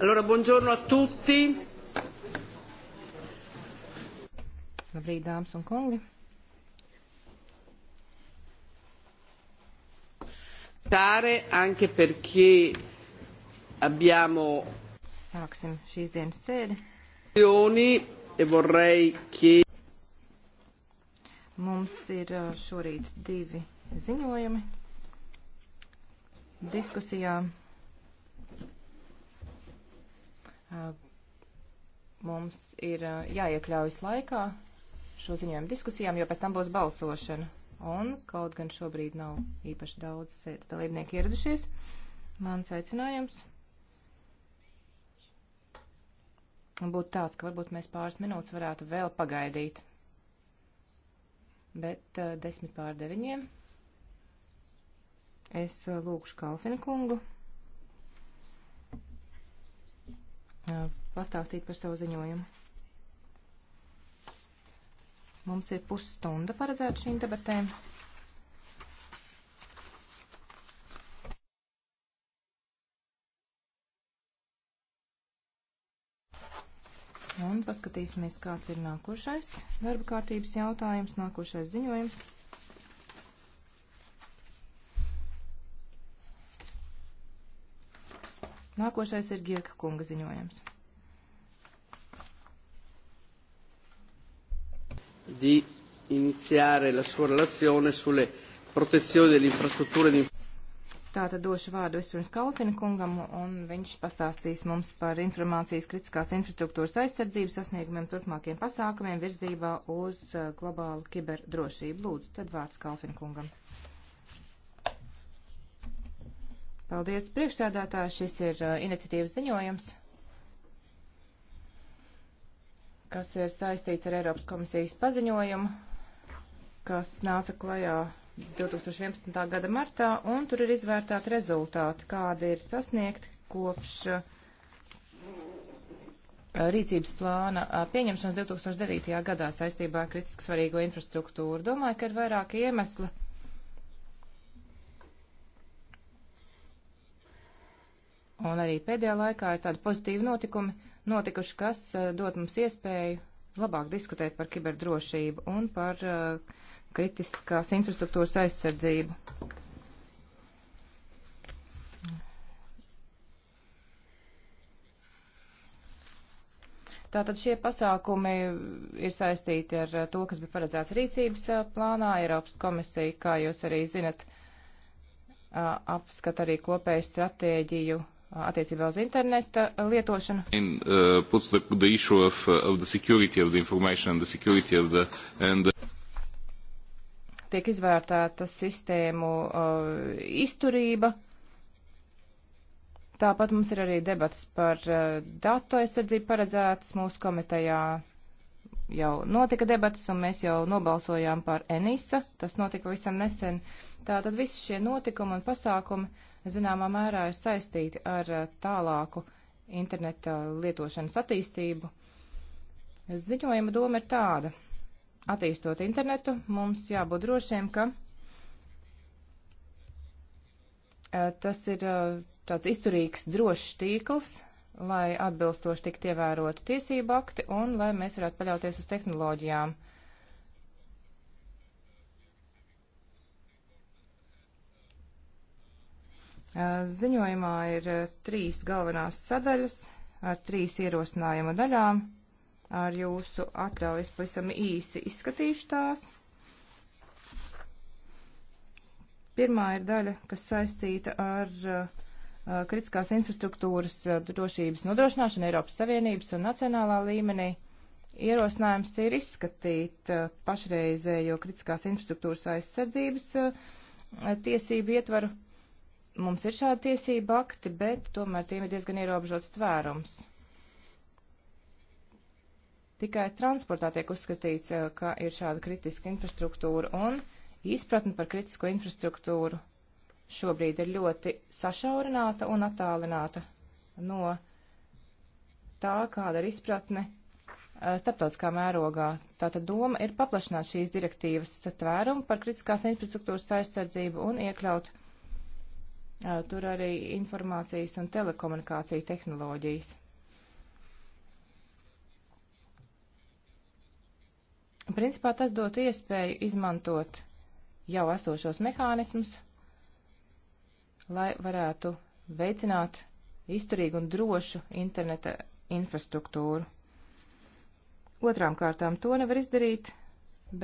Allora, buongiorno a tutti. Labrīt, dāmas un kungi. Tare anche perché abbiamo Sāksim šīs dienas sēdi. E vorrei che Mums ir uh, šorīt divi ziņojumi diskusijām Mums ir jāiekļaujas laikā šo ziņojumu diskusijām, jo pēc tam būs balsošana. Un kaut gan šobrīd nav īpaši daudz sēdes dalībnieku ieradušies, mans aicinājums būtu tāds, ka varbūt mēs pāris minūtes varētu vēl pagaidīt. Bet uh, desmit pār deviņiem es uh, lūkšu Kalfinu kungu. pastāstīt par savu ziņojumu. Mums ir pusstunda paredzēta šīm debatēm. Un paskatīsimies, kāds ir nākošais darba kārtības jautājums, nākošais ziņojums. Nākošais ir Gierka kunga ziņojums. Di iniziare la sua relazione sulle protezioni delle infrastrutture di Tātad došu vārdu vispirms Kalfina kungam, un viņš pastāstīs mums par informācijas kritiskās infrastruktūras aizsardzības sasniegumiem turpmākiem pasākumiem virzībā uz eh, globālu kiberdrošību. Lūdzu, tad vārds Kalfina kungam. Paldies, priekšsēdētāji. Šis ir uh, iniciatīvas ziņojums, kas ir saistīts ar Eiropas komisijas paziņojumu, kas nāca klajā 2011. gada martā, un tur ir izvērtāti rezultāti, kādi ir sasniegti kopš uh, rīcības plāna uh, pieņemšanas 2009. gadā saistībā ar kritiski svarīgo infrastruktūru. Domāju, ka ir vairāki iemesli Un arī pēdējā laikā ir tādi pozitīvi notikumi notikuši, kas eh, dod mums iespēju labāk diskutēt par kiberdrošību un par uh, kritiskās infrastruktūras aizsardzību. Tātad šie pasākumi ir saistīti ar eh, to, kas bija paredzēts rīcības plānā. Eiropas komisija, kā jūs arī zinat, apskata arī kopēju stratēģiju attiecībā uz interneta lietošanu. In, uh, the, the of, uh, of the the, Tiek izvērtēta sistēmu uh, izturība. Tāpat mums ir arī debats par uh, datu aizsardzību paredzētas mūsu komitejā. Jau notika debats, un mēs jau nobalsojām par ENISA. Tas notika pavisam nesen. Tātad visi šie notikumi un pasākumi uh, zināmā mērā ir saistīti ar eh, tālāku interneta eh, lietošanas attīstību. Ziņojuma doma ir tāda. Attīstot internetu, mums jābūt drošiem, ka eh, tas ir tāds izturīgs, drošs tīkls, lai atbilstoši tiktu ievēroti tiesību akti un lai mēs varētu paļauties uz tehnoloģijām. Uh, Ziņojumā ir trīs galvenās sadaļas ar trīs ierosinājumu daļām. Ar jūsu atļauju es pavisam īsi izskatīšu tās. Pirmā ir daļa, kas saistīta ar uh, kritiskās infrastruktūras drošības nodrošināšanu Eiropas Savienības un nacionālā līmenī. Ierosinājums ir izskatīt pašreizējo kritiskās infrastruktūras aizsardzības tiesību ietvaru Mums ir šādi tiesība akti, bet tomēr tiem ir diezgan ierobežots tvērums. Tikai transportā tiek uzskatīts, eh, ka ir šāda kritiska infrastruktūra un izpratne par kritisko infrastruktūru šobrīd ir ļoti sašaurināta un attālināta no tā, kāda ir izpratne eh, starptautiskā mērogā. Tātad doma ir paplašināt šīs direktīvas tvērumu par kritiskās infrastruktūras aizsardzību un iekļaut tur arī informācijas un telekomunikāciju tehnoloģijas. Principā tas dot iespēju izmantot jau esošos mehānismus, lai varētu veicināt izturīgu un drošu interneta infrastruktūru. Otrām kārtām to nevar izdarīt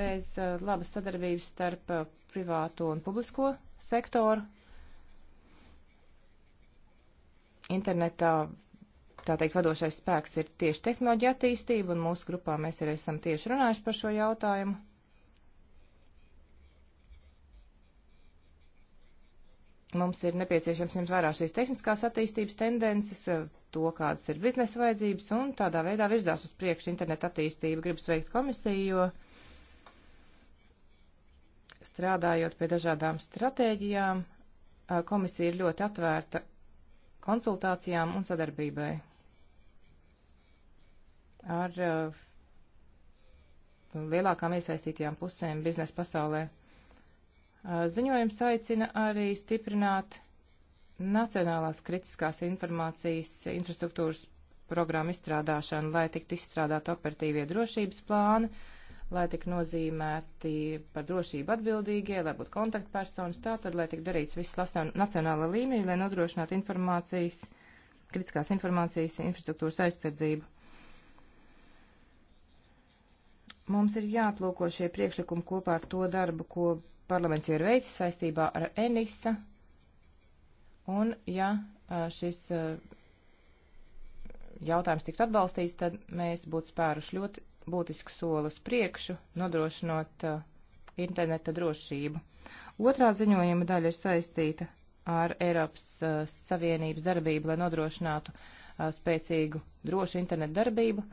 bez uh, labas sadarbības starp uh, privāto un publisko sektoru, internetā tā teikt, vadošais spēks ir tieši tehnoloģija attīstība, un mūsu grupā mēs arī esam tieši runājuši par šo jautājumu. Mums ir nepieciešams ņemt vērā šīs tehniskās attīstības tendences, to, kādas ir biznesa vajadzības, un tādā veidā virzās uz priekšu interneta attīstība. Gribu sveikt komisiju, jo strādājot pie dažādām stratēģijām, komisija ir ļoti atvērta konsultācijām un sadarbībai ar uh, lielākām iesaistītajām pusēm biznesa pasaulē. Uh, ziņojums aicina arī stiprināt nacionālās kritiskās informācijas infrastruktūras programmu izstrādāšanu, lai tiktu izstrādāt operatīvie drošības plāni, lai tik nozīmēti par drošību atbildīgie, lai būtu kontaktpersonas, tātad, lai tik darīts viss nacionāla līmenī, lai nodrošinātu informācijas, kritiskās informācijas infrastruktūras aizsardzību. Mums ir jāplūko šie priekšlikumi kopā ar to darbu, ko parlaments jau ir veicis saistībā ar Enisa. Un, ja šis jautājums tiktu atbalstīts, tad mēs būtu spēruši ļoti būtisku soli uz priekšu, nodrošinot uh, interneta drošību. Otrā ziņojuma daļa ir saistīta ar Eiropas uh, Savienības darbību, lai nodrošinātu uh, spēcīgu drošu internetu darbību.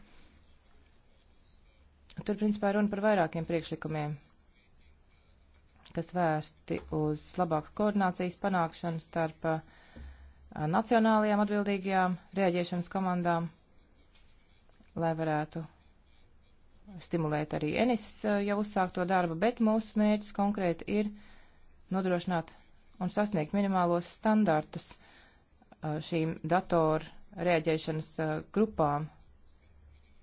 Tur, principā, runa par vairākiem priekšlikumiem, kas vērsti uz labākas koordinācijas panākšanu starp uh, nacionālajām atbildīgajām rēģēšanas komandām, lai varētu stimulēt arī Enis eh, jau uzsākto darbu, bet mūsu mērķis konkrēti ir nodrošināt un sasniegt minimālos standartus eh, šīm datoru rēģēšanas eh, grupām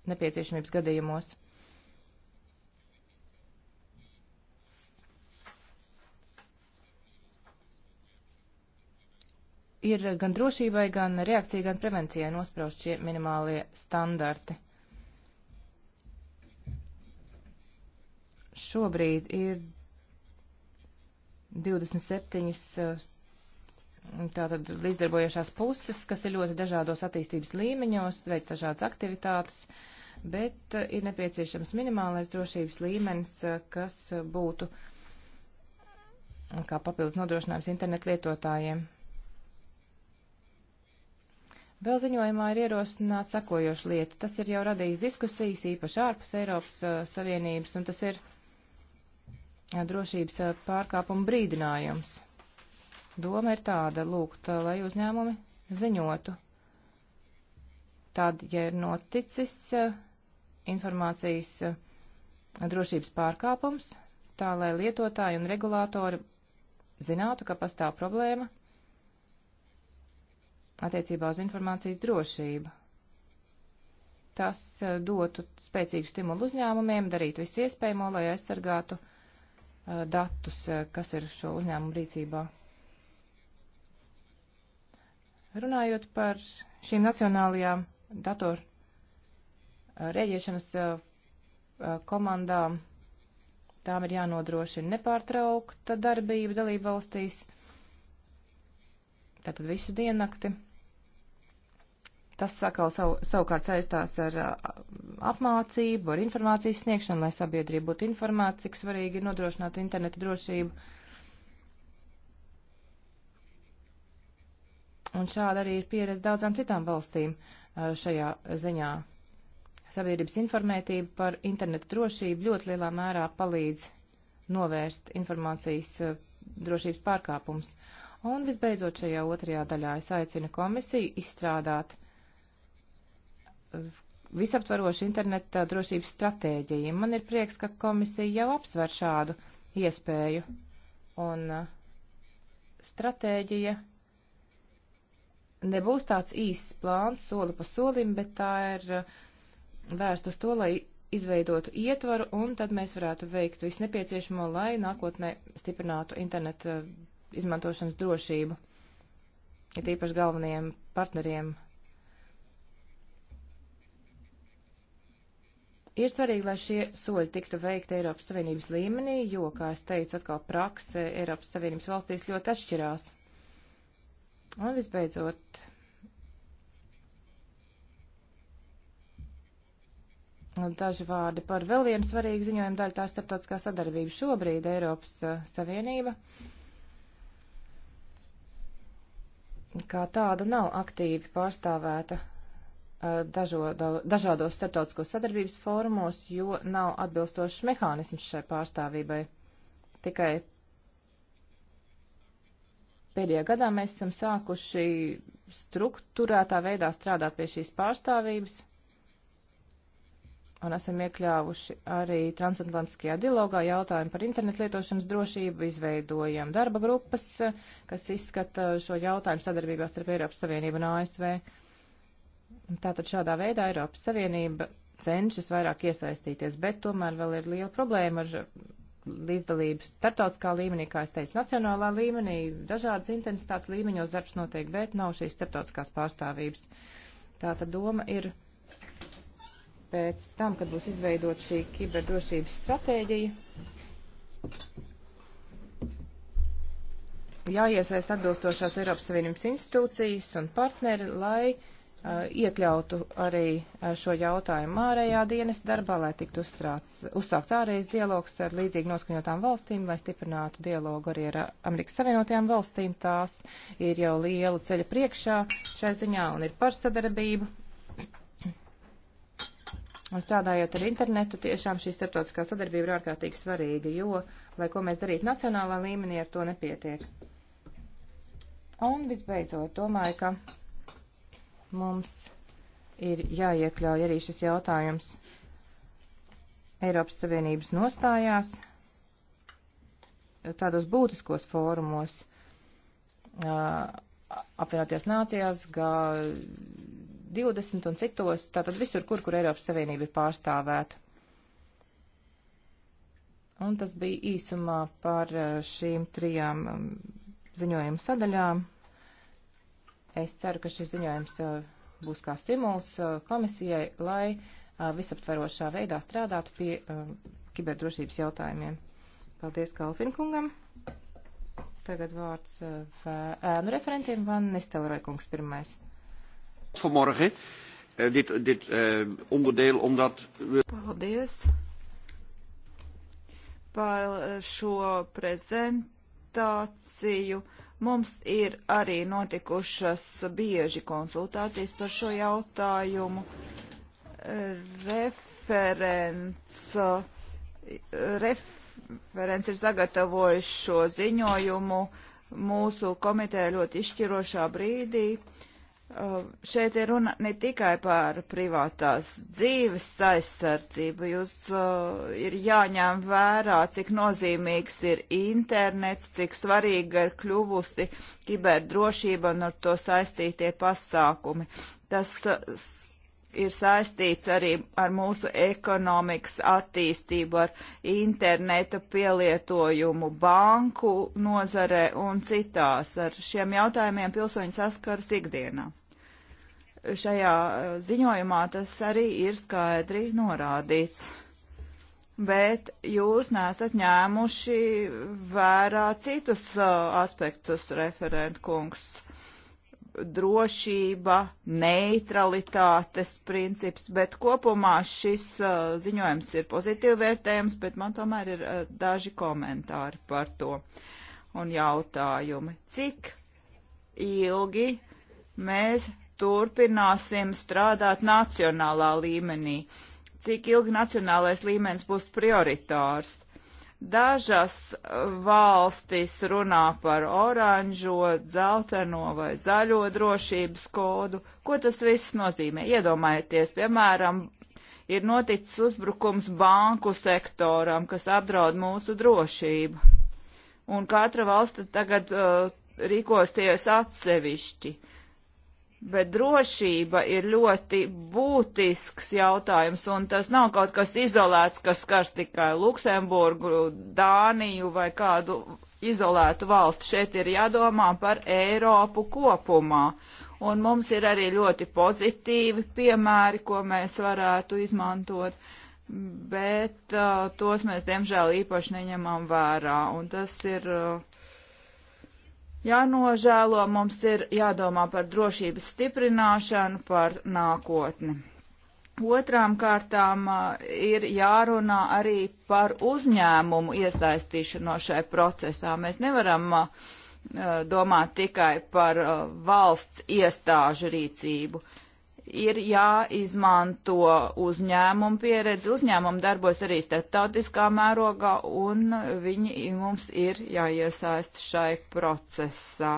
nepieciešamības gadījumos. Ir gan drošībai, gan reakcijai, gan prevencijai nospraust šie minimālie standarti. Šobrīd ir 27 eh, tātad līdzdarbojošās puses, kas ir ļoti dažādos attīstības līmeņos, veic dažādas aktivitātes, bet eh, ir nepieciešams minimālais drošības līmenis, eh, kas būtu kā papildus nodrošinājums internetu lietotājiem. Vēl ziņojumā ir ierosināts sekojošu lietu. Tas ir jau radījis diskusijas īpaši ārpus Eiropas uh, Savienības, un tas ir uh, drošības pārkāpuma brīdinājums. Doma ir tāda lūgt, lai uzņēmumi ziņotu. Tad, ja ir noticis informācijas drošības pārkāpums, tā lai lietotāji un regulātori zinātu, ka pastāv problēma attiecībā uz informācijas drošību. Tas dotu spēcīgu stimulu uzņēmumiem darīt visu iespējamo, lai aizsargātu Eh, datus, eh, kas ir šo uzņēmumu rīcībā. Runājot par šīm nacionālajām datoru eh, rēģiešanas komandām, tām ir jānodrošina nepārtraukta darbība dalību valstīs, tātad visu diennakti. Tas sakal sav, savukārt saistās ar apmācību, ar informācijas sniegšanu, lai sabiedrība būtu informēta, cik svarīgi ir nodrošināt interneta drošību. Un šāda arī ir pieredze daudzām citām valstīm šajā ziņā. Sabiedrības informētība par interneta drošību ļoti lielā mērā palīdz novērst informācijas drošības pārkāpums. Un visbeidzot šajā otrajā daļā es aicinu komisiju izstrādāt uh, visaptvaroša interneta drošības stratēģija. Man ir prieks, ka komisija jau apsver šādu iespēju. Un uh, stratēģija nebūs tāds īsts plāns soli pa solim, bet tā ir uh, vērsta uz to, lai izveidotu ietvaru, un tad mēs varētu veikt visu nepieciešamo, lai nākotnē stiprinātu interneta uh, izmantošanas drošību. Ir ja tīpaši galvenajiem partneriem Ir svarīgi, lai šie soļi tiktu veikti Eiropas Savienības līmenī, jo, kā es teicu, atkal prakse Eiropas Savienības valstīs ļoti atšķirās. Un visbeidzot, daži vārdi par vēl vienu svarīgu ziņojumu daļu, tā starptautiskā sadarbība šobrīd Eiropas uh, Savienība. Kā tāda nav aktīvi pārstāvēta Uh, dažo, dažādos starptautiskos sadarbības fórumos, jo nav atbilstošs mehānisms šai pārstāvībai. Tikai pēdējā gadā mēs esam sākuši struktūrētā veidā strādāt pie šīs pārstāvības un esam iekļāvuši arī transatlantiskajā dialogā jautājumu par internetu lietošanas drošību, izveidojam darba grupas, uh, kas izskata šo jautājumu sadarbībā starp Eiropas Savienību un ASV. Uh, Tātad šādā veidā Eiropas Savienība cenšas vairāk iesaistīties, bet tomēr vēl ir liela problēma ar līdzdalību starptautiskā līmenī, kā es teicu, nacionālā līmenī, dažādas intensitātes līmeņos darbs notiek, bet nav šīs starptautiskās pārstāvības. Tā tad doma ir pēc tam, kad būs izveidot šī kiberdrošības stratēģija, jāiesaist atbilstošās Eiropas Savienības institūcijas un partneri, lai Eh, iekļautu arī eh, šo jautājumu ārējā dienas darbā, lai tiktu uzstrāts, uzsākts ārējais dialogs ar līdzīgi noskaņotām valstīm, lai stiprinātu dialogu arī ar eh, Amerikas Savienotajām valstīm. Tās ir jau liela ceļa priekšā šai ziņā un ir par sadarbību. Un strādājot ar internetu, tiešām šī starptautiskā sadarbība ir ārkārtīgi svarīga, jo, lai ko mēs darītu nacionālā līmenī, ar to nepietiek. Un visbeidzot, domāju, ka mums ir jāiekļauj arī šis jautājums Eiropas Savienības nostājās tādos būtiskos fórumos apvienoties nācijās, G20 un citos, tātad visur, kur, kur Eiropas Savienība ir pārstāvēta. Un tas bija īsumā par šīm trijām ziņojuma sadaļām. Es ceru, ka šis ziņojums uh, būs kā stimuls uh, komisijai, lai uh, visaptverošā veidā strādātu pie um, kiberdrošības jautājumiem. Paldies Kalfinkungam. Tagad vārds ēnu referentiem Van Nistelroja kungs pirmais. Vanmorgen. Eh, dit, dit uh, onderdeel omdat we. Paldies par eh, šo prezentāciju. Uh, Mums ir arī notikušas bieži konsultācijas par šo jautājumu. Referents, referents ir sagatavojis šo ziņojumu mūsu komitē ļoti izšķirošā brīdī. Uh, Uh, šeit ir runa ne tikai par privātās dzīves aizsardzību, jūs uh, ir jāņem vērā, cik nozīmīgs ir internets, cik svarīga ir kļuvusi kiberdrošība un ar to saistītie pasākumi. Tas uh, ir saistīts arī ar mūsu ekonomikas attīstību, ar interneta pielietojumu banku nozarē un citās. Ar šiem jautājumiem pilsoņi saskaras ikdienā. Šajā eh, ziņojumā tas arī ir skaidri norādīts. Bet jūs nesat ņēmuši vērā citus uh, aspektus, referent kungs. Uh, drošība, neutralitātes princips, bet kopumā šis uh, ziņojums ir pozitīvi vērtējams, bet man tomēr ir uh, daži komentāri par to un jautājumi. Cik ilgi mēs turpināsim strādāt nacionālā līmenī? Cik ilgi nacionālais līmenis būs prioritārs? Dažas valstis runā par oranžo, dzelteno vai zaļo drošības kodu. Ko tas viss nozīmē? Iedomājieties, piemēram, ir noticis uzbrukums banku sektoram, kas apdraud mūsu drošību. Un katra valsta tagad uh, rīkosies atsevišķi. Uh, Bet drošība ir ļoti būtisks jautājums, un tas nav kaut kas izolēts, kas skars tikai Luksemburgu, Dāniju vai kādu izolētu valstu. Šeit ir jādomā par Eiropu kopumā. Un mums ir arī ļoti pozitīvi piemēri, ko mēs varētu izmantot, bet uh, tos mēs, diemžēl, īpaši neņemam vērā. Un tas ir. Uh, jānožēlo, mums ir jādomā par drošības stiprināšanu, par nākotni. Otrām kārtām uh, ir jārunā arī par uzņēmumu iesaistīšanos šai procesā. Mēs nevaram uh, uh, domāt tikai par valsts iestāžu rīcību ir jāizmanto uzņēmumu pieredzi. Uzņēmumi darbojas arī starptautiskā mērogā, un viņi mums ir jāiesaist šai procesā.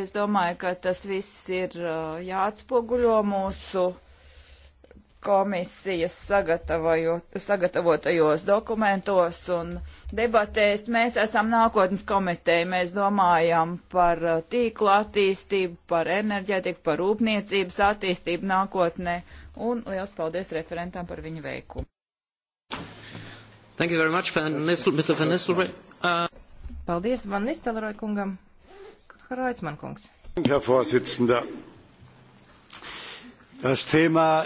Es domāju, ka tas viss ir jāatspoguļo mūsu komisijas sagatavotajos dokumentos un debatēs. Mēs esam nākotnes komiteja, mēs domājam par uh, tīklu attīstību, par enerģētiku, par rūpniecības attīstību nākotnē. Un liels paldies referentam par viņu veikumu. Thank you very much, Fan Nistel, Mr. Van Nistelrooy. Uh... Paldies Van Nistelrooy kungam. Hroitsman kungs. Herr Vorsitzender, das Thema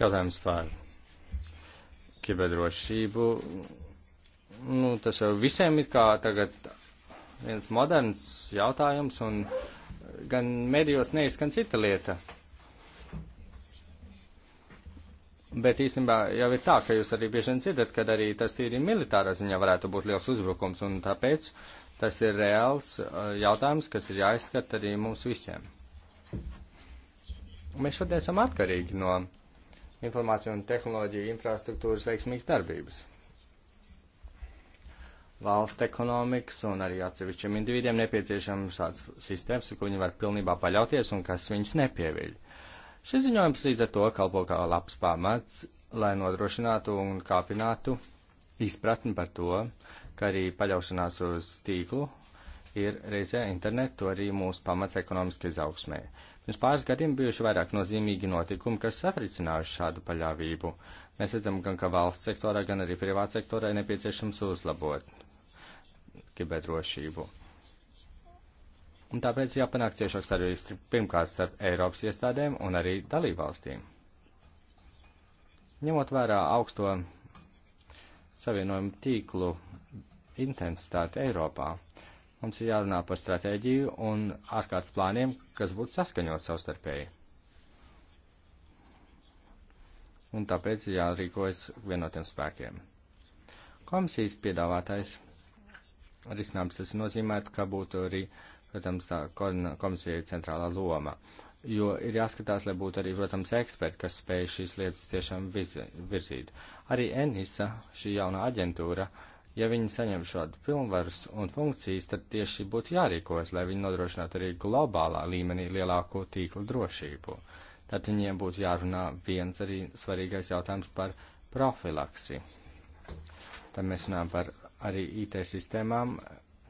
Jautājums par kiberdrošību. Nu, tas jau visiem ir kā tagad viens moderns jautājums, un gan medijos neizskan cita lieta. Bet īstenībā jau ir tā, ka jūs arī bieži vien dzirdat, ka arī tas tīri militārā ziņā varētu būt liels uzbrukums, un tāpēc tas ir reāls uh, jautājums, kas ir jāizskata arī mums visiem. Mēs šodien esam atkarīgi no informācija un tehnoloģija infrastruktūras veiksmīgas darbības. Valsts ekonomikas un arī atsevišķiem individiem nepieciešams šāds sistēmas, ko viņi var pilnībā paļauties un kas viņus nepieviļ. Šis ziņojums līdz ar to kalpo kā labs pamats, lai nodrošinātu un kāpinātu izpratni par to, ka arī paļaušanās uz tīklu ir reizē internetu arī mūsu pamats ekonomiski izaugsmē. Pirms pāris gadiem bijuši vairāk nozīmīgi notikumi, kas satricinājuši šādu paļāvību. Mēs redzam gan, ka valsts sektorā, gan arī privāta sektorā ir nepieciešams uzlabot kiberdrošību. Un tāpēc jāpanāk ciešāks sarunīs pirmkārt starp Eiropas iestādēm un arī dalībvalstīm. Ņemot vērā augsto savienojumu tīklu intensitāti Eiropā, uh, Mums ir jārunā par stratēģiju un ārkārtas plāniem, kas būtu saskaņot savstarpēji. Un tāpēc ir jārīkojas vienotiem spēkiem. Komisijas piedāvātais risinājums tas nozīmē, ka būtu arī, protams, tā komisija centrālā loma. Jo ir jāskatās, lai būtu arī, protams, eksperti, kas spēj šīs lietas tiešām virzīt. Arī ENISA, šī jaunā aģentūra, uh, ja viņi saņem šādu pilnvarus un funkcijas, tad tieši būtu jārīkojas, lai viņi nodrošinātu arī globālā līmenī lielāko tīklu drošību. Tad viņiem būtu jārunā viens arī svarīgais jautājums par profilaksi. Tad mēs runājam par arī IT sistēmām,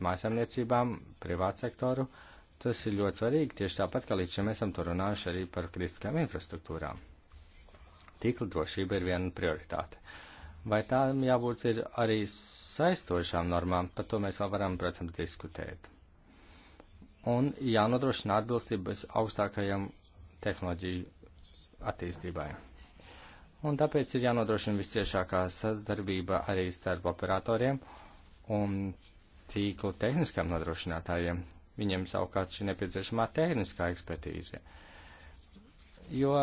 mājasemniecībām, privātsektoru. Tas ir ļoti svarīgi, tieši tāpat, kā līdz šim esam to runājuši arī par kritiskām infrastruktūrām. Tīkla drošība ir viena prioritāte. Uh, Vai tām jābūt ir arī saistošām normām, par to mēs vēl varam, protams, diskutēt. Un jānodrošina atbilstības augstākajam tehnoloģiju attīstībai. Un tāpēc ir jānodrošina visciešākā sadarbība arī starp operatoriem un tīklu tehniskām nodrošinātājiem. Viņiem savukārt šī nepieciešamā tehniskā ekspertīze. Jo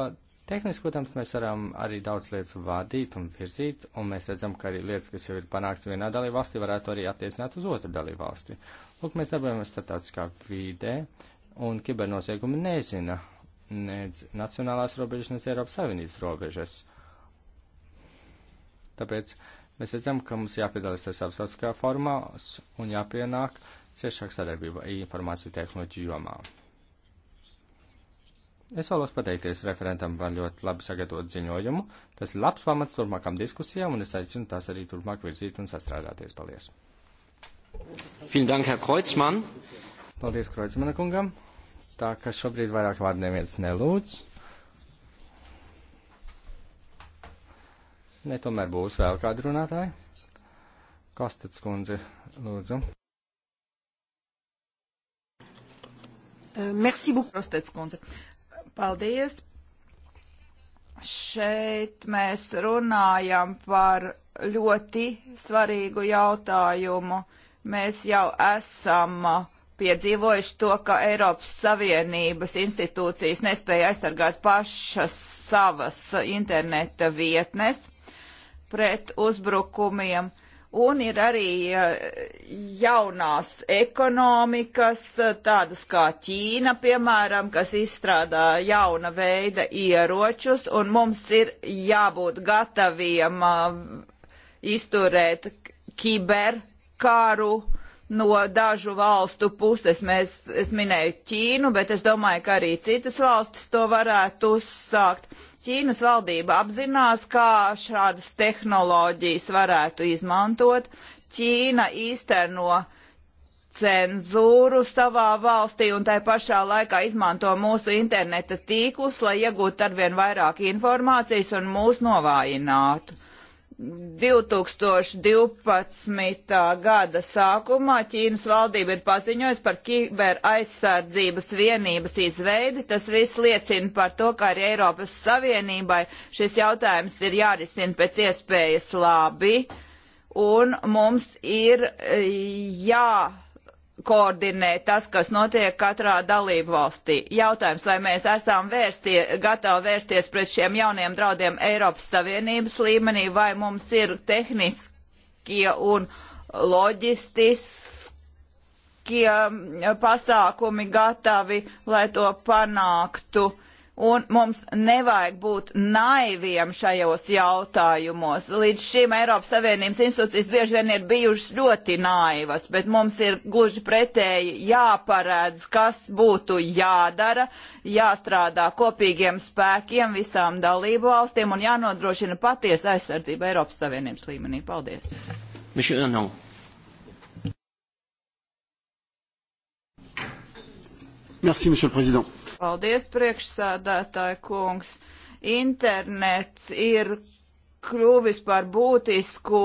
Tehniski, protams, mēs varam arī daudz lietas vadīt un virzīt, un mēs redzam, ka arī lietas, kas jau ir panāktas vienā dalībvalstī, varētu arī attiecināt uz otru dalībvalsti. Lūk, mēs darbojamies starptautiskā vīdē, un kibernoziegumi nezina nec nacionālās robežas, nec Eiropas Savienības robežas. Tāpēc mēs redzam, ka mums jāpiedalās ar savstarpējā formā un jāpienāk ciešāk sadarbība informāciju tehnoloģiju jomā. Es vēlos pateikties referentam par ļoti labi sagatavot ziņojumu. Tas ir labs pamats turpmākām diskusijām, un es aicinu tās arī turpmāk virzīt un sastrādāties. Paldies! Dank, Kreuzmann. Paldies, Kreuzmana kungam! Tā ka šobrīd vairāk vārdu neviens nelūdz. Ne, tomēr būs vēl kādi runātāji. Kostats kundze, lūdzu. Merci beaucoup, Kostets kundze. Paldies! Šeit mēs runājam par ļoti svarīgu jautājumu. Mēs jau esam piedzīvojuši to, ka Eiropas Savienības institūcijas nespēja aizsargāt pašas savas interneta vietnes pret uzbrukumiem. Uh, Un ir arī eh, jaunās ekonomikas, eh, tādas kā Ķīna, piemēram, kas izstrādā jauna veida ieročus, un mums ir jābūt gataviem eh, izturēt kiberkaru no dažu valstu puses. Mēs, es minēju Ķīnu, bet es domāju, ka arī citas valstis to varētu uzsākt Ķīnas valdība apzinās, kā šādas tehnoloģijas varētu izmantot. Ķīna īsteno cenzūru savā valstī un tai pašā laikā izmanto mūsu interneta tīklus, lai iegūtu arvien vairāk informācijas un mūs novājinātu. 2012. gada sākumā Ķīnas valdība ir paziņojusi par kiber aizsardzības vienības izveidi. Tas viss liecina par to, ka arī Eiropas Savienībai šis jautājums ir jārisina pēc iespējas labi, un mums ir eh, jā koordinē tas, kas notiek katrā dalību valstī. Jautājums, vai mēs esam vērstie, gatavi vērsties pret šiem jauniem draudiem Eiropas Savienības līmenī, vai mums ir tehniskie un loģistiskie politiskie mm, pasākumi gatavi, lai to panāktu un mums nevajag būt naiviem šajos jautājumos. Līdz šim Eiropas Savienības institūcijas bieži vien ir bijušas ļoti naivas, bet mums ir gluži pretēji jāparēdz, kas būtu jādara, jāstrādā kopīgiem spēkiem visām dalību valstīm un jānodrošina patiesa aizsardzība Eiropas Savienības līmenī. Paldies! Monsieur Anand. Merci, Monsieur le Président. Paldies, priekšsādātāji kungs. Internets ir kļuvis par būtisku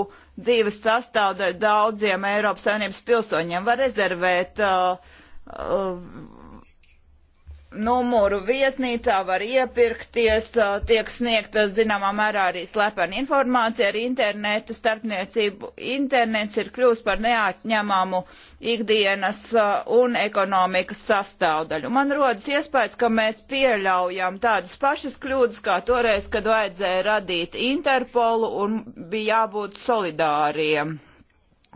dzīves sastāvdaļu daudziem Eiropas Savienības pilsoņiem. Var rezervēt uh, uh, numuru viesnīcā var iepirkties, tiek sniegta zināmā mērā arī slepena informācija ar interneta starpniecību. Internets ir kļūst par neatņemamu ikdienas un ekonomikas sastāvdaļu. Man rodas iespējas, ka mēs pieļaujam tādas pašas kļūdas kā toreiz, kad vajadzēja radīt Interpolu un bija jābūt solidāriem,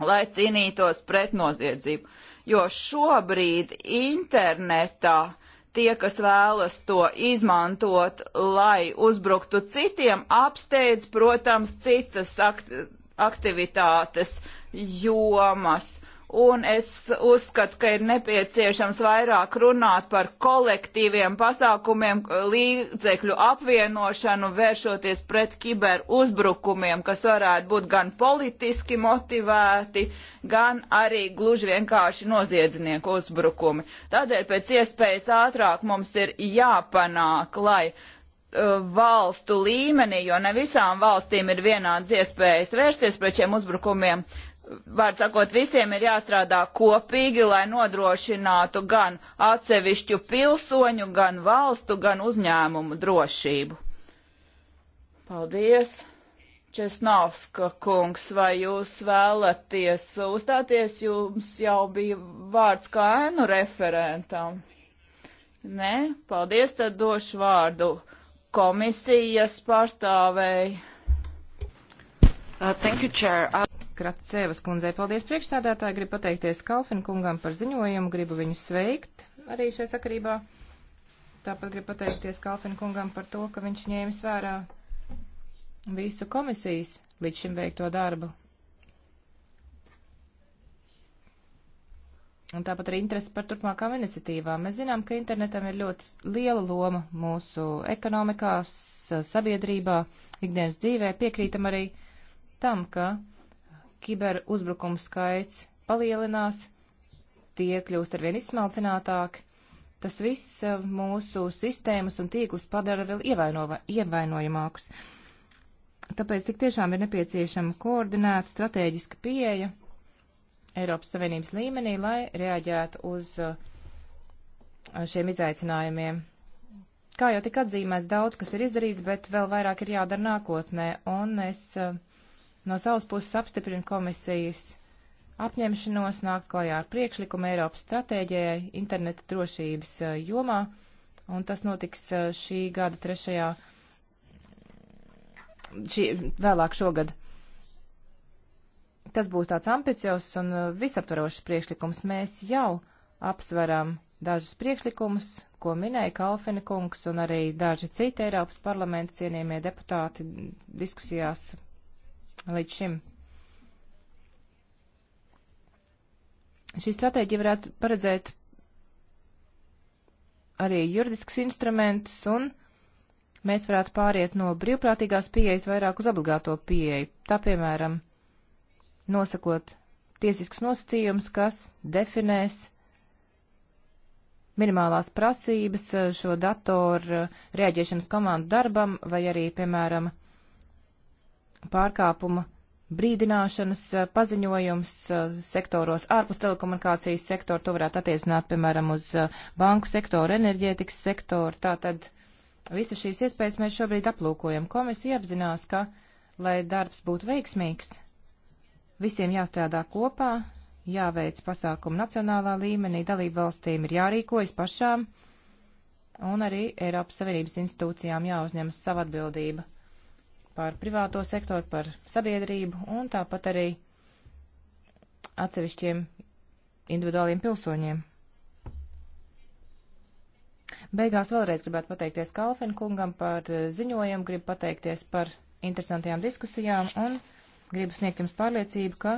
lai cīnītos pret noziedzību. Jo šobrīd internetā uh, tie, kas vēlas to izmantot, lai uzbruktu citiem, apsteidz, protams, citas aktivitātes jomas un es uzskatu, ka ir nepieciešams vairāk runāt par kolektīviem pasākumiem, līdzekļu apvienošanu, vēršoties pret kiberuzbrukumiem, kas varētu būt gan politiski motivēti, gan arī gluži vienkārši noziedznieku uzbrukumi. Tādēļ pēc iespējas ātrāk mums ir jāpanāk, lai uh, valstu līmenī, jo ne visām valstīm ir vienādas iespējas vērsties pret šiem uzbrukumiem, uh, var sakot, visiem ir jāstrādā kopīgi, lai nodrošinātu gan atsevišķu pilsoņu, gan valstu, gan uzņēmumu drošību. Paldies! Česnavska kungs, vai jūs vēlaties uzstāties? Jums jau bija vārds kā ēnu referentam. Nē, paldies, tad došu vārdu komisijas pārstāvēji. Uh, thank you, Chair. Uh Kratsēvas kundzei. Paldies priekšsādātāji, gribu pateikties Kalfin kungam par ziņojumu, gribu viņu sveikt arī šajā sakarībā. Tāpat gribu pateikties Kalfin kungam par to, ka viņš ņēmis vērā visu komisijas līdz šim veikto darbu. Un tāpat arī interesi par turpmākām iniciatīvām. Mēs zinām, ka internetam ir ļoti liela loma mūsu ekonomikās, sabiedrībā, ikdienas dzīvē. Piekrītam arī tam, ka kiberuzbrukumu skaits palielinās, tie kļūst arvien izsmalcinātāki. Tas viss eh, mūsu sistēmas un tīklus padara vēl ievainova, ievainojamākus. Tāpēc tik tiešām ir nepieciešama koordinēta strateģiska pieeja Eiropas Savienības līmenī, lai reaģētu uz eh, šiem izaicinājumiem. Kā jau tika atzīmēts, daudz kas ir izdarīts, bet vēl vairāk ir jādara nākotnē, un es uh, no savas puses apstiprina komisijas apņemšanos nākt klajā ar priekšlikumu Eiropas stratēģijai interneta drošības eh, jomā, un tas notiks eh, šī gada trešajā, šī, vēlāk šogad. Tas būs tāds ambiciozs un eh, visaptvarošs priekšlikums. Mēs jau apsveram dažus priekšlikumus, ko minēja Kalfina kungs un arī daži citi Eiropas parlamenta cienījamie deputāti diskusijās līdz šim. Šī stratēģija varētu paredzēt arī juridiskus instrumentus, un mēs varētu pāriet no brīvprātīgās pieejas vairāk uz obligāto pieeju. Tā piemēram, nosakot tiesiskus nosacījumus, kas definēs minimālās prasības eh, šo datoru eh, rēģēšanas komandu darbam, vai arī, piemēram, pārkāpuma brīdināšanas eh, paziņojums eh, sektoros ārpus telekomunikācijas sektora. To varētu attiecināt, piemēram, uz eh, banku sektoru, enerģētikas sektoru. Tātad visas šīs iespējas mēs šobrīd aplūkojam. Komisija apzinās, ka, lai darbs būtu veiksmīgs, visiem jāstrādā kopā, jāveic pasākumu nacionālā līmenī, dalību valstīm ir jārīkojas pašām, un arī Eiropas Savienības institūcijām jāuzņemas sava atbildība par privāto sektoru, par sabiedrību un tāpat arī atsevišķiem individuāliem pilsoņiem. Beigās vēlreiz gribētu pateikties Kalfin kungam par eh, ziņojumu, gribu pateikties par interesantajām diskusijām un gribu sniegt jums pārliecību, ka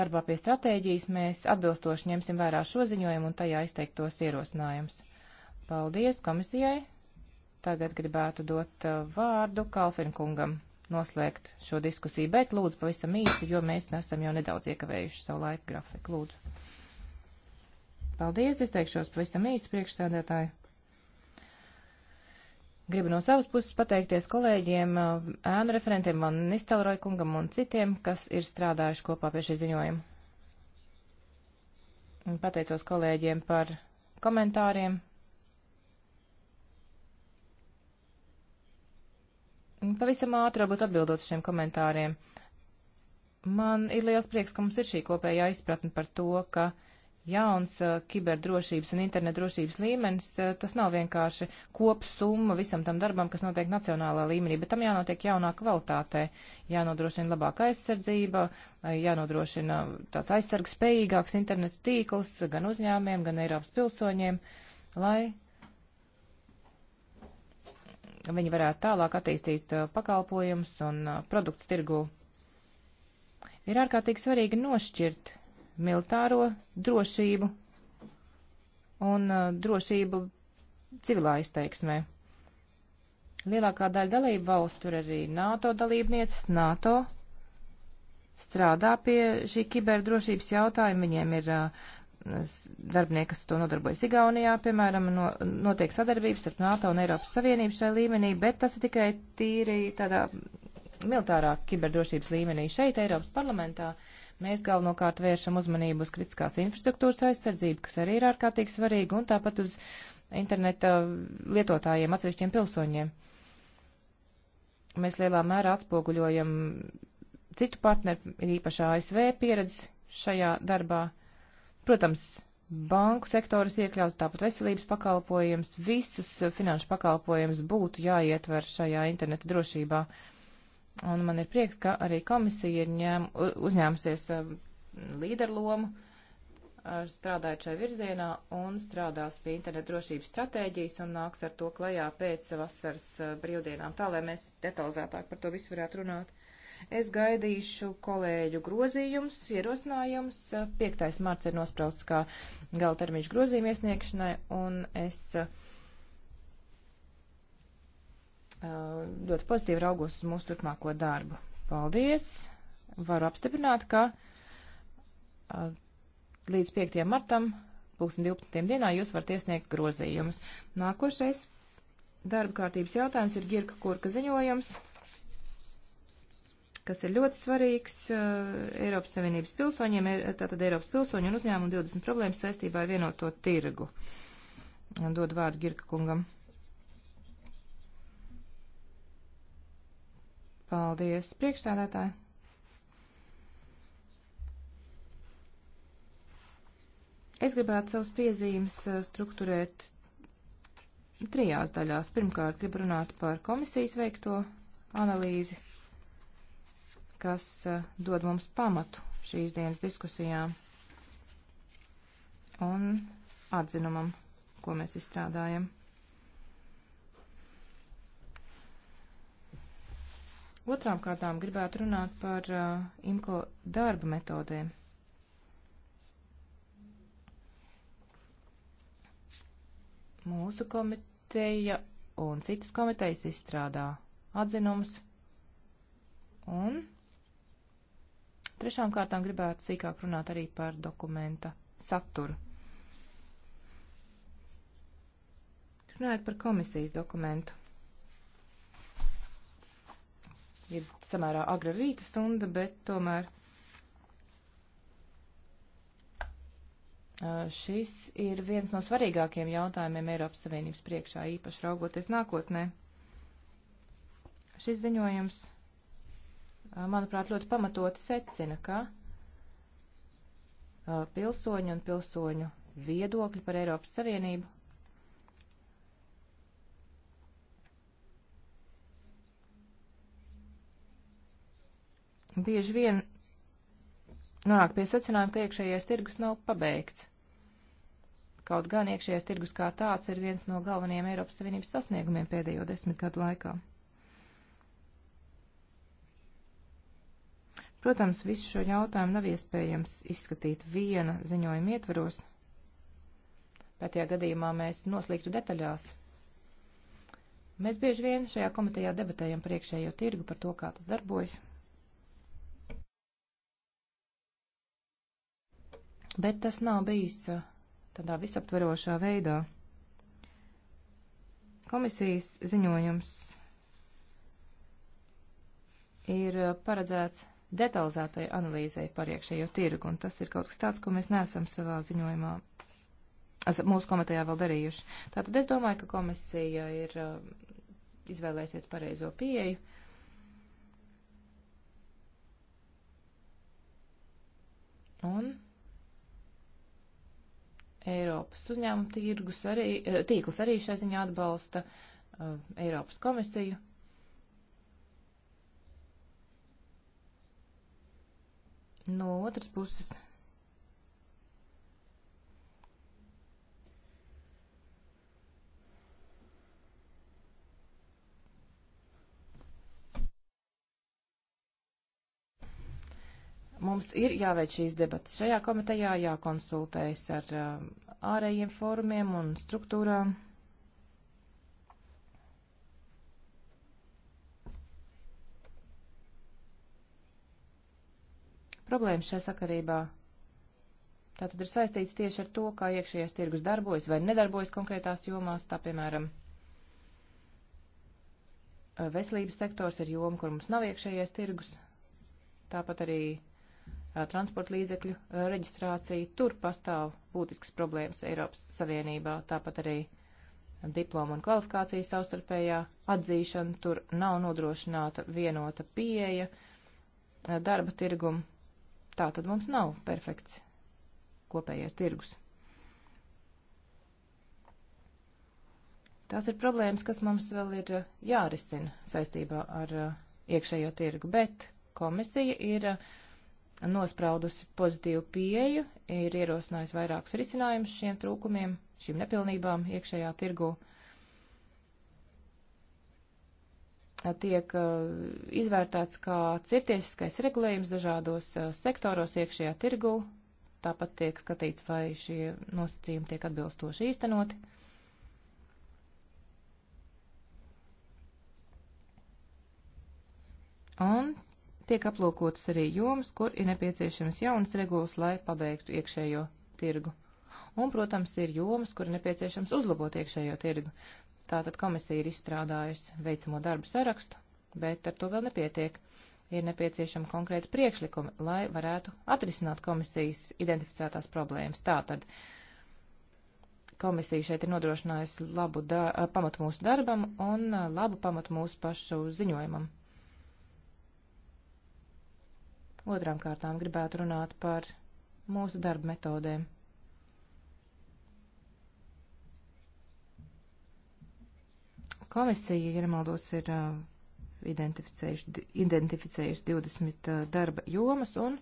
darbā pie stratēģijas mēs atbilstoši ņemsim vērā šo ziņojumu un tajā izteiktos ierosinājumus. Paldies komisijai! Tagad gribētu dot uh, vārdu Kalfinkungam noslēgt šo diskusiju, bet lūdzu pavisam īsi, jo mēs nesam jau nedaudz iekavējuši savu laiku grafiku. Lūdzu. Paldies, es teikšos pavisam īsi priekšsēdētāji. Gribu no savas puses pateikties kolēģiem, uh, ēnu referentiem, man Nistelroja kungam un citiem, kas ir strādājuši kopā pie šī ziņojuma. Pateicos kolēģiem par komentāriem, Pavisam ātri varbūt atbildot šiem komentāriem. Man ir liels prieks, ka mums ir šī kopējā izpratne par to, ka jauns uh, kiberdrošības un internetdrošības līmenis, uh, tas nav vienkārši kopsumma visam tam darbam, kas notiek nacionālā līmenī, bet tam jānotiek jaunā kvalitātē, jānodrošina labāka aizsardzība, uh, jānodrošina tāds aizsargs spējīgāks internets tīkls gan uzņēmiem, gan Eiropas pilsoņiem, lai viņi varētu tālāk attīstīt uh, pakalpojumus un uh, produktu tirgu. Ir ārkārtīgi svarīgi nošķirt militāro drošību un uh, drošību civilā izteiksmē. Lielākā daļa dalību valstu, tur arī NATO dalībnieces, NATO strādā pie šī kiberdrošības jautājuma, viņiem ir uh, darbinieki, kas to nodarbojas Igaunijā, piemēram, no, notiek sadarbības starp NATO un Eiropas Savienību šai līmenī, bet tas ir tikai tīri tādā militārā kiberdrošības līmenī. Šeit Eiropas parlamentā mēs galvenokārt vēršam uzmanību uz kritiskās infrastruktūras aizsardzību, kas arī ir ārkārtīgi svarīga, un tāpat uz interneta lietotājiem, atsevišķiem pilsoņiem. Mēs lielā mērā atspoguļojam citu partneru, īpaši ASV pieredzi šajā darbā. Protams, banku sektors iekļauts, tāpat veselības pakalpojums, visus finanšu pakalpojums būtu jāietver šajā interneta drošībā. Un man ir prieks, ka arī komisija ir ņēm, uzņēmusies um, līderlomu, strādājot šai virzienā un strādās pie interneta drošības stratēģijas un nāks ar to klajā pēc vasaras uh, brīvdienām, tā lai mēs detalizētāk par to visu varētu runāt. Es gaidīšu kolēģu grozījumus, ierosinājumus. 5. marts ir nosprausts kā galtermiņš grozījuma iesniegšanai, un es ļoti pozitīvi raugos uz mūsu turpmāko darbu. Paldies! Varu apstiprināt, ka līdz 5. martam, 2012. dienā, jūs varat iesniegt grozījumus. Nākošais darba kārtības jautājums ir Girka Kurka ziņojums kas ir ļoti svarīgs uh, Eiropas Savienības pilsoņiem, e, tātad Eiropas pilsoņu un uzņēmumu 20 problēmas saistībā ar vienoto tirgu. Dod vārdu Girka kungam. Paldies, priekšstādātāji! Es gribētu savus piezīmes uh, strukturēt trijās daļās. Pirmkārt, gribu runāt par komisijas veikto analīzi, kas e, dod mums pamatu šīs dienas diskusijām un atzinumam, ko mēs izstrādājam. Otrām kārtām gribētu runāt par uh, IMCO darba metodēm. Mūsu komiteja un citas komitejas izstrādā atzinums un Trešām kārtām gribētu sīkāk runāt arī par dokumenta saturu. Runājot par komisijas dokumentu. Ir samērā agra rīta stunda, bet tomēr šis ir viens no svarīgākiem jautājumiem Eiropas Savienības priekšā, īpaši raugoties nākotnē. Šis ziņojums manuprāt, ļoti pamatoti secina, ka pilsoņu un pilsoņu viedokļi par Eiropas Savienību bieži vien nonāk pie secinājuma, ka iekšējais tirgus nav pabeigts. Kaut gan iekšējais tirgus kā tāds ir viens no galvenajiem Eiropas Savienības sasniegumiem pēdējo desmit gadu laikā. Protams, visu šo jautājumu nav iespējams izskatīt viena ziņojuma ietvaros. Pētajā gadījumā mēs noslīgtu detaļās. Mēs bieži vien šajā komitejā debatējam par iekšējo tirgu, par to, kā tas darbojas. Bet tas nav bijis uh, tādā visaptverošā veidā. Komisijas ziņojums ir uh, paredzēts detalizētai analīzei par iekšējo tirgu, un tas ir kaut kas tāds, ko mēs neesam savā ziņojumā, es, mūsu komitejā vēl darījuši. Tātad es domāju, ka komisija ir um, izvēlēsies pareizo pieeju. Un Eiropas uzņēmuma tīrgus arī, eh, tīkls arī šai ziņā atbalsta um, Eiropas komisiju No otras puses. Mums ir jāveic šīs debatas šajā komitejā, jākonsultējas ar um, ārējiem fórumiem un struktūrām. Problēmas šajā sakarībā tātad ir saistīts tieši ar to, kā iekšējais tirgus darbojas vai nedarbojas konkrētās jomās, tā piemēram. Veselības sektors ir joma, kur mums nav iekšējais tirgus, tāpat arī transporta līdzekļu reģistrācija. Tur pastāv būtisks problēmas Eiropas Savienībā, tāpat arī diploma un kvalifikācijas savstarpējā atzīšana. Tur nav nodrošināta vienota pieeja darba tirgumu. Tā tad mums nav perfekts kopējais tirgus. Tās ir problēmas, kas mums vēl ir eh, jārisina saistībā ar eh, iekšējo tirgu, bet komisija ir eh, nospraudusi pozitīvu pieeju, ir ierosinājusi vairākus risinājumus šiem trūkumiem, šīm nepilnībām iekšējā tirgu. Uh, tiek eh, izvērtēts kā cirtiesiskais regulējums dažādos eh, sektoros iekšējā tirgu. Tāpat tiek skatīts, vai šie nosacījumi tiek atbilstoši īstenoti. Un tiek aplūkotas arī jomas, kur ir nepieciešams jaunas regulas, lai pabeigtu iekšējo tirgu. Un, protams, ir jomas, kur ir nepieciešams uzlabot iekšējo tirgu. Tātad komisija ir izstrādājusi veicamo darbu sarakstu, bet ar to vēl nepietiek. Ir nepieciešama konkrēta priekšlikuma, lai varētu atrisināt komisijas identificētās problēmas. Tātad komisija šeit ir nodrošinājusi labu da pamatu mūsu darbam un labu pamatu mūsu pašu ziņojumam. Otrām kārtām gribētu runāt par mūsu darba metodēm. Komisija, ja nemaldos, ir uh, identificējuši, identificējuši 20 uh, darba jomas un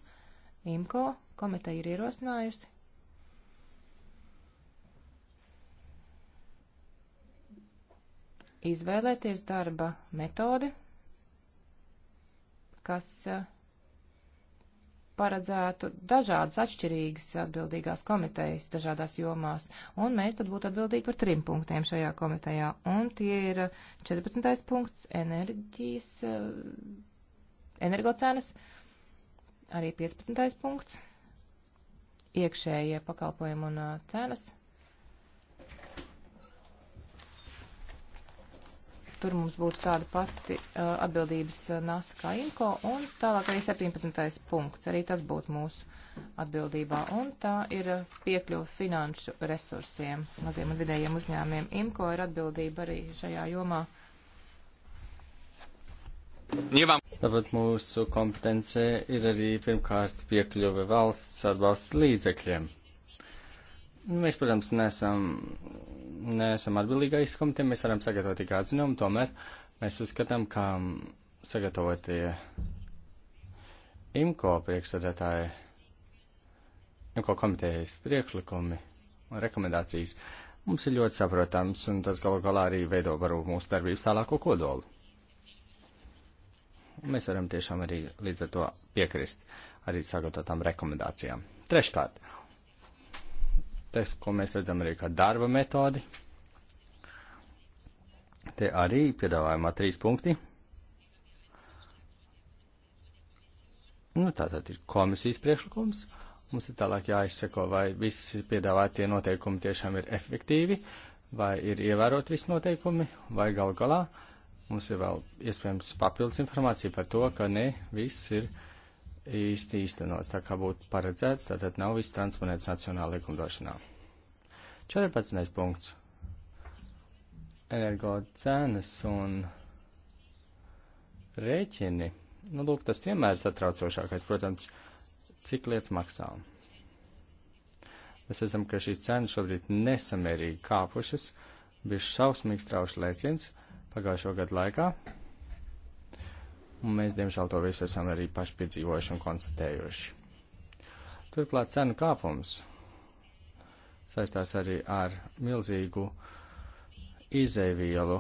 IMCO komiteja ir ierosinājusi. Izvēlēties darba metodi, kas uh, paredzētu dažādas atšķirīgas atbildīgās komitejas dažādās jomās, un mēs tad būtu atbildīgi par trim punktiem šajā komitejā, un tie ir 14. punkts enerģijas, eh, energocenas, arī 15. punkts iekšējie pakalpojumi un eh, cenas, tur mums būtu tāda pati uh, atbildības nasta kā INCO, un tālāk arī 17. punkts, arī tas būtu mūsu atbildībā, un tā ir piekļuva finanšu resursiem maziem un vidējiem uzņēmiem. INCO ir atbildība arī šajā jomā. Tāpat mūsu kompetencē ir arī pirmkārt piekļuve valsts atbalsta līdzekļiem. Mēs, protams, nesam neesam atbildīgais komitejs, mēs varam sagatavot tikai atzinumu, tomēr mēs uzskatām, ka sagatavotie IMCO priekšsēdētāji, IMCO komitejas priekšlikumi un rekomendācijas mums ir ļoti saprotams, un tas galu galā arī veido varbūt mūsu darbības tālāko kodolu. Mēs varam tiešām arī līdz ar to piekrist arī sagatavotām rekomendācijām. Treškārt, teksts, ko mēs redzam arī kā darba metodi. Te arī piedāvājumā trīs punkti. Nu, tātad ir komisijas priekšlikums. Mums ir tālāk jāizseko, vai visi piedāvātie noteikumi tiešām ir efektīvi, vai ir ievērot visi noteikumi, vai gal galā mums ir vēl iespējams papildus informācija par to, ka ne viss ir uh, īsti īstenots, tā kā būtu paredzēts, tātad nav viss transponēts nacionāla likumdošanā. 14. punkts. Energo cenas un rēķini. Nu, lūk, tas vienmēr ir satraucošākais, protams, cik lietas maksā. Mēs redzam, ka šīs cenas šobrīd nesamērīgi kāpušas, bija šausmīgs traušs lēciens pagājušo gadu laikā un mēs, diemžēl, to visu esam arī paši piedzīvojuši un konstatējuši. Turklāt cenu kāpums saistās arī ar milzīgu izēvielu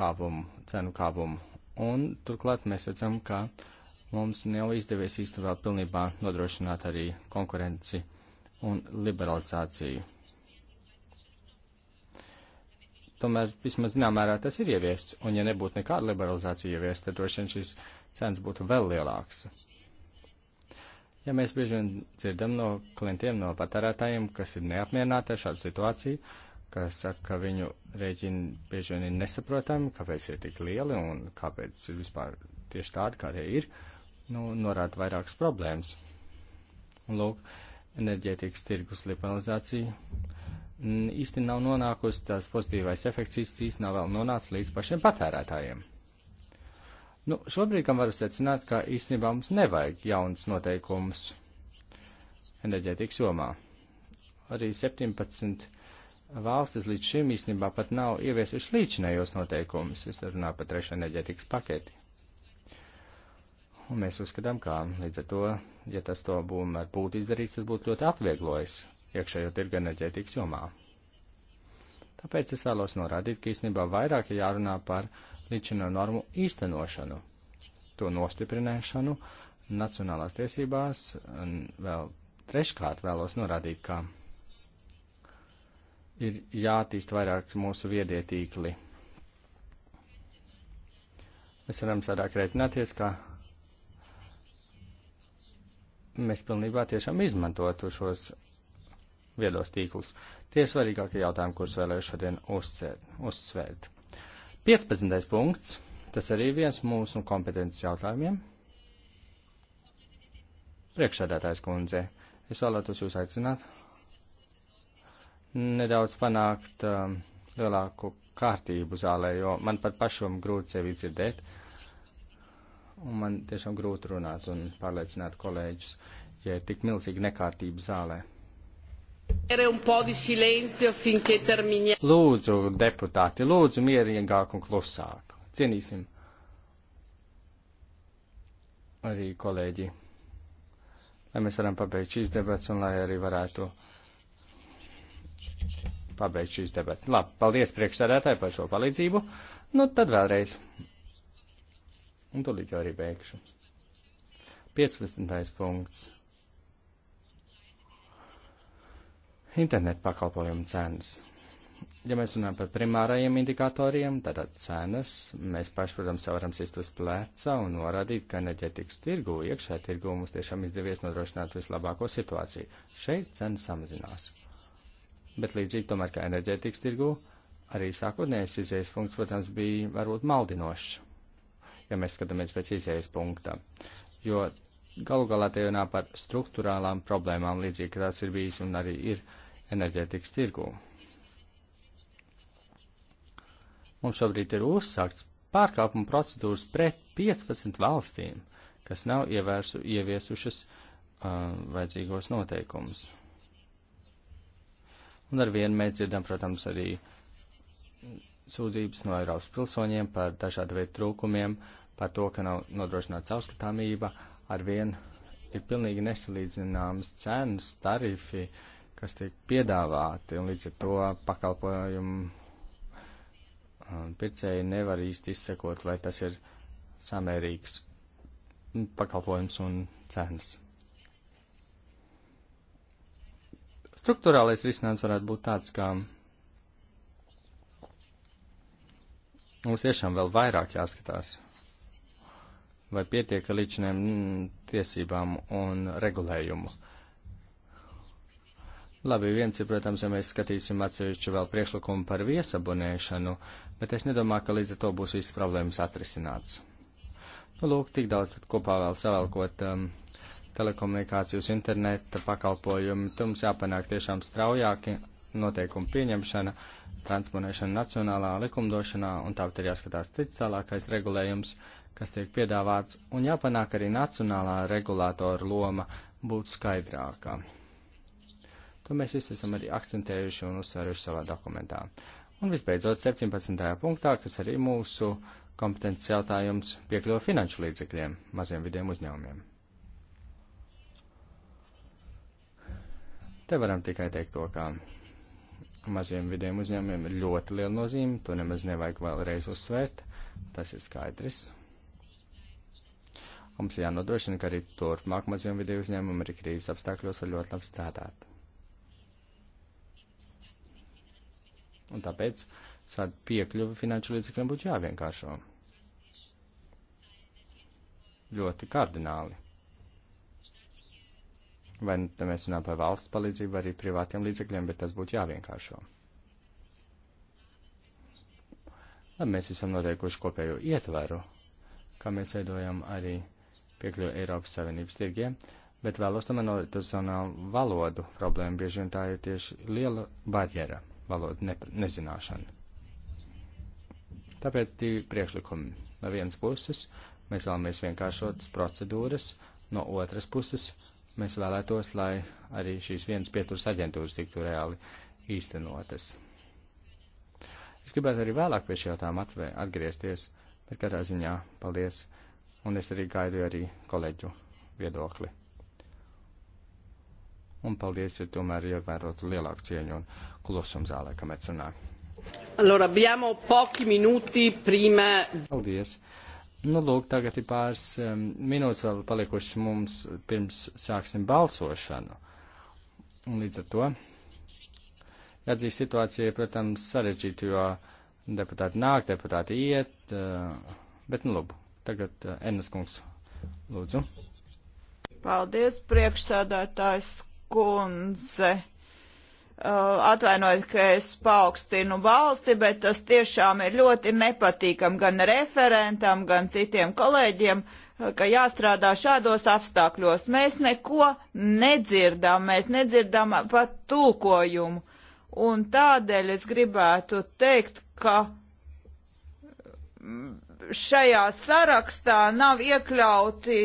kāpumu, cenu kāpumu. Un turklāt mēs redzam, ka mums nav izdevies īsti vēl pilnībā nodrošināt arī konkurenci un liberalizāciju tomēr vismaz zināmērā tas ir ieviests, un ja nebūtu nekāda liberalizācija ieviesta, tad droši vien šīs cenas būtu vēl lielākas. Ja mēs bieži vien dzirdam no klientiem, no patērētājiem, kas ir neapmierināti ar šādu situāciju, kas saka, ka viņu rēķini bieži vien ir nesaprotami, kāpēc ir tik lieli un kāpēc ir vispār tieši tādi, kādi ir, nu, norāda vairākas problēmas. Un lūk, enerģētikas tirgus liberalizācija īsti nav nonākusi, tās pozitīvais efekts īsti nav vēl nonācis līdz pašiem patērētājiem. Nu, šobrīd, kam varu secināt, ka īstenībā mums nevajag jaunas noteikumus enerģētikas jomā. Arī 17 valstis līdz šim īstenībā pat nav ieviesuši līdzinējos noteikumus. Es runāju par trešo enerģētikas paketi. Un mēs uzskatām, ka līdz ar to, ja tas to būm, būtu izdarīts, tas būtu ļoti atvieglojis iekšējo tirgu enerģētikas jomā. Tāpēc es vēlos norādīt, ka īstenībā vairāk ir jārunā par līdzšino normu īstenošanu, to nostiprināšanu nacionālās tiesībās, un vēl treškārt vēlos norādīt, ka ir jātīst vairāk mūsu viedie tīkli. Mēs varam sadāk rēķināties, ka mēs pilnībā tiešām izmantotu šos viedos tīklus. Tie ir svarīgākie jautājumi, kurus vēlēju šodien uzcēt, uzsvērt. 15. punkts. Tas arī viens mūsu kompetences jautājumiem. Priekšsēdētājs kundze, es vēlētos jūs aicināt nedaudz panākt um, lielāku kārtību zālē, jo man pat pašam grūti sevi dzirdēt. Un man tiešām grūti runāt un pārliecināt kolēģus, ja ir tik milzīga nekārtība zālē. Lūdzu, deputāti, lūdzu mierīgāk un klusāk. Cienīsim arī kolēģi, lai mēs varam pabeigt šīs debats un lai arī varētu pabeigt šīs debats. Labi, paldies priekšsēdētāji par šo palīdzību. Nu, tad vēlreiz. Un tūlīt jau arī beigšu. 15. punkts. internetu pakalpojumu cenas. Ja mēs runājam par primārajiem indikatoriem, tad cenas, mēs paši, protams, varam sist uz pleca un norādīt, ka enerģetikas tirgu, iekšē tirgu mums tiešām izdevies nodrošināt vislabāko situāciju. Šeit cenas samazinās. Bet līdzīgi tomēr, ka enerģetikas tirgu arī sākotnējais izējas punkts, protams, bija varbūt maldinošs, ja mēs skatāmies pēc izējas punkta. Jo galu galā te runā par struktūrālām problēmām, līdzīgi, ka tās ir bijis un arī ir. Uh, enerģētikas tirgū. Mums šobrīd ir uzsākts pārkāpuma procedūras pret 15 valstīm, kas nav ievērsu, ieviesušas uh, vajadzīgos noteikumus. Un ar vienu mēs dzirdam, protams, arī sūdzības no Eiropas pilsoņiem par dažādu veidu trūkumiem, par to, ka nav nodrošināta caurskatāmība, ar vienu ir pilnīgi nesalīdzināmas cenas, tarifi, uh, kas tiek piedāvāti, un līdz ar to pakalpojumu um, pircēji nevar īsti izsekot, vai tas ir samērīgs pakalpojums un cenas. Struktūrālais risinājums varētu būt tāds, ka mums tiešām vēl vairāk jāskatās, vai pietiek ar līdzinēm mm, tiesībām un regulējumu. Uh, Labi, viens ir, protams, ja mēs skatīsim atsevišķu vēl priekšlikumu par viesabonēšanu, bet es nedomāju, ka līdz ar to būs visas problēmas atrisināts. Nu, lūk, tik daudz kopā vēl savēlkot um, telekomunikācijas interneta pakalpojumi. Tur mums jāpanāk tiešām straujāki noteikumu pieņemšana, transponēšana nacionālā likumdošanā, un tāpat ir jāskatās digitālākais regulējums, kas tiek piedāvāts, un jāpanāk arī nacionālā regulātora loma būt skaidrākā. To mēs visi esam arī akcentējuši un uzsvēruši savā dokumentā. Un visbeidzot, 17. punktā, kas arī mūsu kompetences jautājums piekļuva finanšu līdzekļiem maziem vidiem uzņēmumiem. Te varam tikai teikt to, ka maziem vidiem uzņēmumiem ir ļoti liela nozīme, to nemaz nevajag vēlreiz uzsvērt, tas ir skaidrs. Mums jānodrošina, ka arī turpmāk maziem vidiem uzņēmumiem arī krīzes apstākļos var ļoti labi strādāt. Un tāpēc šāda piekļuva finanšu līdzekļiem būtu jāvienkāršo. Ļoti kardināli. Vai nu mēs runājam par valsts palīdzību, vai arī privātiem līdzekļiem, bet tas būtu jāvienkāršo. Tad mēs esam noteikuši kopējo ietveru, kā mēs veidojam arī piekļuvi Eiropas Savienības tirgiem, bet vēlos tomēr notikt uz valodu problēmu. Bieži vien tā ir tieši liela barjera valodu ne, nezināšanu. Tāpēc divi priekšlikumi. No vienas puses mēs vēlamies vienkāršotas procedūras, no otras puses mēs vēlētos, lai arī šīs vienas pieturas aģentūras tiktu reāli īstenotas. Es gribētu arī vēlāk pie šī jautājuma atgriezties, bet katrā ziņā paldies, un es arī gaidu arī kolēģu viedokli un paldies, ja tomēr ievērotu lielāku cieņu un klusumu zālē, kam mēs runājam. Allora, abbiamo pochi minuti prima. Paldies. Nu, lūk, tagad ir pāris um, minūtes vēl palikušas mums pirms sāksim balsošanu. Un līdz ar to, jāatzīst situācija, protams, sarežģīta, jo deputāti nāk, deputāti iet, uh, bet, nu, lūk, tagad uh, Ennas kungs, lūdzu. Paldies, priekšsēdētājs kundze. Uh, atvainojiet, ka es paaugstinu balsi, bet tas tiešām ir ļoti nepatīkam gan referentam, gan citiem kolēģiem, uh, ka jāstrādā šādos apstākļos. Mēs neko nedzirdam, mēs nedzirdam pat tulkojumu. Un tādēļ es gribētu teikt, ka mm, šajā sarakstā nav iekļauti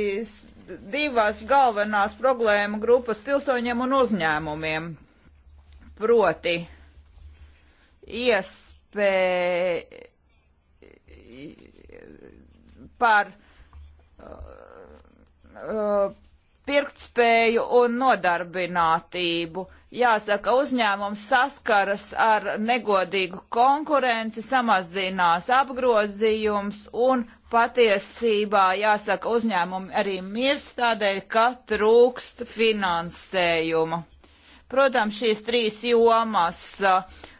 divas galvenās problēma grupas pilsoņiem un uzņēmumiem. Proti, iespēja par uh, uh, pirktspēju un nodarbinātību. Jāsaka, uzņēmums saskaras ar negodīgu konkurenci, samazinās apgrozījums un patiesībā jāsaka uzņēmumi arī mirst tādēļ, ka trūkst finansējuma. Protams, šīs trīs jomas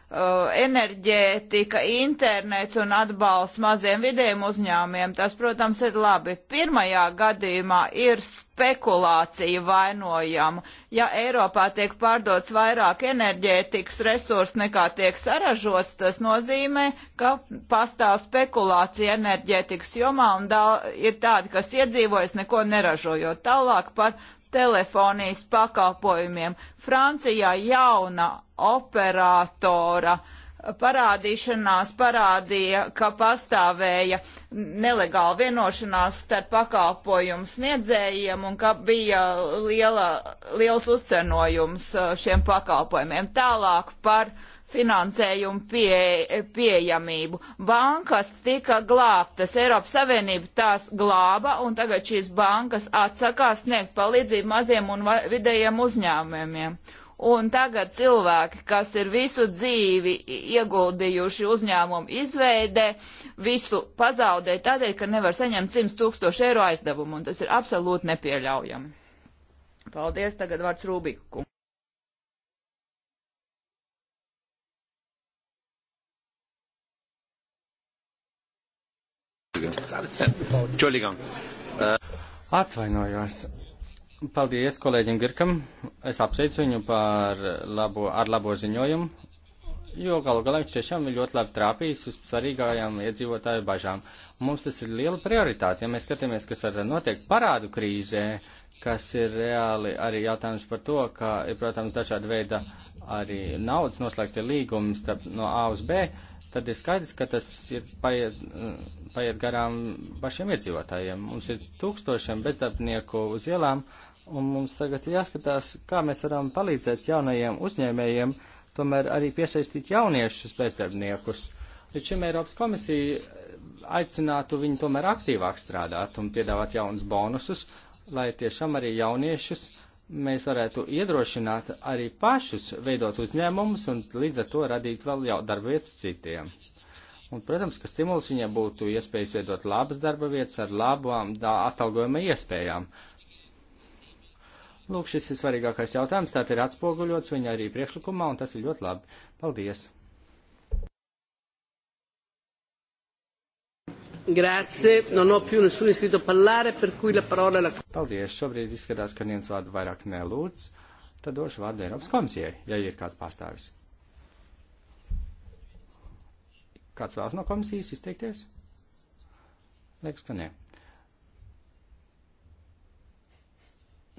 Uh, enerģētika, internets un atbalsts maziem vidiem uzņēmumiem. Tas, protams, ir labi. Pirmajā gadījumā ir spekulācija vainojama. Ja Eiropā tiek pārdots vairāk enerģētikas resursu nekā tiek saražots, tas nozīmē, ka pastāv spekulācija enerģētikas jomā un ir tādi, kas iedzīvojas neko neražojot. Tālāk par telefonijas pakalpojumiem. Francijā jauna operatora parādīšanās parādīja, ka pastāvēja nelegāla vienošanās starp pakalpojumu sniedzējiem un ka bija liela, liels uzcenojums eh, šiem pakalpojumiem. Tālāk par uh, finansējumu pie, pieejamību. Bankas tika glābtas, Eiropas Savienība tās glāba, un tagad šīs bankas atsakās sniegt palīdzību maziem un vidējiem uzņēmumiem. Un tagad cilvēki, kas ir visu dzīvi ieguldījuši uzņēmumu izveidē, visu pazaudē tādēļ, ka nevar saņemt 100 tūkstošu eiro aizdevumu, un tas ir absolūti nepieļaujami. Paldies, tagad vārds Rūbiku. Entschuldigung. Atvainojos. Paldies kolēģim Girkam. Es apsveicu viņu par labo, ar labo ziņojumu, jo galu galā viņš tiešām ir ļoti labi trāpījis uz svarīgajām iedzīvotāju bažām. Mums tas ir liela prioritāte, ja mēs skatāmies, kas ar notiek parādu krīzē, kas ir reāli arī jautājums par to, ka ir, protams, dažāda veida arī naudas noslēgti līgumi starp no A uz B. Uh, tad ir skaidrs, ka tas ir paiet, mm, paiet garām pašiem iedzīvotājiem. Mums ir tūkstošiem bezdarbnieku uz ielām, un mums tagad ir jāskatās, kā mēs varam palīdzēt jaunajiem uzņēmējiem, tomēr arī piesaistīt jauniešus bezdarbniekus. Līdz šim Eiropas komisija eh, aicinātu viņu tomēr aktīvāk strādāt un piedāvāt jaunus bonusus, lai tiešām arī jauniešus uh, mēs varētu iedrošināt arī pašus veidot uzņēmumus un līdz ar to radīt vēl jau darba vietas citiem. Un, protams, ka stimuls viņai būtu iespējas veidot labas darba vietas ar labām atalgojuma iespējām. Lūk, šis ir svarīgākais jautājums, tātad ir atspoguļots viņa arī priekšlikumā, un tas ir ļoti labi. Paldies! Grazie, non ho più nessuno iscritto a parlare, per cui la parola la... Paldies, šobrīd izskatās, ka neviens vārdu vairāk nelūdz, tad došu vārdu Eiropas komisijai, ja ir kāds pārstāvis. Kāds vēlas no komisijas izteikties? Liekas, ka nē.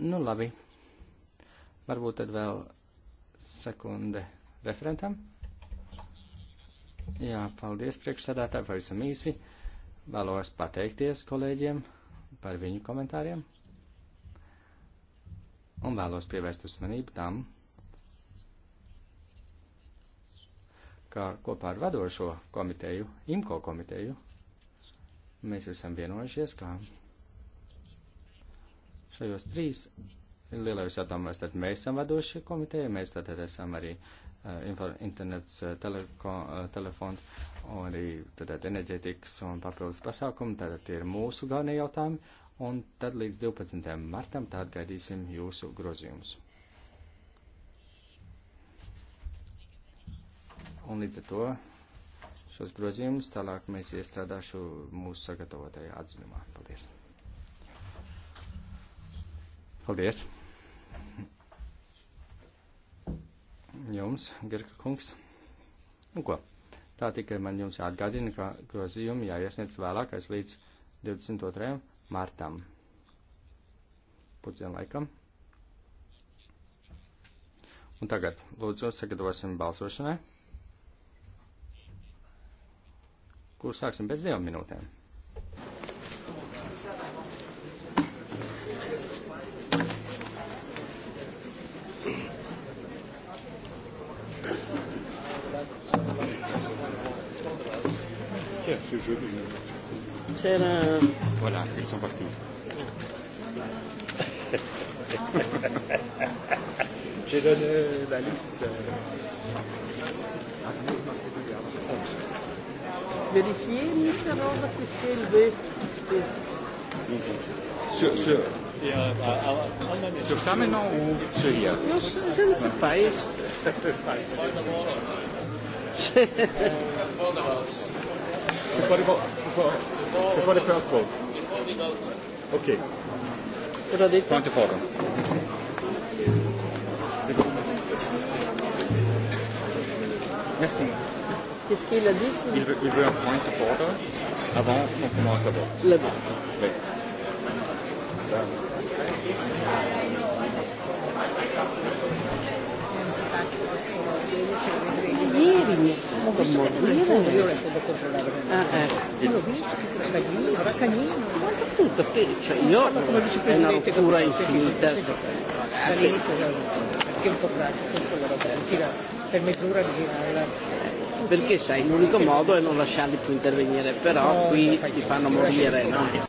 Nu, labi. Varbūt tad vēl sekunde referentam. Jā, paldies priekšsēdētāji, pavisam īsi. Vēlos pateikties kolēģiem par viņu komentāriem un vēlos pievērst uzmanību tam, ka kopā ar vadošo komiteju, IMCO komiteju, mēs esam vienojušies, ka šajos trīs lielajos jautājumos tad mēs esam vadošie komiteja, mēs tad esam arī Eh, internets, eh, teleko, eh, telefons un arī tātad enerģētikas un papildus pasākumi. Tātad tie ir mūsu galvenie jautājumi. Un tad līdz 12. martam tātad gaidīsim jūsu grozījumus. Un līdz ar to šos grozījumus tālāk mēs iestrādāšu mūsu sagatavotajā atzinumā. Paldies! Paldies! jums, Girka kungs. Nu ko, tā tikai man jums jāatgādina, ka grozījumi jāiesniedz vēlākais līdz 22. martam. Pudzienu laikam. Un tagad, lūdzu, sagatavosim balsošanai, kur sāksim pēc divām minūtēm. C'era... Voilà, ils sont partis. J'ai donné la liste. Vérifiez, ministre, alors, parce que c'est élevé. Sur, sur, sur ça maintenant ou sur hier Je ne sais pas. before the vote. Before, before, before the first vote. Before the vote. Okay. Point of order. Merci. Qu'est-ce qu'il a dit il veut, il veut un point of order avant qu'on commence le vote. Le vote. Oui. Ieri mi ha Ma vicino per il fondo, io ero in fondo contro la Ah, eh. Ma l'ho visto, Cagnini, Vaccagnini, quanto tutto, cioè io è una rottura infinita. All'inizio perché è un po' pratico, quella roba, gira per mezz'ora girarla perché sai l'unico modo è non lasciarli più intervenire però no, qui ti fanno morire no?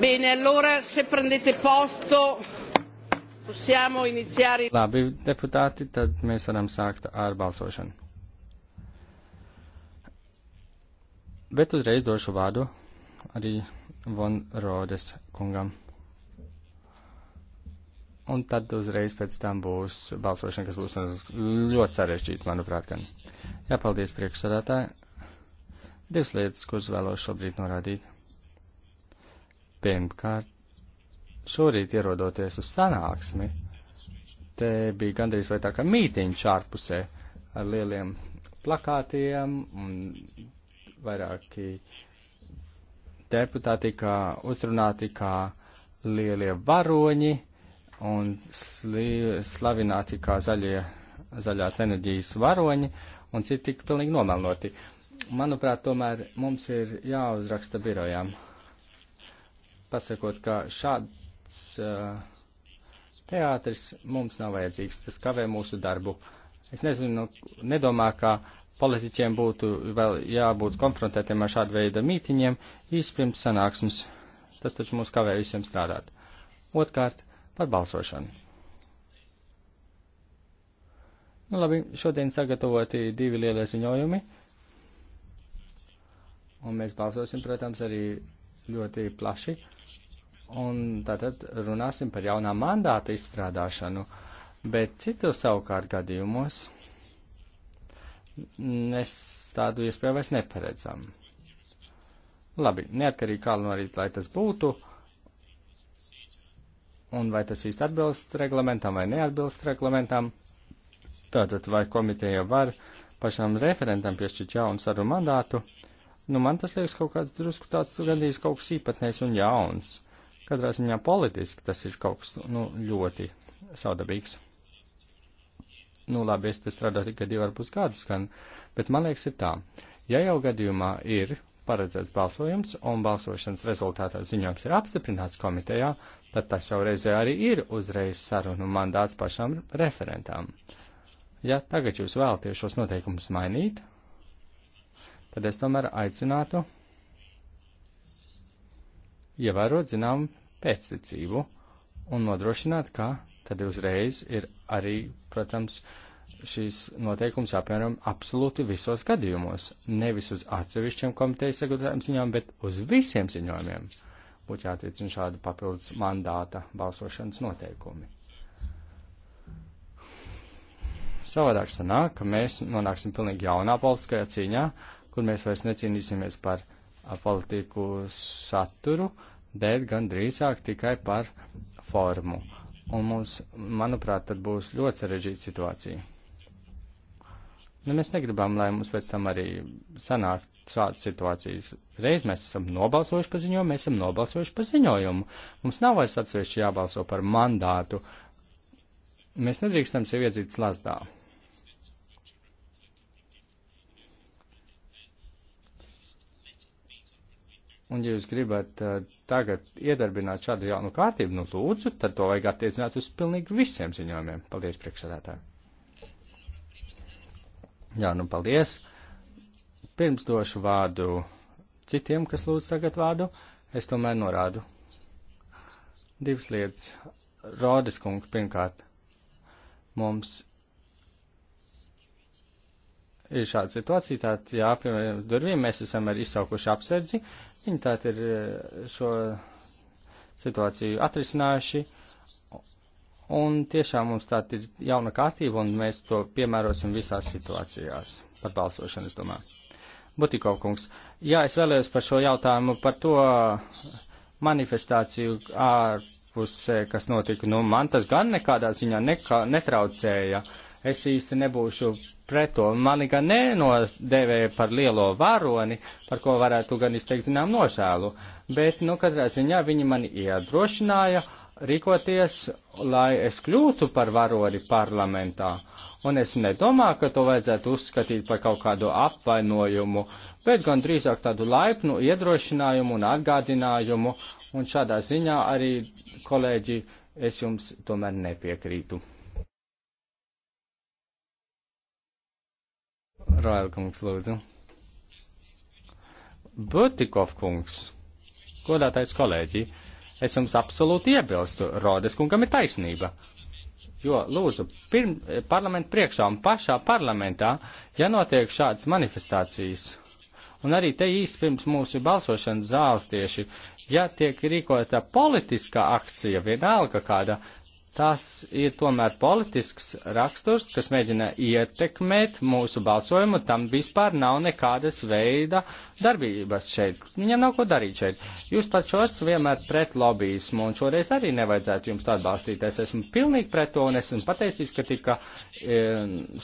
Bene, allora se prendete posto possiamo iniziare. Labi, deputāti, tad mēs varam sākt ar balsošanu. Bet uzreiz došu vārdu arī Von Rodes kungam. Un tad uzreiz pēc tam būs balsošana, kas būs ļoti sarežģīta, manuprāt, gan. Jā, paldies priekšsādātāji. Divas lietas, kuras vēlos šobrīd norādīt. Pirmkārt, šorīt ierodoties uz sanāksmi, te bija gandrīz vai tā kā mītiņš ārpusē ar lieliem plakātiem un vairāki deputāti kā uzrunāti kā lielie varoņi un sli, slavināti kā zaļie, zaļās enerģijas varoņi un citi tik pilnīgi nomelnoti. Manuprāt, tomēr mums ir jāuzraksta birojām pasakot, ka šāds uh, teātris mums nav vajadzīgs, tas kavē mūsu darbu. Es nezinu, nu, nedomāju, ka politiķiem būtu vēl jābūt konfrontētiem ar šādu veidu mītiņiem īsti pirms sanāksmes. Tas taču mūs kavē visiem strādāt. Otkārt, par balsošanu. Nu, labi, šodien sagatavoti divi lielie ziņojumi. Un mēs balsosim, protams, arī ļoti plaši. Un tātad runāsim par jaunā mandāta izstrādāšanu, bet citu savukārt gadījumos es tādu iespēju vairs neparedzam. Labi, neatkarīgi kā nu arī, lai tas būtu, un vai tas īsti atbilst reglamentam vai neatbilst reglamentam, tātad vai komiteja var pašam referentam piešķirt jaunu sarunu mandātu, nu man tas liekas kaut kāds drusku tāds gandrīz kaut kas īpatnējs un jauns Katrā ziņā politiski tas ir kaut kas nu, ļoti saudabīgs. Nu, labi, es te strādāju tikai divu ar pus gadus, gan, bet man liekas, ir tā. Ja jau gadījumā ir paredzēts balsojums un balsošanas rezultātā ziņojums ir apstiprināts komitejā, tad tas jau reizē arī ir uzreiz sarunu mandāts pašam referentām. Ja tagad jūs vēlaties šos noteikumus mainīt, tad es tomēr aicinātu ievērot zinām pēcticību un nodrošināt, ka tad uzreiz ir arī, protams, šīs noteikums apmēram absolūti visos gadījumos, nevis uz atsevišķiem komitejas sekretāriem ziņām, bet uz visiem ziņojumiem būtu jātiecina šādu papildus mandāta balsošanas noteikumi. Savādāk sanāk, ka mēs nonāksim pilnīgi jaunā politiskajā cīņā, kur mēs vairs necīnīsimies par politiku saturu, bet gan drīzāk tikai par formu. Un mums, manuprāt, tad būs ļoti sarežģīta situācija. Nu, mēs negribam, lai mums pēc tam arī sanāk šādas situācijas. Reiz mēs esam nobalsojuši par ziņojumu, mēs esam nobalsojuši par ziņojumu. Mums nav vairs atsevišķi jābalso par mandātu. Mēs nedrīkstam sevi iedzīt slazdā. Un, ja jūs gribat uh, tagad iedarbināt šādu jaunu kārtību, nu lūdzu, tad to vajag attiecināt uz pilnīgi visiem ziņojumiem. Paldies, priekšsēdētāji. Jā, nu paldies. Pirms došu vārdu citiem, kas lūdz tagad vārdu, es tomēr norādu. Divas lietas. Rodas kungs, pirmkārt, mums ir šāda situācija, tātad, jā, piemēram, durvīm mēs esam arī izsaukuši apsardzi, viņi tātad ir eh, šo situāciju atrisinājuši, un tiešām mums tātad ir jauna kārtība, un mēs to piemērosim visās situācijās par balsošanu, es domāju. Butiko kungs, jā, es vēlējos par šo jautājumu, par to manifestāciju ārpusē, kas notika, nu, man tas gan nekādā ziņā nekā, netraucēja. Uh, es īsti nebūšu pret to. Mani gan nenodēvēja par lielo varoni, par ko varētu gan izteikt zinām nožēlu, bet, nu, katrā ziņā viņi mani iedrošināja rīkoties, lai es kļūtu par varoni parlamentā. Un es nedomāju, ka to vajadzētu uzskatīt par kaut kādu apvainojumu, bet gan drīzāk tādu laipnu iedrošinājumu un atgādinājumu, un šādā ziņā arī, kolēģi, es jums tomēr nepiekrītu. Royal kungs, lūdzu. Butikov kungs, godātais kolēģi, es jums absolūti iebilstu, Rodes kungam ir taisnība. Jo, lūdzu, pirm, parlamentu priekšā un pašā parlamentā, ja notiek šādas manifestācijas, un arī te īsti pirms mūsu balsošanas zāles tieši, ja tiek rīkota politiskā akcija, vienalga kāda, tas ir tomēr politisks raksturs, kas mēģina ietekmēt mūsu balsojumu, tam vispār nav nekādas veida darbības šeit. Viņam nav ko darīt šeit. Jūs pats šots vienmēr pret lobbyismu, un šoreiz arī nevajadzētu jums tā atbalstīt. Es esmu pilnīgi pret to, un esmu pateicis, ka tika e,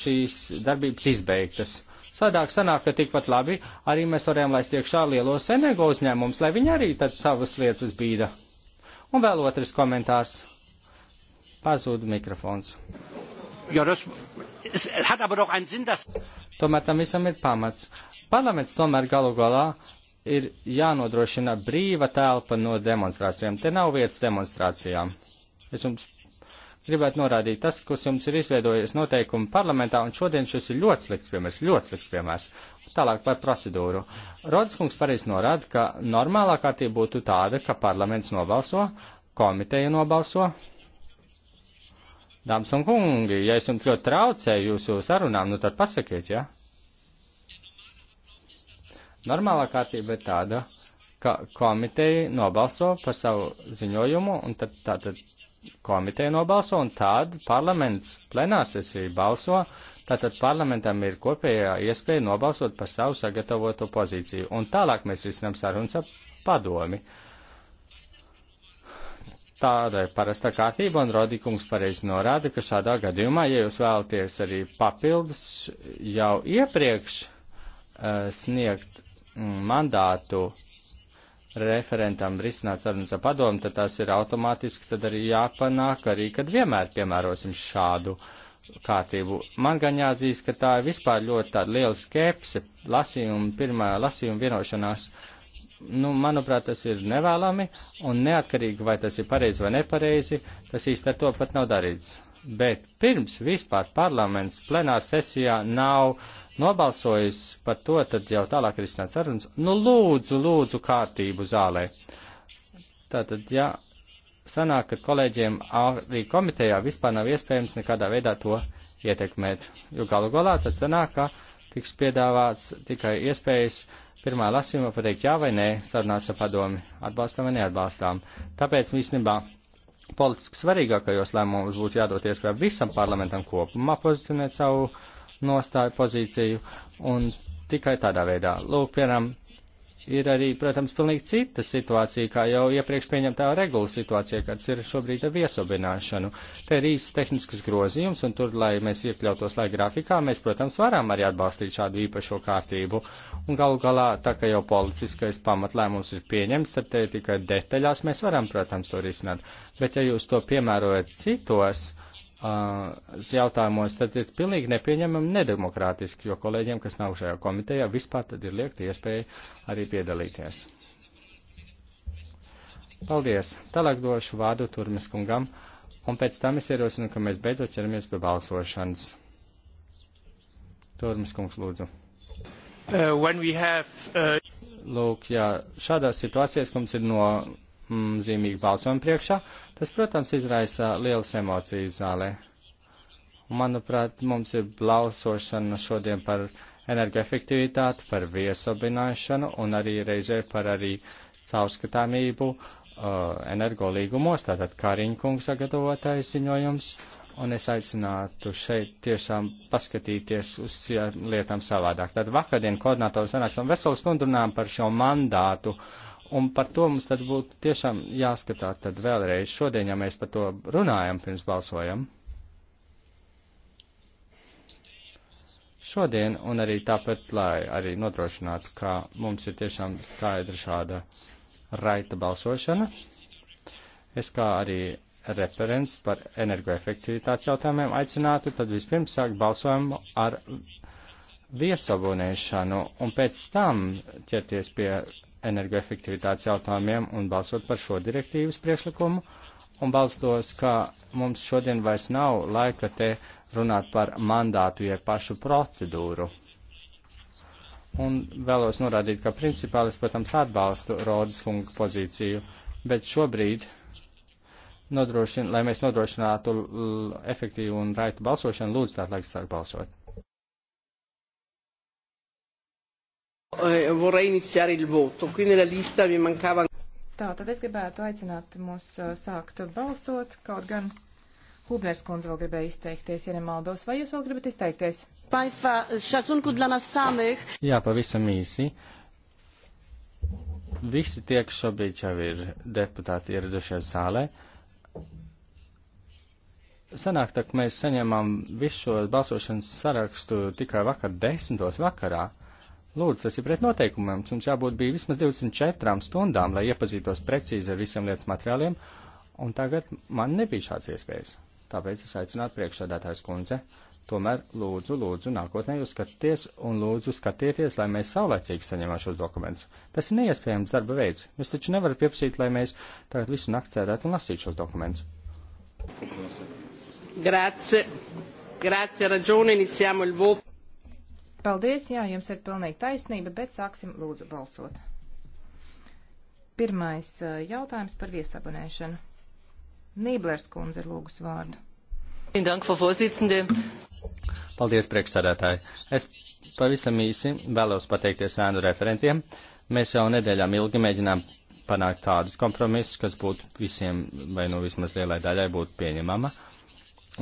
šīs darbības izbeigtas. Sadāk sanāk, ka tikpat labi arī mēs varējām laist iekšā lielo senego uzņēmumus, lai viņi arī tad savas lietas bīda. Un vēl otrs komentārs Pazuda mikrofons. Jo, das, es hat aber doch einen Sinn, dass... Tomēr tam visam ir pamats. Parlaments tomēr galu galā ir jānodrošina brīva telpa no demonstrācijām. Te nav vietas demonstrācijām. Es jums gribētu norādīt, tas, kas jums ir izveidojies noteikumi parlamentā, un šodien šis ir ļoti slikts piemērs, ļoti slikts piemērs. Tālāk par procedūru. Rodskungs pareizi norāda, ka normālā kārtība būtu tāda, ka parlaments nobalso, komiteja nobalso, Dāmas un kungi, ja es jums ļoti traucēju jūsu sarunām, nu tad pasakiet, jā? Ja? Normālā kārtība ir tāda, ka komiteja nobalso par savu ziņojumu, un tad, tad, tad komiteja nobalso, un tad parlaments plenārsesija balso, tātad parlamentam ir kopējā iespēja nobalsot par savu sagatavotu pozīciju, un tālāk mēs risinām sarunas ar padomi. Uh, Tāda ir parasta kārtība, un Rodīkums pareizi norāda, ka šādā gadījumā, ja jūs vēlaties arī papildus jau iepriekš uh, sniegt mm, mandātu referentam risināt sarunas ar padomu, tad tas ir automātiski, tad arī jāpanāk arī, kad vienmēr piemērosim šādu kārtību. Man gan jāatzīst, ka tā ir vispār ļoti tāda liela skepse lasījuma, pirmā lasījuma vienošanās uh, nu, manuprāt, tas ir nevēlami un neatkarīgi, vai tas ir pareizi vai nepareizi, tas īsti ar to pat nav darīts. Bet pirms vispār parlaments plenāra sesijā nav nobalsojis par to, tad jau tālāk ir izsnāts sarunas. Nu, lūdzu, lūdzu, kārtību zālē. Tātad, jā, sanāk, ka kolēģiem arī komitejā vispār nav iespējams nekādā veidā to ietekmēt, jo galu galā tad sanāk, ka tiks piedāvāts tikai iespējas uh, pirmā lasījumā pateikt jā vai nē, sarunās ar padomi, atbalstām vai neatbalstām. Tāpēc īstenībā politiski svarīgākajos lēmumos būtu jādod iespēja visam parlamentam kopumā pozicionēt savu nostāju pozīciju un tikai tādā veidā. Lūk, piemēram, ir arī, protams, pilnīgi cita situācija, kā jau iepriekš pieņemtā regula situācija, kāds ir šobrīd ar viesobināšanu. Te ir īsts tehnisks grozījums, un tur, lai mēs iekļautos lai grafikā, mēs, protams, varam arī atbalstīt šādu īpašo kārtību. Un galu galā, tā kā jau politiskais pamatlēmums ir pieņemts, tad te tikai detaļās mēs varam, protams, to risināt. Bet ja jūs to piemērojat citos, uh, jautājumos, tad ir pilnīgi nepieņemami nedemokrātiski, jo kolēģiem, kas nav šajā komitejā, vispār tad ir liekta iespēja arī piedalīties. Paldies! Tālāk došu vārdu Turmes kungam, un pēc tam es ierosinu, ka mēs beidzot ķeramies pie balsošanas. Turmes kungs, lūdzu. Uh, have, uh... Lūk, jā, šādās situācijās mums ir no mm, zīmīgu balsojumu priekšā, tas, protams, izraisa lielas emocijas zālē. Manuprāt, mums ir balsošana šodien par energoefektivitāti, par viesabināšanu un arī reizē par arī caurskatāmību uh, energolīgumos, tātad Kariņkungs sagatavotais ziņojums, un es aicinātu šeit tiešām paskatīties uz lietām savādāk. Tad vakardien koordinātoru sanāksim veselu stundu runājām par šo mandātu, uh, Un par to mums tad būtu tiešām jāskatās tad vēlreiz šodien, ja mēs par to runājam pirms balsojam. Šodien un arī tāpat, lai arī nodrošinātu, ka mums ir tiešām skaidra šāda raita balsošana. Es kā arī referents par energoefektivitātes jautājumiem aicinātu, tad vispirms sākt balsojumu ar viesabonēšanu un pēc tam ķerties pie energoefektivitātes jautājumiem un balsot par šo direktīvas priekšlikumu un balstos, ka mums šodien vairs nav laika te runāt par mandātu, ja pašu procedūru. Un vēlos norādīt, ka principāli es, protams, atbalstu Rodas kunga pozīciju, bet šobrīd, lai mēs nodrošinātu efektīvu un raitu balsošanu, lūdzu tātad laiks sāk balsot. Eh, vorrei iniziare il voto, qui nella lista mi mancava. Tā, tad es gribētu aicināt mūs eh, sākt balsot, kaut gan Hubners kundze vēl gribēja izteikties, ja nemaldos. Vai jūs vēl gribat izteikties? Państwa, szacunku dla nas samych. Jā, pavisam īsi. Visi tie, kas šobrīd jau ir deputāti ieradušies zālē, sanāk, ka mēs saņemam visu šo balsošanas sarakstu tikai vakar desmitos vakarā. Lūdzu, tas ir pret noteikumiem. Mums jābūt bija vismaz 24 stundām, lai iepazītos precīzi ar visiem lietas materiāliem, un tagad man nebija šāds iespējas. Tāpēc es aicinātu priekšsādātājs kundze, tomēr lūdzu, lūdzu, nākotnē jūs skatieties un lūdzu skatieties, lai mēs saulēcīgi saņemam šos dokumentus. Tas ir neiespējams darba veids. Jūs taču nevarat pieprasīt, lai mēs tagad visu nakti sēdētu un lasītu šos dokumentus. Grazie. Grazie, ragione, iniziamo il voto. Paldies, jā, jums ir pilnīgi taisnība, bet sāksim lūdzu balsot. Pirmais jautājums par viesabonēšanu. Nīblers kundze ir lūgus vārdu. Paldies, priekšsādātāji. Es pavisam īsi vēlos pateikties ēnu referentiem. Mēs jau nedēļām ilgi mēģinām panākt tādus kompromisus, kas būtu visiem, vai nu vismaz lielai daļai, būtu pieņemama.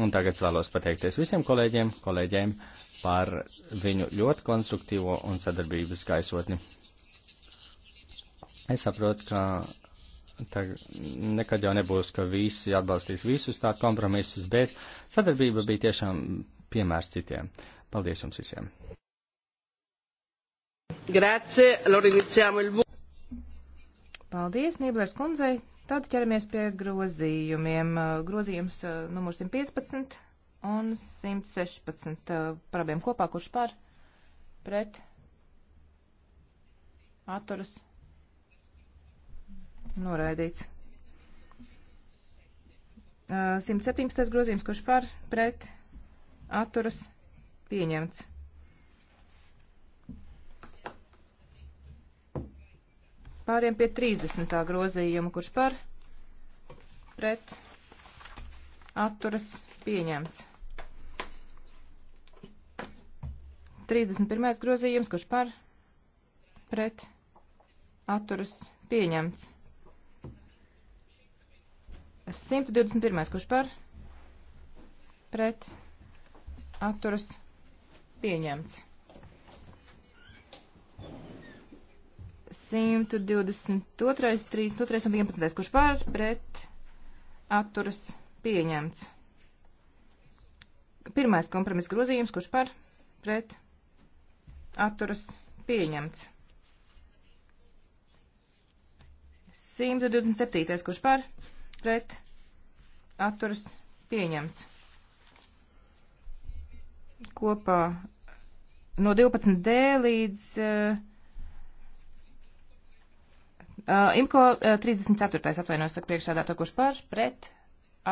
Un tagad vēlos pateikties visiem kolēģiem, kolēģiem par viņu ļoti konstruktīvo un sadarbības gaisotni. Es saprotu, ka tā, nekad jau nebūs, ka visi atbalstīs visus tādus kompromisus, bet sadarbība bija tiešām piemērs citiem. Paldies jums visiem! Grazie, allora iniziamo il voto. Paldies, Nīblers kundzei. Tad ķeramies pie grozījumiem. Grozījums eh, numurs 115 un 116 eh, par abiem kopā, kurš par pret atturas noraidīts. 117. Eh, grozījums, kurš par pret atturas pieņemts. Pāriem pie 30. grozījuma, kurš par pret atturas pieņemts. 31. grozījums, kurš par pret atturas pieņemts. 121. kurš par pret atturas pieņemts. 122, 32 un 11. kurš par pret atturas pieņemts. Pirmais kompromiss grozījums, kurš par pret atturas pieņemts. 127. kurš par pret atturas pieņemts. Kopā no 12D līdz uh, uh, IMCO uh, 34. atvainojas, saka priekšādā to, kurš par pret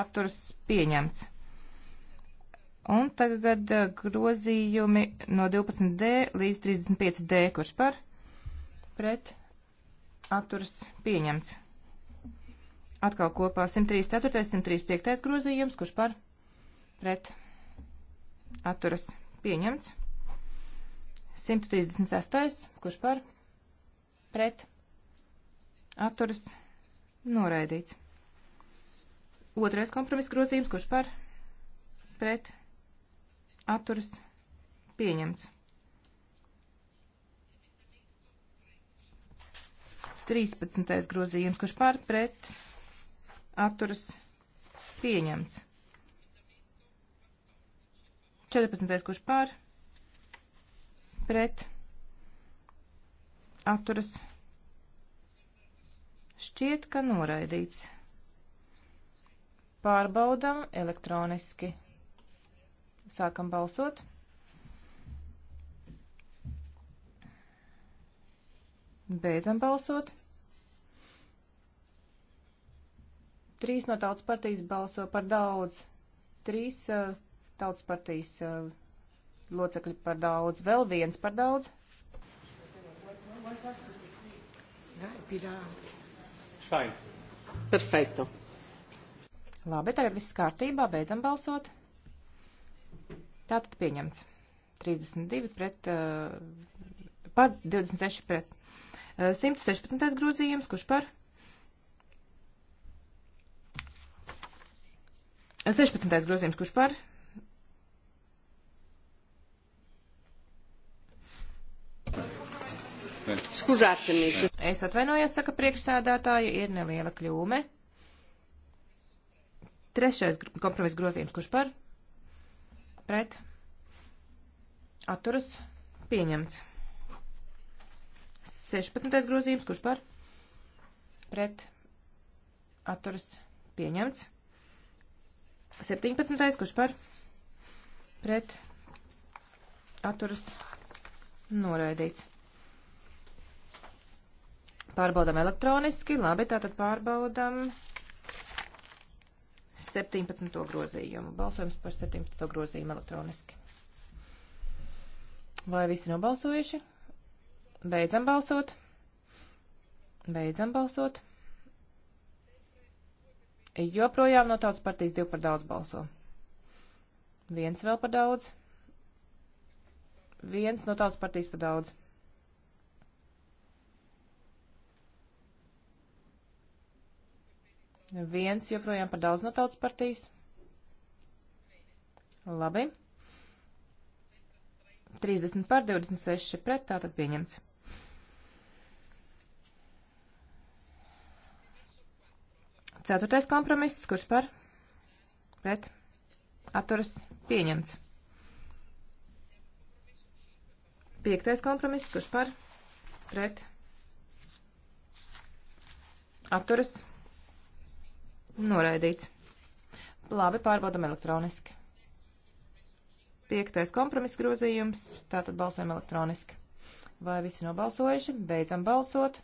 atturas pieņemts. Un tagad eh, grozījumi no 12D līdz 35D, kurš par pret atturs pieņemts. Atkal kopā 134, 135 grozījums, kurš par pret atturas pieņemts. 136, kurš par pret atturas noraidīts. Otrais kompromiss grozījums, kurš par pret atturas atturas pieņemts. 13. grozījums, kurš pār pret atturas pieņemts. 14. kurš pār pret atturas šķiet, ka noraidīts. Pārbaudam elektroniski Sākam balsot. Beidzam balsot. Trīs no tautas partijas balso par daudz. Trīs uh, tautas partijas uh, locekļi par daudz. Vēl viens par daudz. Perfekto. Labi, tagad viss kārtībā. Beidzam balsot. Tātad pieņemts. 32 pret, par 26 pret. 116. grozījums, kurš par? 16. grozījums, kurš par? Skuzātamies. Es atvainojos, saka priekšsēdētāja, ir neliela kļūme. Trešais kompromiss grozījums, kurš par? pret atturas pieņemts. 16. grozījums, kurš par pret atturas pieņemts. 17. kurš par pret atturas noraidīts. Pārbaudam elektroniski, labi, tātad pārbaudam 17. grozījumu. Balsojums par 17. grozījumu elektroniski. Vai visi nobalsojuši? Beidzam balsot. Beidzam balsot. Joprojām no tautas partijas divi par daudz balso. Viens vēl par daudz. Viens no tautas partijas par daudz. Viens joprojām par daudz no tautas partijas. Labi. 30 par 26 pret, tātad pieņemts. Ceturtais kompromiss, kurš par? Pret. Atturas pieņemts. Piektais kompromiss, kurš par? Pret. Atturas pieņemts. Noraidīts. Labi, pārbaudam elektroniski. Piektais kompromiss grozījums, tātad balsojam elektroniski. Vai visi nobalsojuši? Beidzam balsot.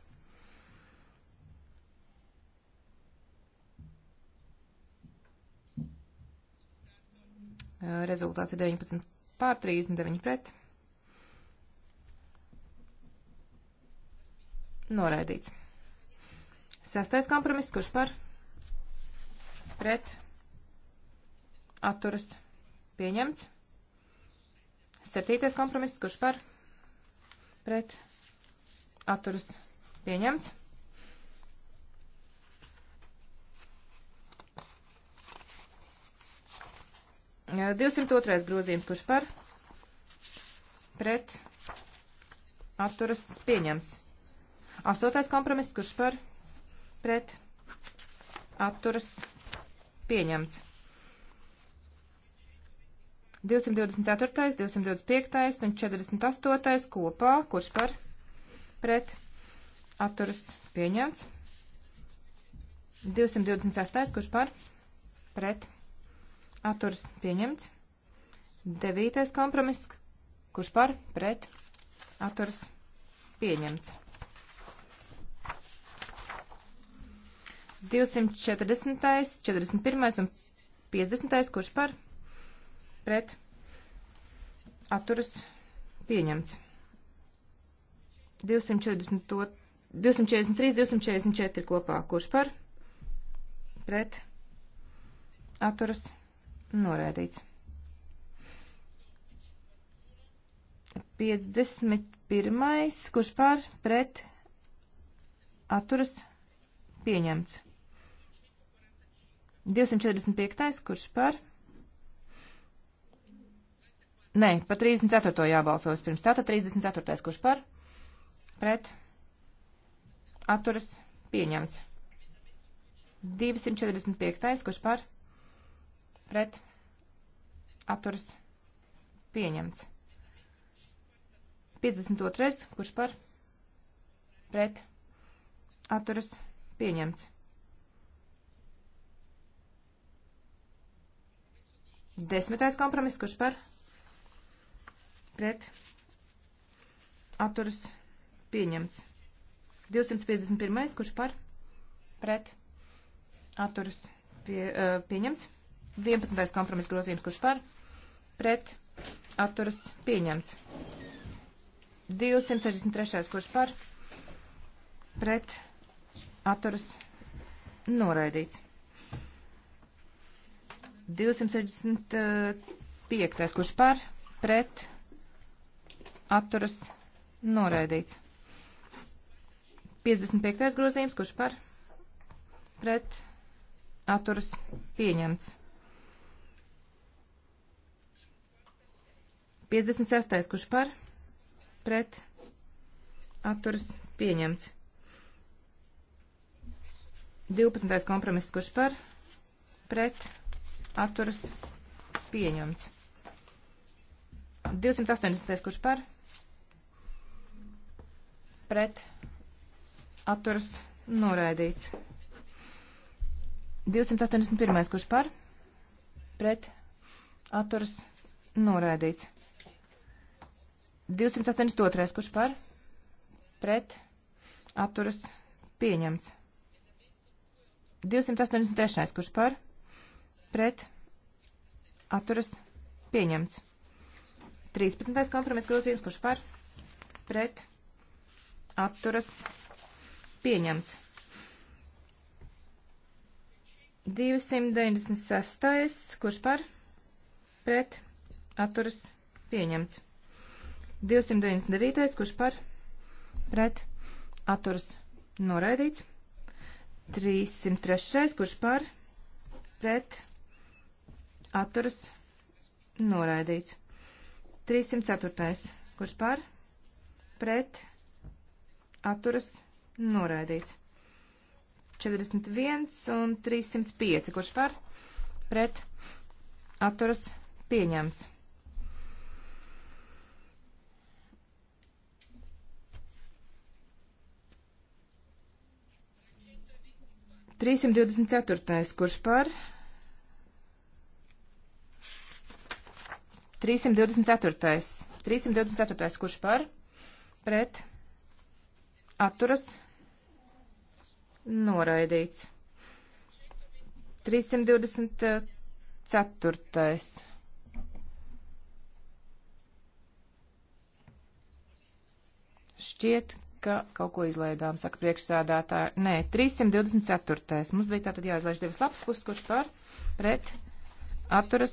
Rezultāts ir 19 pār 39 pret. Noraidīts. Sastais kompromiss, kurš par? pret atturas pieņemts. Septītais kompromiss, kurš par pret atturas pieņemts. Uh, 202. grozījums, kurš par pret atturas pieņemts. Astotais kompromiss, kurš par pret atturas pieņemts pieņemts. 224, 225 un 48 kopā, kurš par pret atturas pieņemts. 226, kurš par pret atturas pieņemts. 9. kompromiss, kurš par pret atturas pieņemts. 240, 41 un 50, kurš par pret atturas pieņemts. 242, 243, 244 kopā, kurš par pret atturas norēdīts. 51, kurš par pret atturas pieņemts. 245. kurš par? Nē, par 34. jābalso vispirms. Tātad 34. kurš par? Pret. Atturas. Pieņemts. 245. kurš par? Pret. Atturas. Pieņemts. 52. kurš par? Pret. Atturas. Pieņemts. Desmitais kompromiss, kurš par pret atturas pieņemts. 251. kurš par pret atturas pie, uh, pieņemts. 11. kompromiss grozījums, kurš par pret atturas pieņemts. 263. kurš par pret atturas noraidīts. 265. Kurš par? Pret? Atturas? Noraidīts. 55. grozījums. Kurš par? Pret? Atturas? Pieņemts. 56. Kurš par? Pret? Atturas? Pieņemts. 12. kompromiss. Kurš par? Pret? atturas pieņemts. 280. kurš par pret atturas noraidīts. 281. kurš par pret atturas noraidīts. 282. kurš par pret atturas pieņemts. 283. kurš par pret atturas pieņemts. 13. kompromiss grozījums, kurš par pret atturas pieņemts. 296. kurš par pret atturas pieņemts. 299. kurš par pret atturas noraidīts. 303. kurš par pret atturas pieņemts atturas noraidīts. 304. Kurš par? Pret. Atturas. Noraidīts. 41 un 305. Kurš par? Pret. Atturas. Pieņemts. Trīsimt divdesmit ceturtais, kurš par 324. 324. Kurš par? Pret. Atturas. Noraidīts. 324. Šķiet, ka kaut ko izlaidām, saka priekšsādātāji. Nē, 324. Mums bija tātad jāizlaiž divas lapas puses, kurš par pret atturas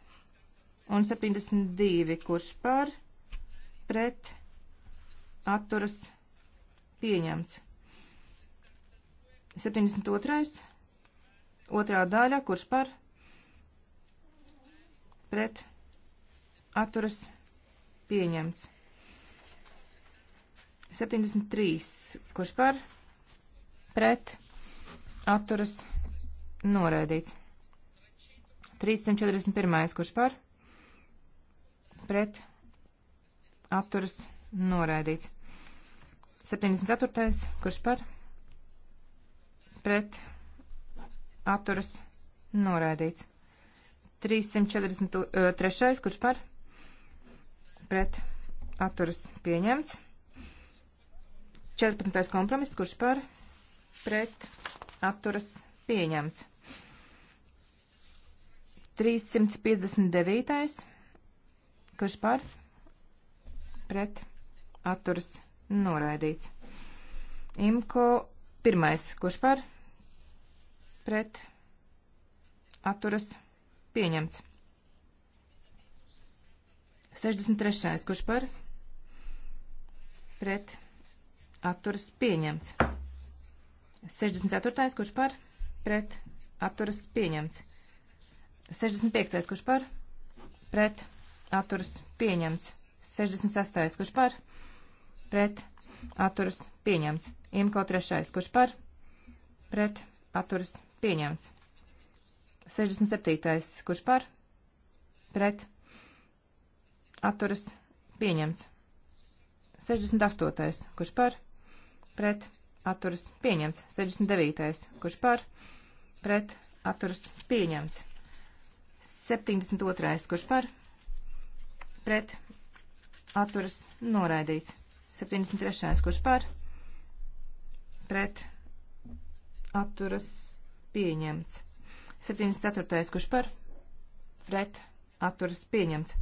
un 72, kurš par pret atturas pieņemts. 72. otrā daļa, kurš par pret atturas pieņemts. 73. Kurš par pret atturas noraidīts. 341. Kurš par pret pret atturas noraidīts. 74. kurš par pret atturas noraidīts. 343. kurš par pret atturas pieņemts. 14. kompromiss, kurš par pret atturas pieņemts. 359. Kurš par? Pret. Atturas. Noraidīts. Imko pirmais. Kurš par? Pret. Atturas. Pieņemts. 63. Kurš par? Pret. Atturas. Pieņemts. 64. Kurš par? Pret. Atturas. Pieņemts. 65. Kurš par? Pret atturas pieņemts. 68. kurš par pret atturas pieņemts. Imko 3. kurš par pret atturas pieņemts. 67. kurš par pret atturas pieņemts. 68. kurš par pret atturas pieņemts. 69. kurš par pret atturas pieņemts. 72. kurš par pret pret atturas noraidīts. 73. kurš par pret atturas pieņemts. 74. kurš par pret atturas pieņemts.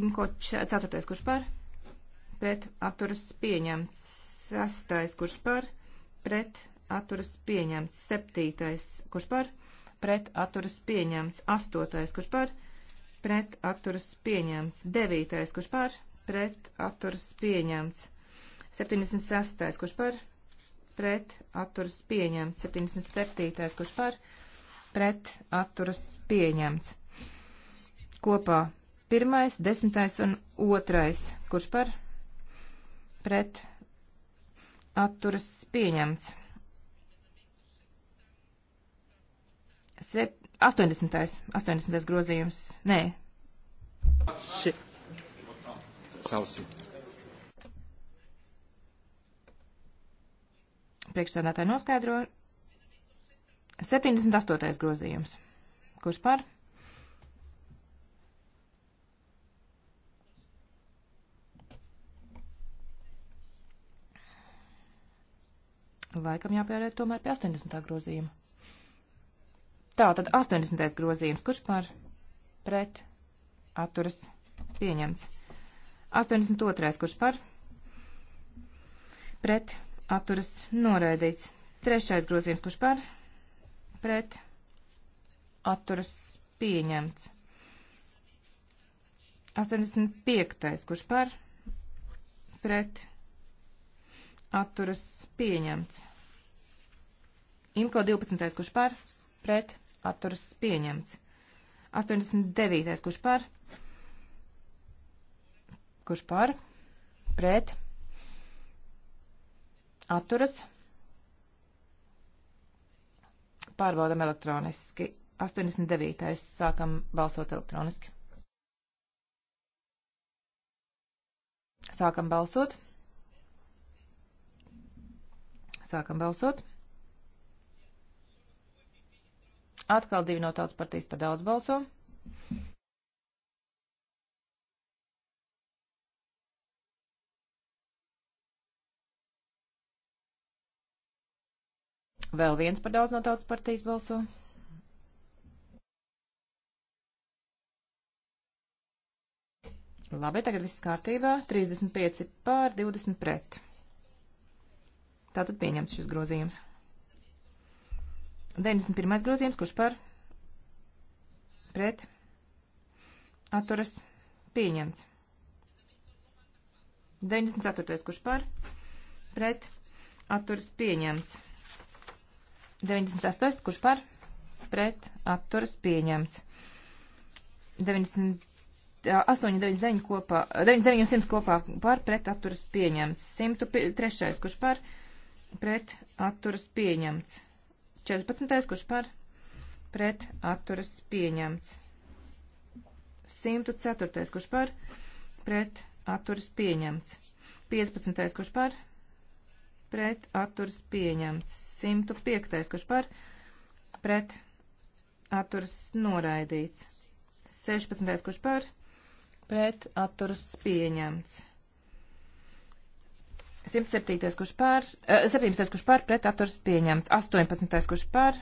Imko 4. kurš par pret atturas pieņemts. 6. kurš par pret atturas pieņemts. 7. kurš par pret atturas pieņemts. 8. kurš par pret pret atturas pieņemts. 9. kurš par pret atturas pieņemts. 76. kurš par pret atturas pieņemts. 77. kurš par pret atturas pieņemts. Kopā pirmais, desmitais un otrais, kurš par pret atturas pieņemts. Sep 80. 80. grozījums. Nē. Si. Salsi. Priekšsēdētāji noskaidro. 78. grozījums. Kurš par? Laikam jāpierēt tomēr pie 80. grozījuma. Tātad 80. grozījums, kurš par pret atturas pieņemts. 82. kurš par pret atturas noraidīts. Trešais grozījums, kurš par pret atturas pieņemts. 85. kurš par pret atturas pieņemts. Imko 12. kurš par pret atturas pieņemts. 89. kurš par? Kurš par? Pret? Atturas? Pārbaudam elektroniski. 89. sākam balsot elektroniski. Sākam balsot. Sākam balsot. Atkal divi no tautas partijas par daudz balso. Vēl viens par daudz no tautas partijas balso. Labi, tagad viss kārtībā. 35 pār 20 pret. Tātad pieņems šis grozījums. 91. grozījums, kurš par pret atturas pieņemts. 94. kurš par pret atturas pieņemts. 98. kurš par pret atturas pieņemts. 90. 8, 9, 9 kopā, 9, 9 un 100 kopā par pret atturas pieņemts. 103, kurš par pret atturas pieņemts. 14. kurš par pret atturas pieņemts. 104. kurš par pret atturas pieņemts. 15. kurš par pret atturas pieņemts. 105. kurš par pret atturas noraidīts. 16. kurš par pret atturas pieņemts. 107. kurš pār, 17. Eh, kurš pār pret atturas pieņemts, 18. kurš pār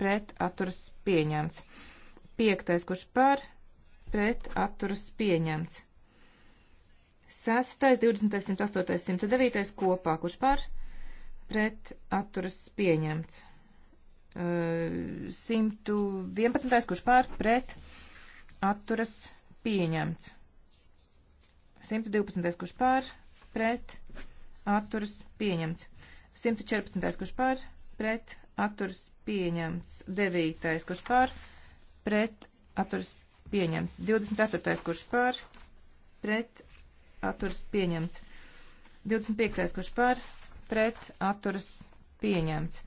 pret atturas pieņemts, 5. kurš pār pret atturas pieņemts, 6. 20. 108. 109. kopā kurš pār pret atturas pieņemts, 111. Eh, kurš pār pret atturas pieņemts, 112. kurš pār pret atturas pieņemts atturas pieņemts. 114. kurš pār, pret, atturas pieņemts. 9. kurš pār, pret, atturas pieņemts. 24. kurš pār, pret, atturas pieņemts. 25. kurš pār, pret, atturas pieņemts.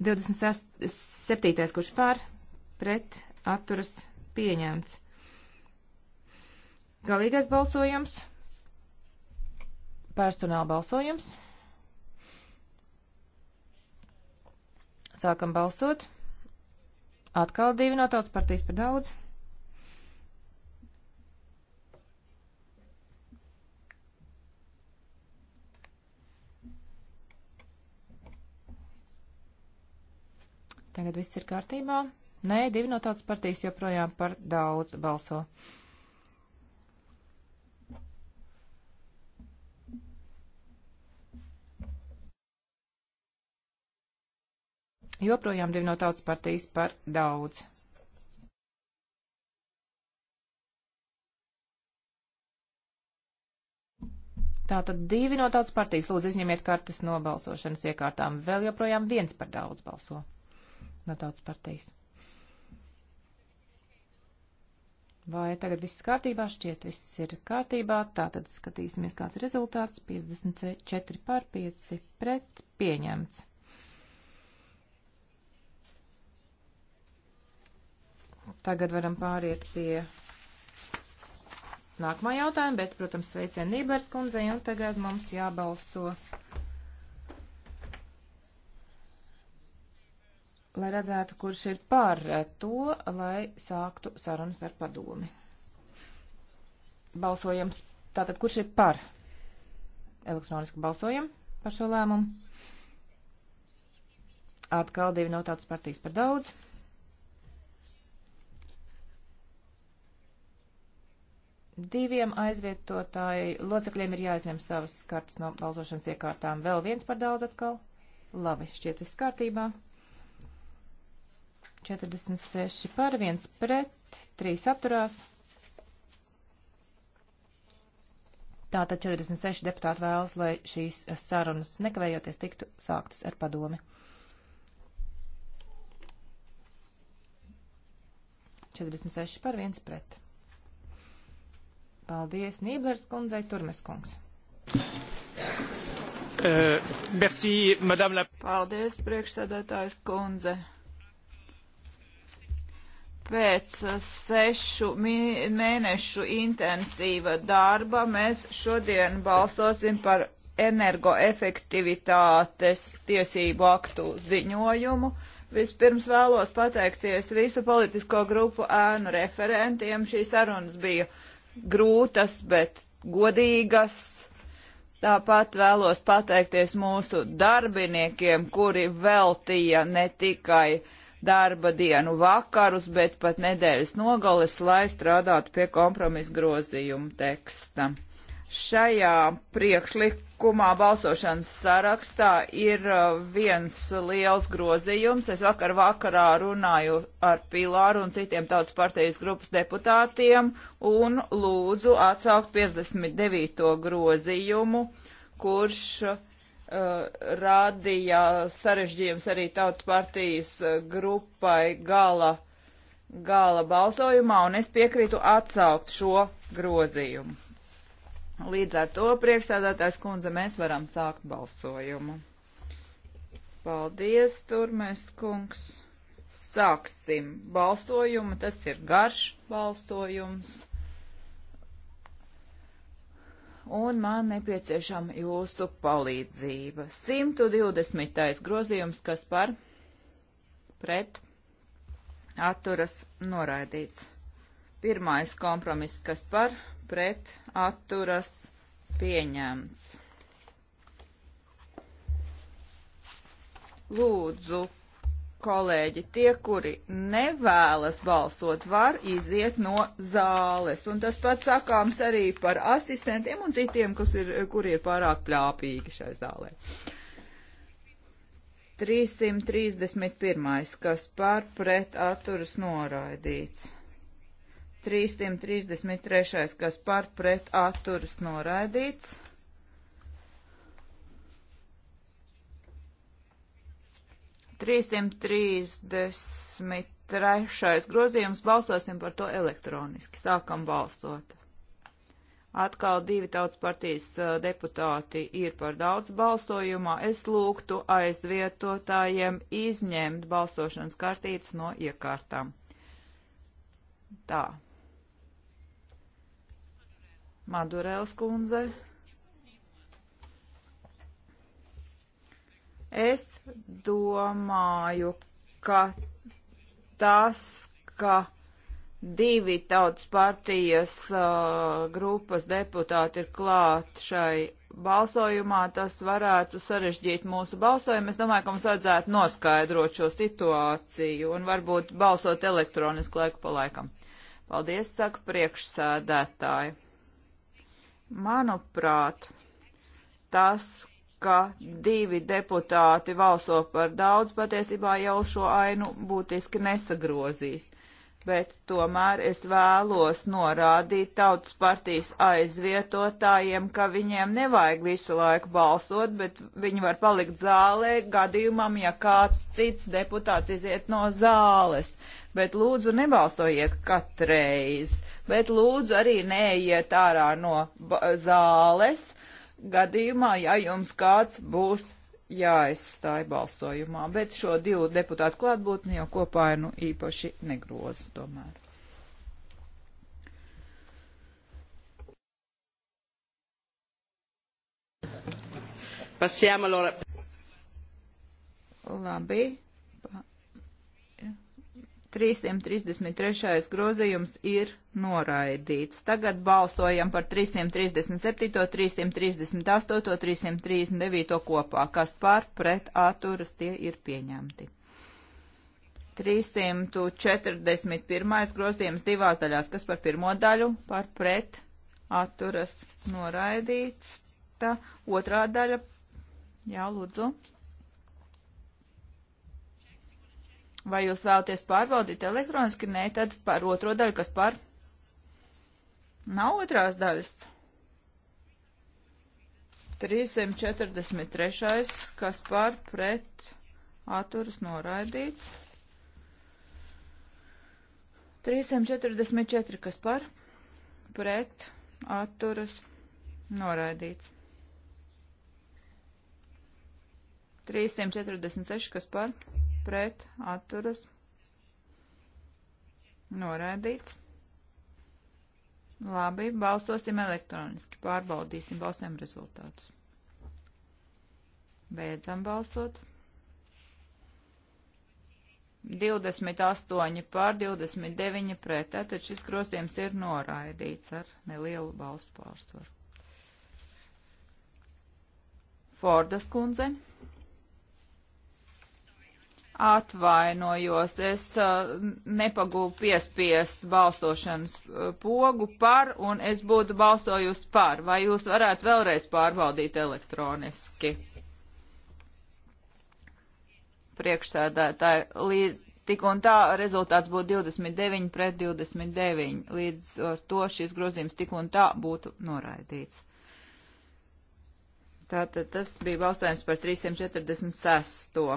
27. kurš pār, pret, atturas pieņemts. Galīgais balsojums. Personāla balsojums. Sākam balsot. Atkal divi no tautas partijas par daudz. Tagad viss ir kārtībā. Nē, divi no tautas partijas joprojām par daudz balso. Joprojām divi no tautas partijas par daudz. Tātad divi no tautas partijas lūdzu izņemiet kartes no balsošanas iekārtām. Vēl joprojām viens par daudz balso no tautas partijas. Vai tagad viss kārtībā? Šķiet, viss ir kārtībā. Tātad skatīsimies, kāds ir rezultāts. 54 pār 5 pret pieņemts. Tagad varam pāriet pie nākamā jautājuma, bet, protams, sveicien Nībērs kundzei, un tagad mums jābalso, lai redzētu, kurš ir par to, lai sāktu sarunas ar padomi. Balsojam, tātad, kurš ir par? Elektroniski balsojam par šo lēmumu. Atkal divi no tautas partijas par daudz. Diviem aizvietotāji locekļiem ir jāizņem savas kartas no balsošanas iekārtām. Vēl viens par daudz atkal. Labi, šķiet viss kārtībā. 46 par, 1 pret, 3 atturās. Tātad 46 deputāti vēlas, lai šīs sarunas nekavējoties tiktu sāktas ar padomi. 46 par 1 pret. Paldies Nīblers kundzei Turmes kungs. Uh, merci, madame la... Paldies, priekšsēdētājs kundze pēc eh, sešu mēnešu intensīva darba mēs šodien balsosim par energoefektivitātes tiesību aktu ziņojumu. Vispirms vēlos pateikties visu politisko grupu ēnu referentiem. Šīs sarunas bija grūtas, bet godīgas. Tāpat vēlos pateikties mūsu darbiniekiem, kuri veltīja ne tikai darba dienu vakarus, bet pat nedēļas nogales, lai strādātu pie kompromisa grozījuma teksta. Šajā priekšlikumā balsošanas sarakstā ir uh, viens liels grozījums. Es vakar vakarā runāju ar Pilāru un citiem tautas partijas grupas deputātiem un lūdzu atsaukt 59. grozījumu, kurš uh, radīja sarežģījums arī tautas partijas uh, grupai gala, gala balsojumā, un es piekrītu atsaukt šo grozījumu. Līdz ar to priekšsēdētājs kundze mēs varam sākt balsojumu. Paldies, turmēs kungs. Sāksim balsojumu. Tas ir garš balsojums. Un man nepieciešama jūsu palīdzība. 120. grozījums, kas par pret atturas noraidīts. Pirmais kompromiss, kas par pret atturas pieņemts. Lūdzu, kolēģi, tie, kuri nevēlas balsot, var iziet no zāles. Un tas pats sakāms arī par asistentiem un citiem, ir, kuri ir pārāk plāpīgi šai zālē. 331. kas par pret atturas noraidīts. 333. kas par pret atturas noraidīts. 333. grozījums balsosim par to elektroniski. Sākam balsot. Atkal divi tautas partijas uh, deputāti ir par daudz balsojumā. Es lūgtu aizvietotājiem izņemt balsošanas kartītes no iekārtām. Tā. Madurēls kundzei. Es domāju, ka tas, ka divi tautas partijas uh, grupas deputāti ir klāt šai balsojumā, tas varētu sarežģīt mūsu balsojumu. Es domāju, ka mums vajadzētu noskaidrot šo situāciju un varbūt balsot elektroniski laiku pa laikam. Paldies, saka priekšsēdētāji. Manuprāt, tas, ka divi deputāti valso par daudz, patiesībā jau šo ainu būtiski nesagrozīs. Uh, bet tomēr es vēlos norādīt tautas partijas aizvietotājiem, ka viņiem nevajag visu laiku balsot, bet viņi var palikt zālē gadījumam, ja kāds cits deputāts iziet no zāles. Bet lūdzu nebalsojiet katreiz, bet lūdzu arī neiet ārā no zāles gadījumā, ja jums kāds būs jāizstāj balsojumā, bet šo divu deputātu klātbūtni jau kopā nu īpaši negroza tomēr. Passiamo allora. Labi, 333. grozījums ir noraidīts. Tagad balsojam par 337, 338, 339 kopā, kas par pret atturas tie ir pieņemti. 341. grozījums divās daļās, kas par pirmo daļu, par pret atturas noraidīts. Tā otrā daļa, jā, lūdzu. Vai jūs vēlaties pārbaudīt elektroniski? Nē, tad par otro daļu, kas par? Nav otrās daļas. 343. kas par pret atturas noraidīts. 344. kas par pret atturas noraidīts. 346. kas par pret pret atturas noraidīts. Labi, balsosim elektroniski, pārbaudīsim balsēm rezultātus. Beidzam balsot. 28 pār 29 pret, tātad šis grozījums ir noraidīts ar nelielu balstu pārsvaru. Fordas kundze. Atvainojos, es uh, nepagūvu piespiest balsošanas uh, pogu par, un es būtu balsojusi par. Vai jūs varētu vēlreiz pārbaudīt elektroniski? Priekšsēdētāji, līdz tik un tā rezultāts būtu 29 pret 29. Līdz ar to šis grozījums tik un tā būtu noraidīts. Tātad tas bija balstājums par 346.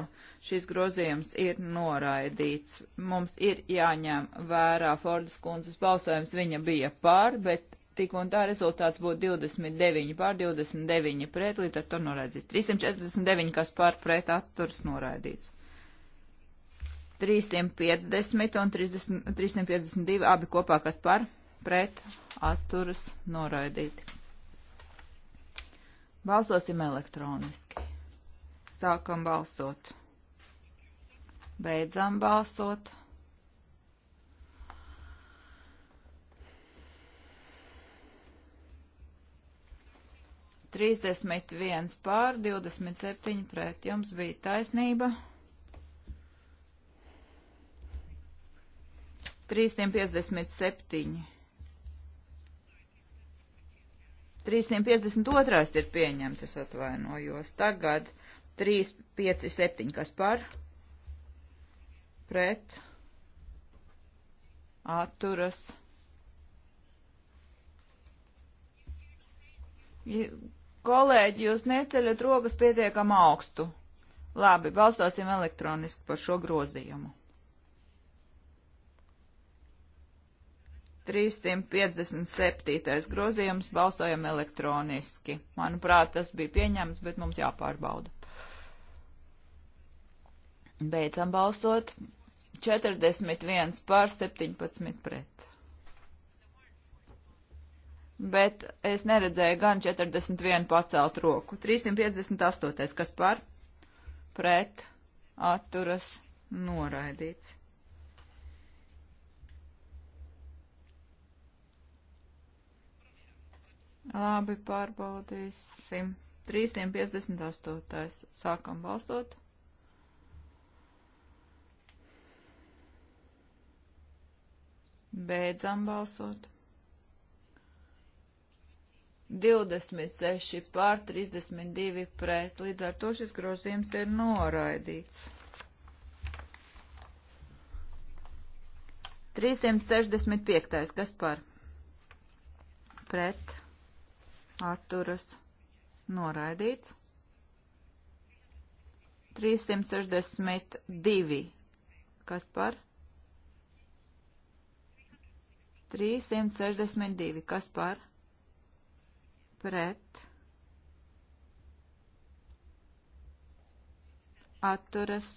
Šis grozījums ir noraidīts. Mums ir jāņem vērā Fordas kundzes balsojums. Viņa bija pār, bet tik un tā rezultāts būtu 29 pār 29 pret, līdz ar to noraidīts. 349, kas pār pret atturs noraidīts. 350 un 30, 352 abi kopā, kas par pret atturas noraidīti. Balsosim elektroniski. Sākam balsot. Beidzam balsot. Trīsdesmit viens pār, divdesmit septiņi pret. Jums bija taisnība. 357 352. ir pieņemts, es atvainojos. Tagad 357. kas par? Pret. Atturas. Kolēģi, jūs neceļat rokas pietiekam augstu. Labi, balsosim elektroniski par šo grozījumu. 357. grozījums balsojam elektroniski. Manuprāt, tas bija pieņemts, bet mums jāpārbauda. Beidzam balsot. 41 pār 17 pret. Bet es neredzēju gan 41 pacelt roku. 358. kas par? Pret. Atturas. Noraidīts. Labi, pārbaudīsim. 358. Sākam balsot. Beidzam balsot. 26 pār 32 pret. Līdz ar to šis grozījums ir noraidīts. 365. Kas par? Pret atturas noraidīts. 362. Kas par? 362. Kas par? Pret. Atturas.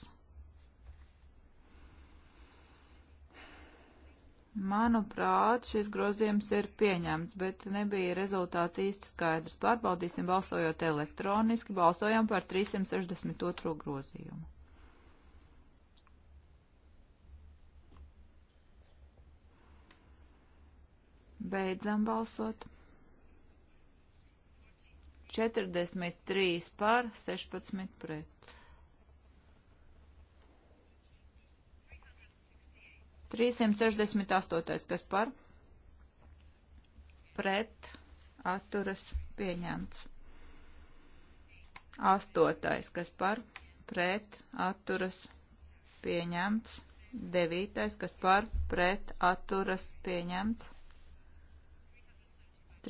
Manuprāt, šis grozījums ir pieņemts, bet nebija rezultāts īsti skaidrs. Pārbaudīsim balsojot elektroniski, balsojam par 362. grozījumu. Beidzam balsot. 43 par, 16 pret. 368. kas par pret atturas pieņemts. 8. kas par pret atturas pieņemts. 9. kas par pret atturas pieņemts.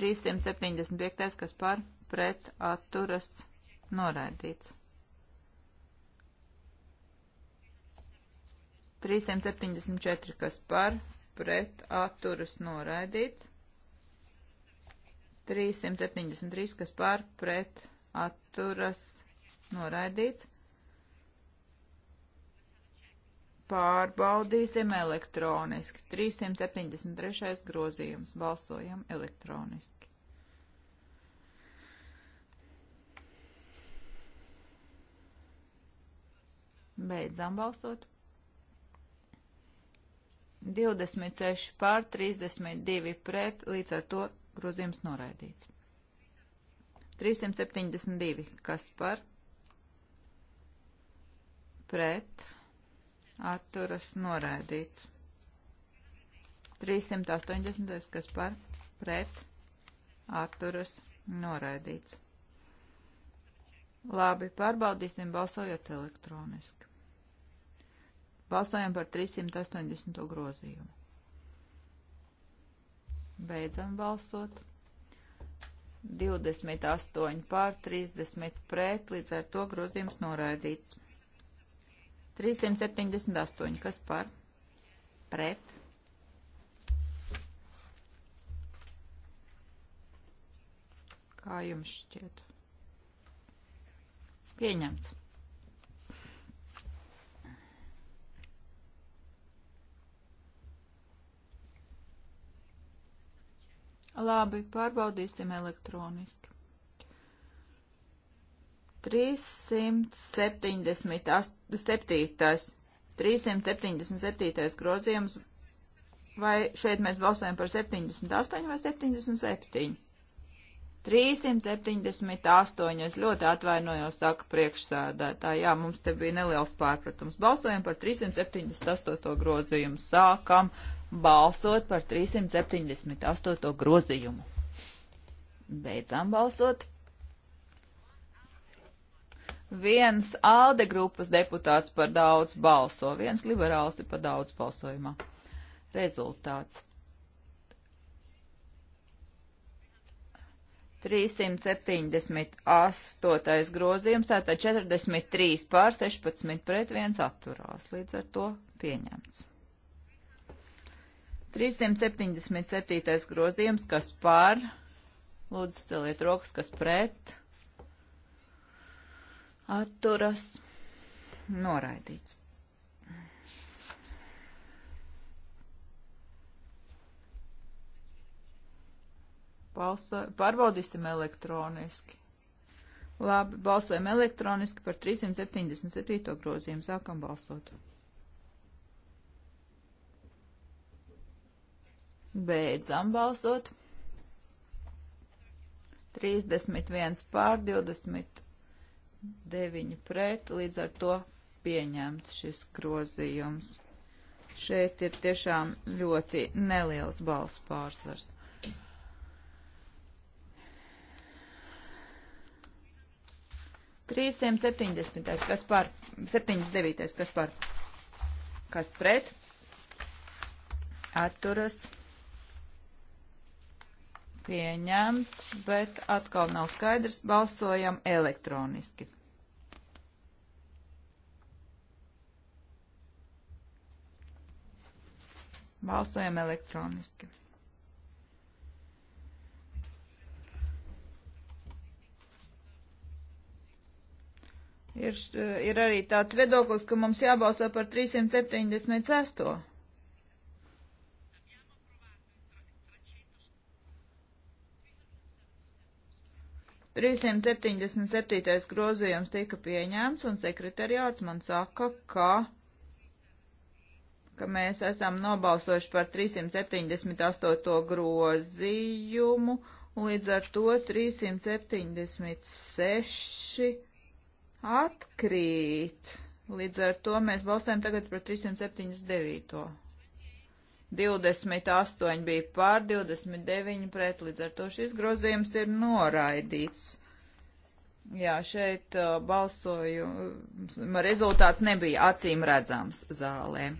375. kas par pret atturas noraidīts. 374, kas par pret atturas noraidīts. 373, kas par pret atturas noraidīts. Pārbaudīsim elektroniski. 373. grozījums. Balsojam elektroniski. Beidzam balsot. 26 pār 32 pret, līdz ar to grozījums noraidīts. 372, kas par pret atturas noraidīts. 380, kas par pret atturas noraidīts. Labi, pārbaudīsim balsojot elektroniski. Balsojam par 380. grozījumu. Beidzam balsot. 28 pār 30 pret, līdz ar to grozījums noraidīts. 378, kas par? Pret. Kā jums šķiet? Pieņemts. Labi, pārbaudīsim elektroniski. 377. 377. grozījums. Vai šeit mēs balsējam par 78 vai 77? 378. Es ļoti atvainojos, saka priekšsēdētāji. Jā, mums te bija neliels pārpratums. Balsojam par 378. grozījumu. Sākam balsot par 378. grozījumu. Beidzām balsot. Viens ALDE grupas deputāts par daudz balso, viens liberāls ir par daudz balsojumā. Rezultāts. 378. grozījums, tātad 43 pār 16 pret 1 atturās, līdz ar to pieņemts. 377. grozījums, kas par, lūdzu celiet rokas, kas pret, atturas, noraidīts. Balso, pārbaudīsim elektroniski. Labi, balsojam elektroniski par 377. grozījumu. Sākam balsot. Beidzam balsot. 31 pār 29 pret, līdz ar to pieņemts šis grozījums. Šeit ir tiešām ļoti neliels balsu pārsvars. Trīsiem septiņdesmitais, kas par, septiņdesmitais, kas par, kas pret, atturas, pieņemts, bet atkal nav skaidrs, balsojam elektroniski. Balsojam elektroniski. Ir, ir arī tāds viedoklis, ka mums jābalso par 376. 377. grozījums tika pieņēmts, un sekretariāts man saka, ka, ka mēs esam nobalsojuši par 378. grozījumu, un līdz ar to 376 atkrīt. Līdz ar to mēs balstām tagad par 379. 28 bija pār, 29 pret, līdz ar to šis grozījums ir noraidīts. Jā, šeit uh, balsoju, rezultāts nebija acīm redzams zālē.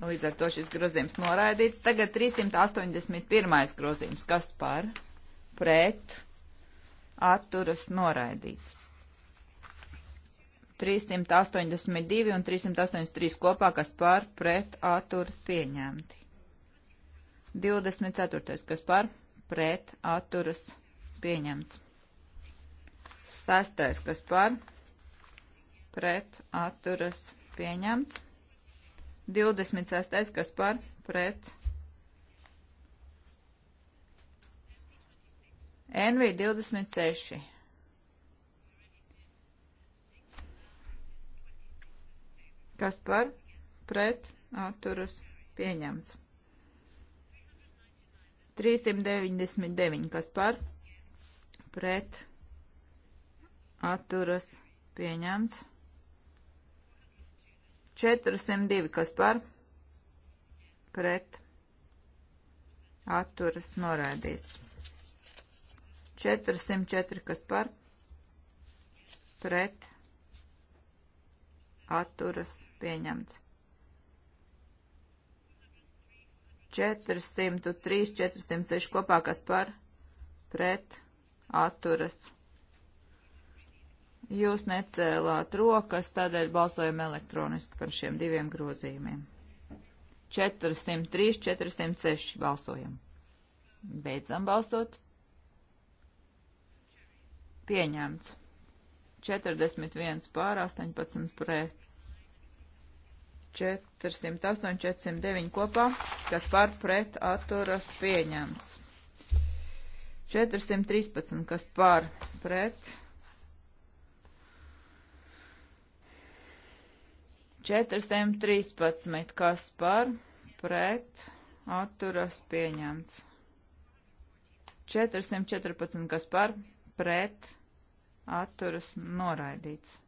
Līdz ar to šis grozījums noraidīts. Tagad 381. grozījums, kas par, pret, atturas noraidīts. 382 un 383 kopā, kas par, pret, atturas pieņemti. 24. kas par pret atturas pieņemts. 6. kas par pret atturas pieņemts. 26. kas par pret. NV 26. Kas par pret atturas pieņemts. 399, kas par pret atturas pieņemts. 402, kas par pret atturas noraidīts. 404, kas par pret atturas pieņemts. 403, 406 kopā, kas par pret atturas. Jūs necēlāt rokas, tādēļ balsojam elektroniski par šiem diviem grozījumiem. 403, 406 balsojam. Beidzam balsot. Pieņemts. 41 pār 18 pret. 408 un 409 kopā, kas par pret atturas pieņemts. 413, kas par pret. 413, kas par pret atturas pieņemts. 414, kas par pret atturas noraidīts.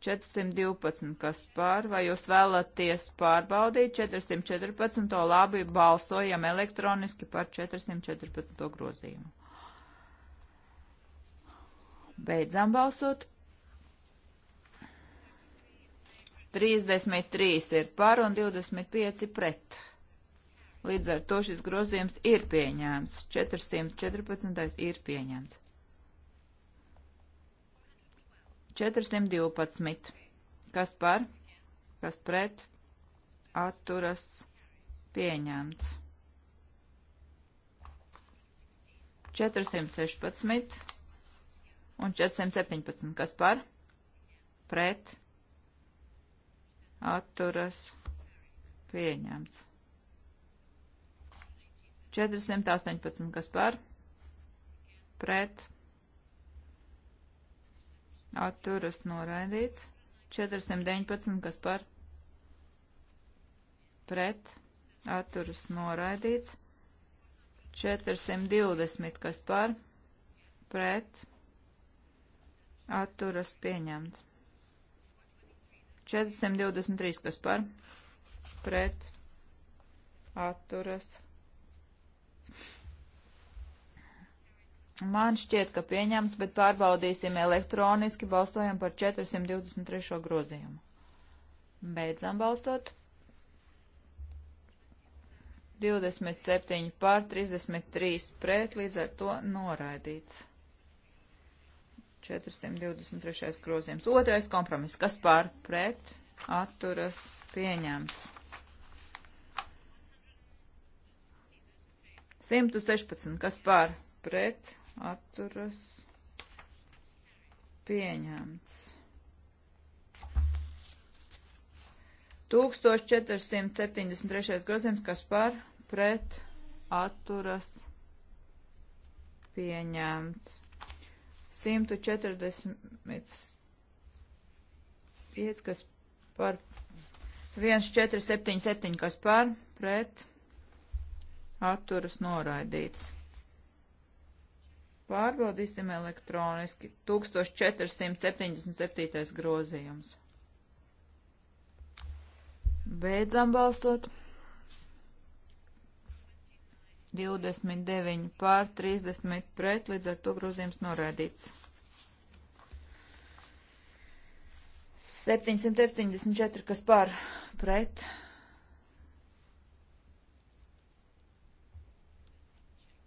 412, kas pār, vai jūs vēlaties pārbaudīt 414, labi balsojam elektroniski par 414 grozījumu. Beidzam balsot. 33 ir par un 25 pret. Līdz ar to šis grozījums ir pieņēmts. 414 ir pieņēmts. 412. Kas par? Kas pret? Atturas pieņemts. 416 un 417. Kas par? Pret? Atturas pieņemts. 418. Kas par? Pret? atturas noraidīts. 419, kas par pret atturas noraidīts. 420, kas par pret atturas pieņemts. 423, kas par pret atturas pieņemts Man šķiet, ka pieņems, bet pārbaudīsim elektroniski, balsojam par 423. grozījumu. Beidzam balstot. 27 pār 33 pret, līdz ar to noraidīts. 423. grozījums. Otrais kompromiss. Kas pār pret atturas pieņemts? 116. Kas pār pret atturas pieņemts. 1473. grozījums, kas par pret atturas pieņemts. 145, kas par 1477, kas par pret atturas noraidīts. Pārbaudīsim elektroniski. 1477. grozījums. Beidzam balsot. 29 pār 30 pret, līdz ar to grozījums noraidīts. 774, kas pār pret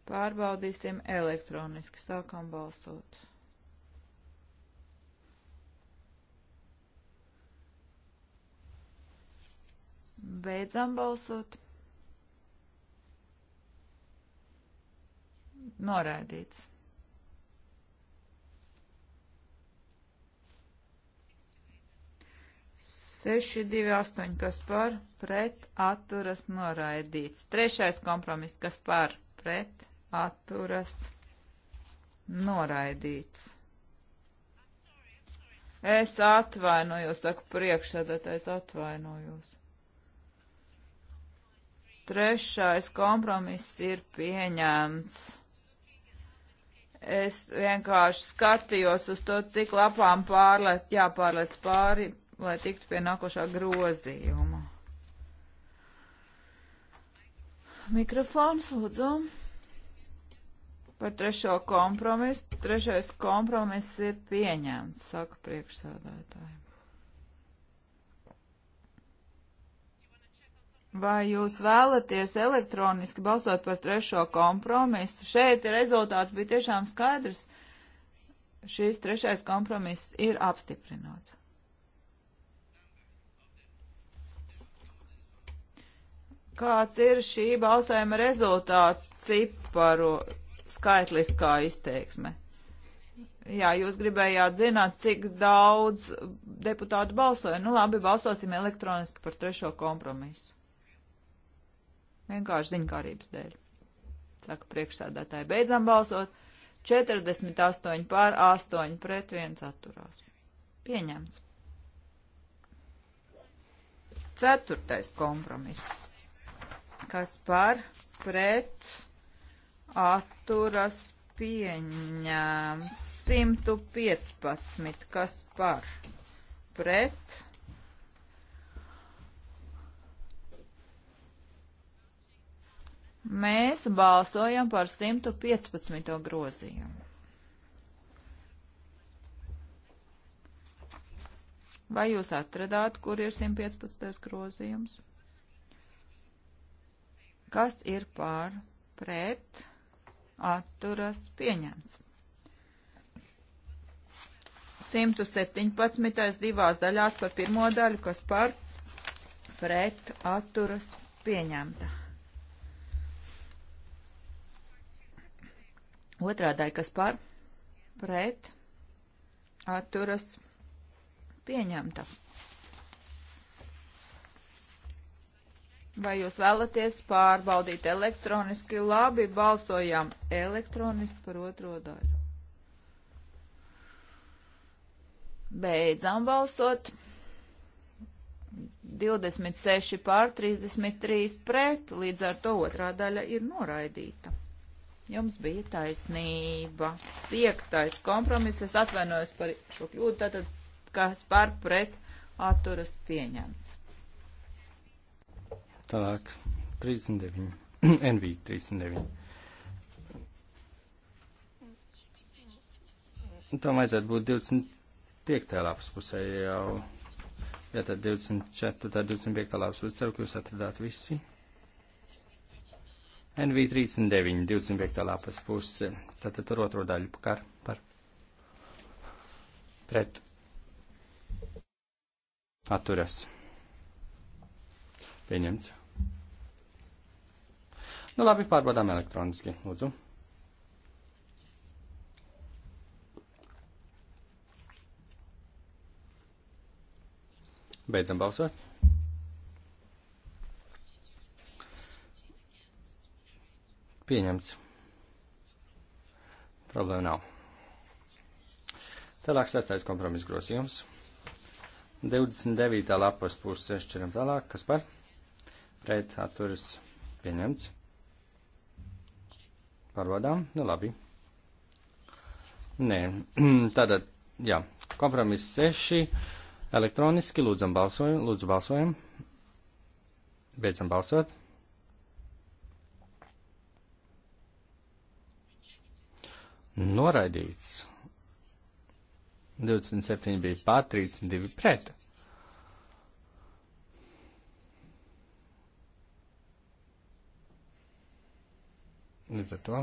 Pārbaudīsim elektroniski. Sākam balsot. Beidzam balsot. Noraidīts. 6, 2, 8, kas par, pret, atturas, noraidīts. Trešais kompromiss, kas par, pret, atturas noraidīts. Es atvainojos, saku priekšsēdētājs atvainojos. Trešais kompromiss ir pieņemts. Es vienkārši skatījos uz to, cik lapām pārlēt, jāpārlēc pāri, lai tiktu pie nākošā grozījuma. Mikrofons, lūdzu par trešo kompromisu. Trešais kompromiss ir pieņemts, saka priekšsādātāji. Vai jūs vēlaties elektroniski balsot par trešo kompromisu? Šeit rezultāts bija tiešām skaidrs. Šīs trešais kompromiss ir apstiprināts. Kāds ir šī balsojuma rezultāts ciparos? skaitliskā izteiksme. Jā, jūs gribējāt zināt, cik daudz deputātu balsoja. Nu labi, balsosim elektroniski par trešo kompromisu. Vienkārši ziņkārības dēļ. Saka priekšsēdētāji, beidzam balsot. 48 pār 8 pret 1 atturās. Pieņemts. Ceturtais kompromiss. Kas par pret atturas pieņēmts. 115, kas par pret. Mēs balsojam par 115. grozījumu. Vai jūs atradāt, kur ir 115. grozījums? Kas ir pār pret? atturas pieņemts. 117. divās daļās par pirmo daļu, kas par pret atturas pieņemta. Otrā daļa, kas par pret atturas pieņemta. Vai jūs vēlaties pārbaudīt elektroniski? Labi, balsojam elektroniski par otro daļu. Beidzam balsot. 26 pār 33 pret, līdz ar to otrā daļa ir noraidīta. Jums bija taisnība. Piektais kompromiss, es atvainojos par šo kļūdu, tātad kas par pret atturas pieņemts. Tālāk 39. NV 39. Tam vajadzētu būt 25. lapas pusē jau. Ja tad 24, tad 25. lapas pusē. Ceru, ka jūs atradāt visi. NV 39, 25. lapas pusē. Tātad par otro daļu par. par. Pret. Atturas. Pieņemts. Nu labi, pārbaudām elektroniski, lūdzu. Beidzam balsot. Pieņemts. Problēma nav. Tālāk sastais kompromiss grozījums. 29. lapas puses šķiram tālāk, kas par pret atturas pieņemts. Pārvadām? Nu labi. Nē, tātad, jā, kompromiss 6. Elektroniski lūdzam balsojam, lūdzu balsojam. Beidzam balsot. Noraidīts. 27 bija pār, 32 pret. Līdz ar to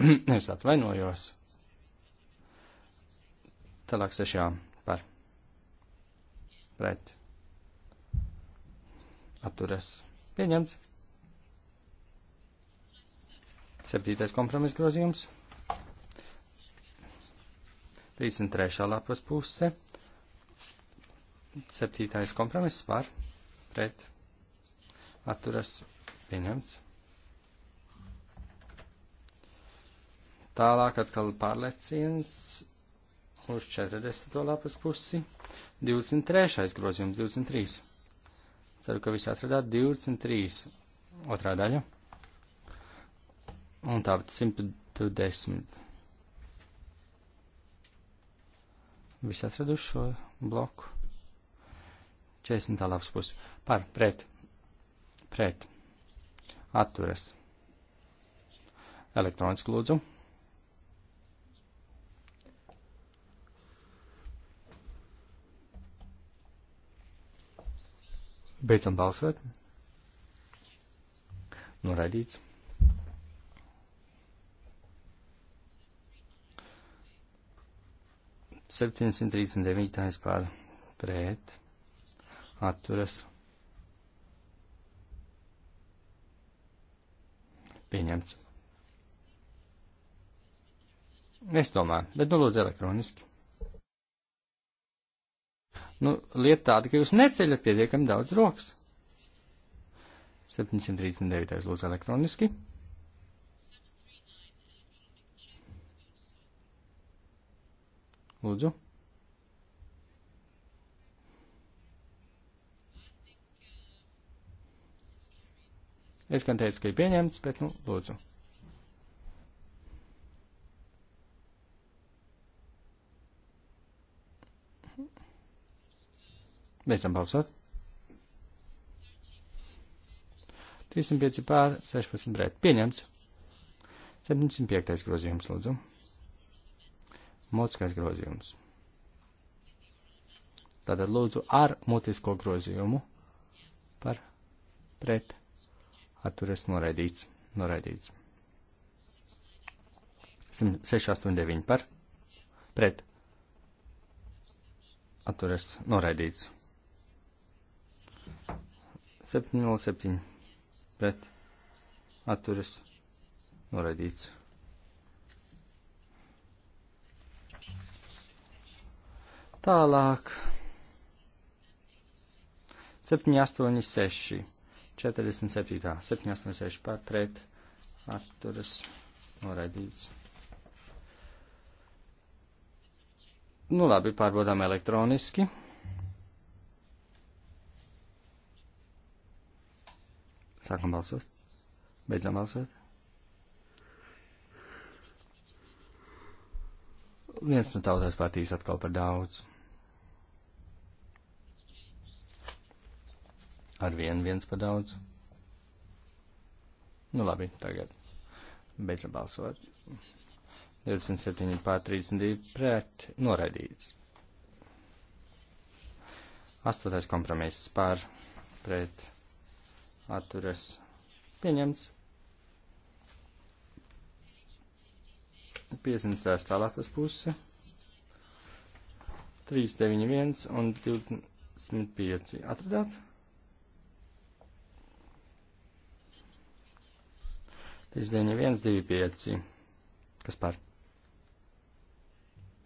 es atvainojos. Tālāk sešā par pret atturas pieņemts. Septītais kompromiss grozījums. 33. lapas puse. Septītais kompromiss var pret atturas pieņemts. Tālāk atkal pārleciens uz 40. lapas pusi, 23. grozījums, 23. Ceru, ka visi atradāt 23. otrā daļa. Un tāpat 120. Visi atraduši šo bloku. 40. lapas pusi. Par, pret, pret, atturas. Elektroniski lūdzu. Beidzam balsot. Noraidīts. Septiņsimt trīsdesmit devītais pār pret atturas. Pieņemts. Es domāju, bet nu lūdzu elektroniski. Nu, lieta tāda, ka jūs neceļat pietiekami daudz rokas. 739. lūdzu elektroniski. Lūdzu. Es gan teicu, ka ir pieņemts, bet, nu, lūdzu. Beidzam balsot. 305 pār 16 pret. Pieņemts. 705. grozījums, lūdzu. Mūtiskais grozījums. Tātad lūdzu ar mutisko grozījumu par pret. Atturies noraidīts. Noraidīts. 689 par pret. Atturies noraidīts. 707 pret atturas noraidīts. Tālāk 786, 47, 786 par pret atturas noraidīts. Nu labi, pārbaudām elektroniski. Sākam balsot. Beidzam balsot. Viens no tautās partijas atkal par daudz. Ar vienu viens par daudz. Nu labi, tagad beidzam balsot. 27 pār 32 pret noraidīts. Astotais kompromiss pār pret atturas pieņemts. 56. lapas puse, 391 un 25. Atradāt? 391, 25. Kas par?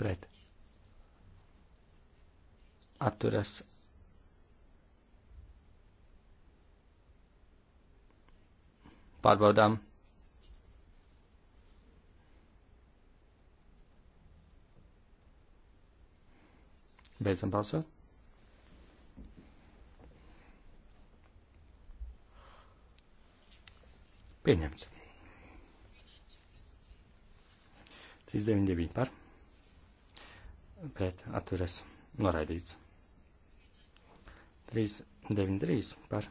Pret. Atturas Pārbaudām. Beidzam balsot. Pieņemts. 399 par. Pret atturas noraidīts. 393 par.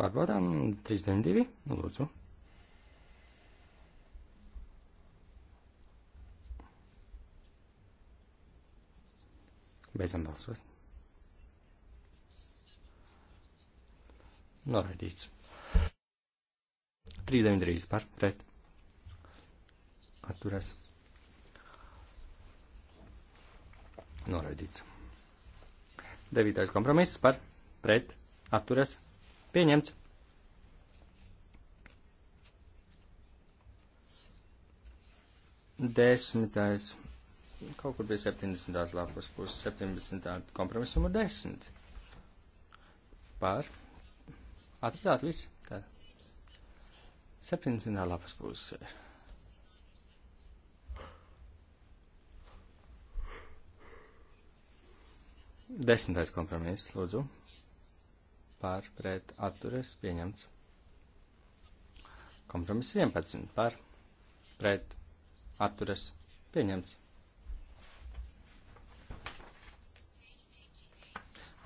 Pārbaudām 392, nu, lūdzu. Beidzam balsot. Noraidīts. 393 par pret. Atturēs. Noraidīts. Devītais kompromiss par pret. Atturēs. Pieņemts. Desmitais. Kaut kur bija 70. lapas puses, 17. kompromisuma 10. Pār. Atradāt visi. Tad. 70. lapas puses. Desmitais kompromiss, lūdzu par pret atturas pieņemts. Kompromiss 11 par pret atturas pieņemts.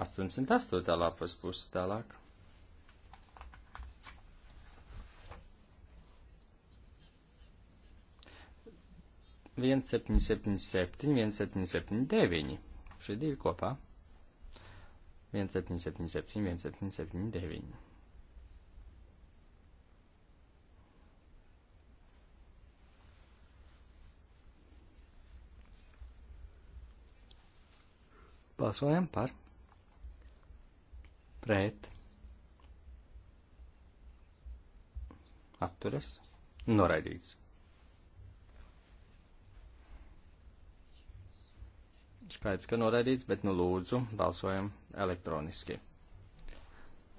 88. lapas puses tālāk. viens septiņi septiņi septiņi, viens septiņi septiņi deviņi. Šie divi kopā. 1777, 1779. Balsojam par pret atturas noraidīts. Skaidrs, ka noraidīts, bet nu lūdzu balsojam elektroniski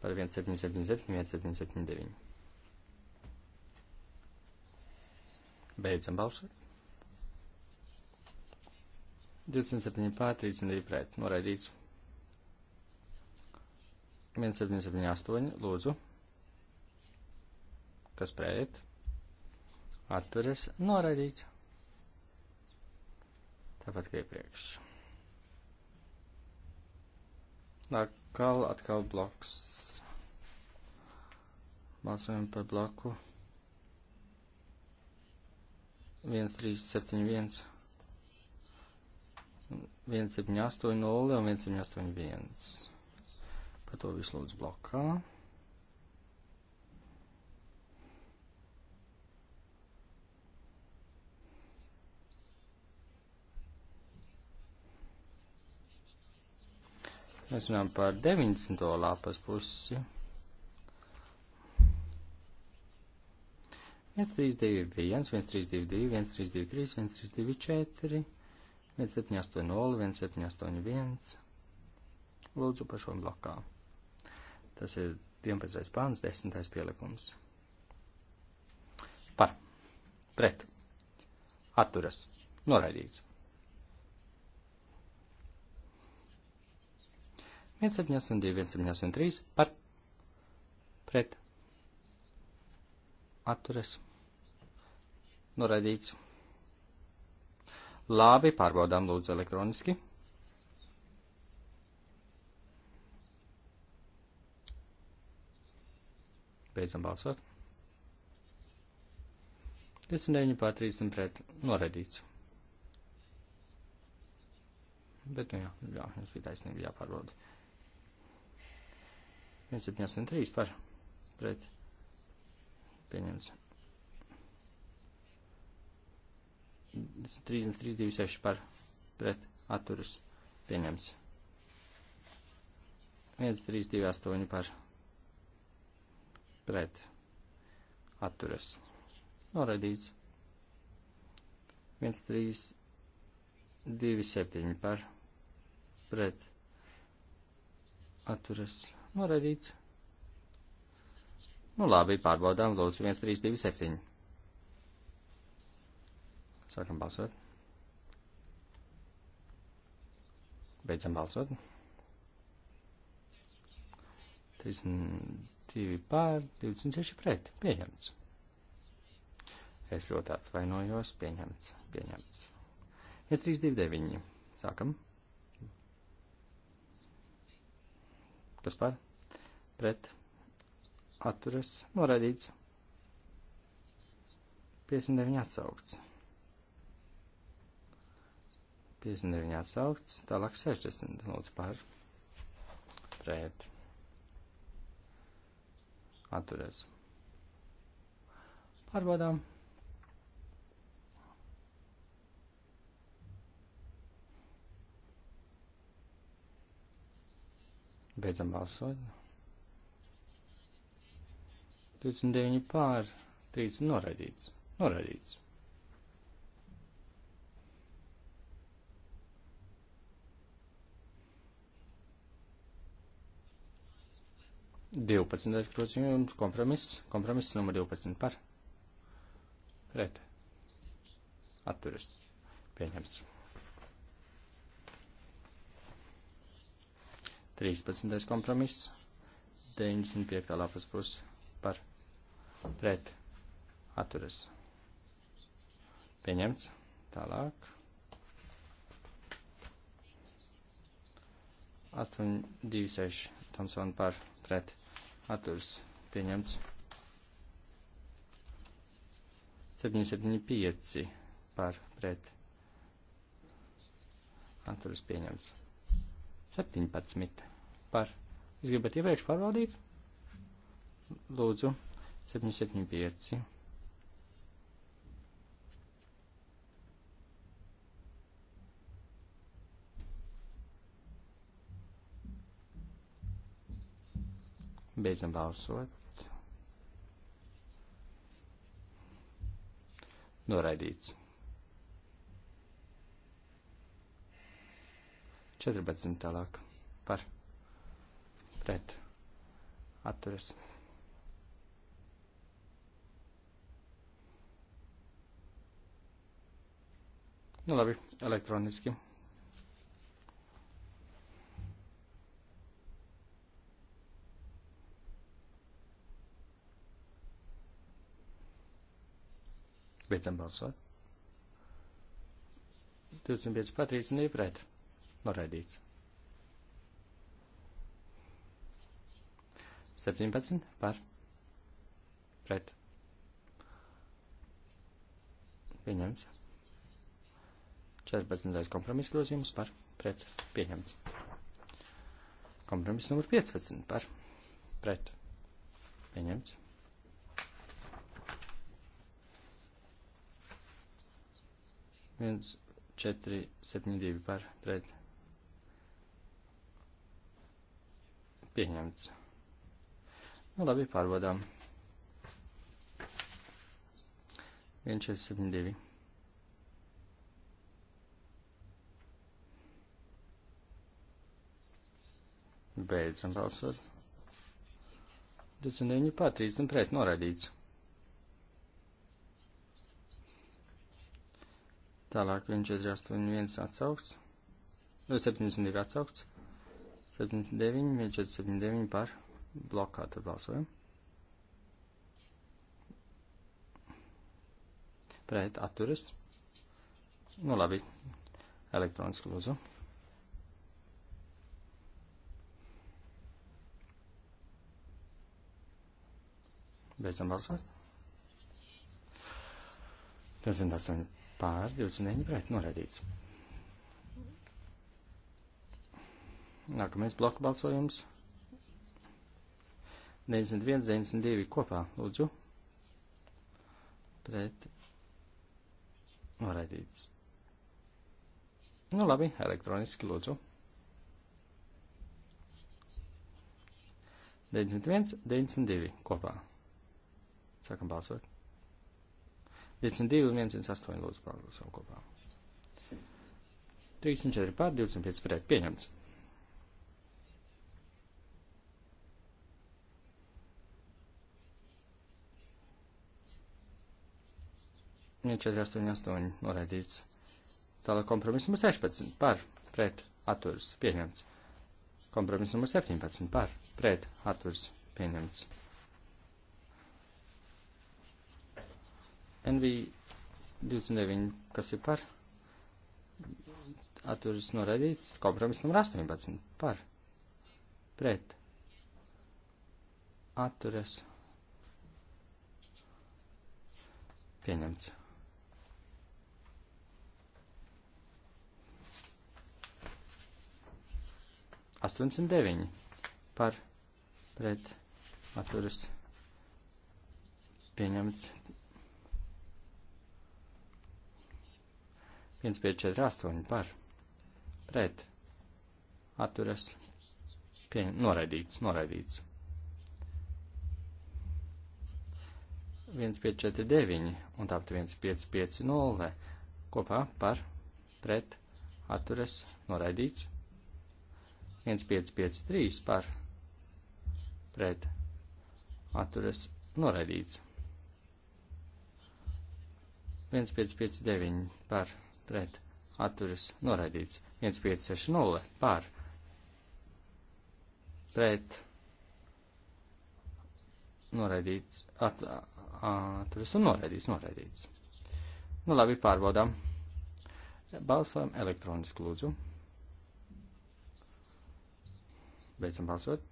par 1777, 1779. Beidzam balsot. 27 pār 32 pret. Noraidīts. 1778. Lūdzu. Kas pret? Atturas. Noraidīts. Tāpat kā iepriekš. Atkal, atkal bloks. Balsojam par bloku. 1371, 1780 un 1781. Par to visu lūdzu blokā. Mēs runājam par 90. lapas pusi. 1321, 1322, 1323, 1324, 1780, 1781. Lūdzu par šo blokā. Tas ir 11. pāns, 10. pielikums. Par. Pret. Atturas. Noraidīts. 172, 173 par pret atturas noraidīts. Labi, pārbaudām lūdzu elektroniski. Beidzam balsot. 29 pār 30 pret noraidīts. Bet, nu jā, jā, jums bija taisnība jāpārbauda. 1,73 par pret pieņemts. 33,26 par pret atturas pieņemts. 1,328 par pret atturas noraidīts. 1,327 par pret atturas noraidīts Noraidīts. Nu labi, pārbaudām lūdzu 1327. Sākam balsot. Beidzam balsot. 32 pār, 26 pret. Pieņemts. Es ļoti atvainojos. Pieņemts. Pieņemts. 1329. Sākam. Kas par? pret atturas noraidīts. 59 atsaukts. 59 atsaukts, tālāk 60 lūdzu par pret atturas. Pārbaudām. Beidzam balsot. 29 pār 30 noraidīts. Noraidīts. Divpadsmitais grozījums kompromiss, kompromiss numur divpadsmit par. Pret. Atturas. Pieņemts. 13. kompromiss, 95. lapas puses par pret atturas pieņemts. Tālāk. 826 Thomson par pret atturas pieņemts. 775 par pret atturas pieņemts. 17 par. Jūs gribat iepriekš pārbaudīt? Lūdzu, 775. Beidzam balsot. Noraidīts. 14 tālāk par pret atturas. Nu labi, elektroniski. Beidzam balsot. 25 patrīts un iepret. Noraidīts. 17 par. Pret. Pieņemts. 14. kompromiss grozījums par pret pieņemts. Kompromiss numur 15 par pret pieņemts. viens, četri, septiņi, divi par pret. Pieņemts. Nu, labi, pārbaudām. 1, 4, 7, 2. Beidzam balsot. 29 pār 30 pret noraidīts. Tālāk 1481 atsaukts. No 72 atsaukts. 79, 1479 par blokā tad balsojam. Pret atturas. Nu labi, elektroniski lūdzu. Beidzam balsot. 28 pār, 29 pret, noraidīts. Nākamais bloku balsojums. 91, 92 kopā, lūdzu. Pret. Noraidīts. Nu labi, elektroniski lūdzu. 91, 92 kopā. Sākam balsot. 52 un 108 lūdzu balsot kopā. 34 pār 25 pret pieņemts. Ja 4, 8, 8 noraidīts. Tālāk kompromiss numur 16 par pret atturs pieņemts. Kompromiss numur 17 par pret atturs pieņemts. NV29, kas ir par, atturas noraidīts, kompromiss numur 18, par, pret, atturas, pieņemts. Astoņdesmit deviņi par pret atturas pieņemts 1548 par pret atturas pie, noraidīts, noraidīts. 1549 un tāpat 1550 kopā par pret atturas noraidīts. 1553 par pret atturas noraidīts. 1559 par pret pret atturas noraidīts 1560 par pret noraidīts at, atturas un noraidīts, noraidīts. Nu labi, pārbaudām. Balsojam elektroniski lūdzu. Beidzam balsot.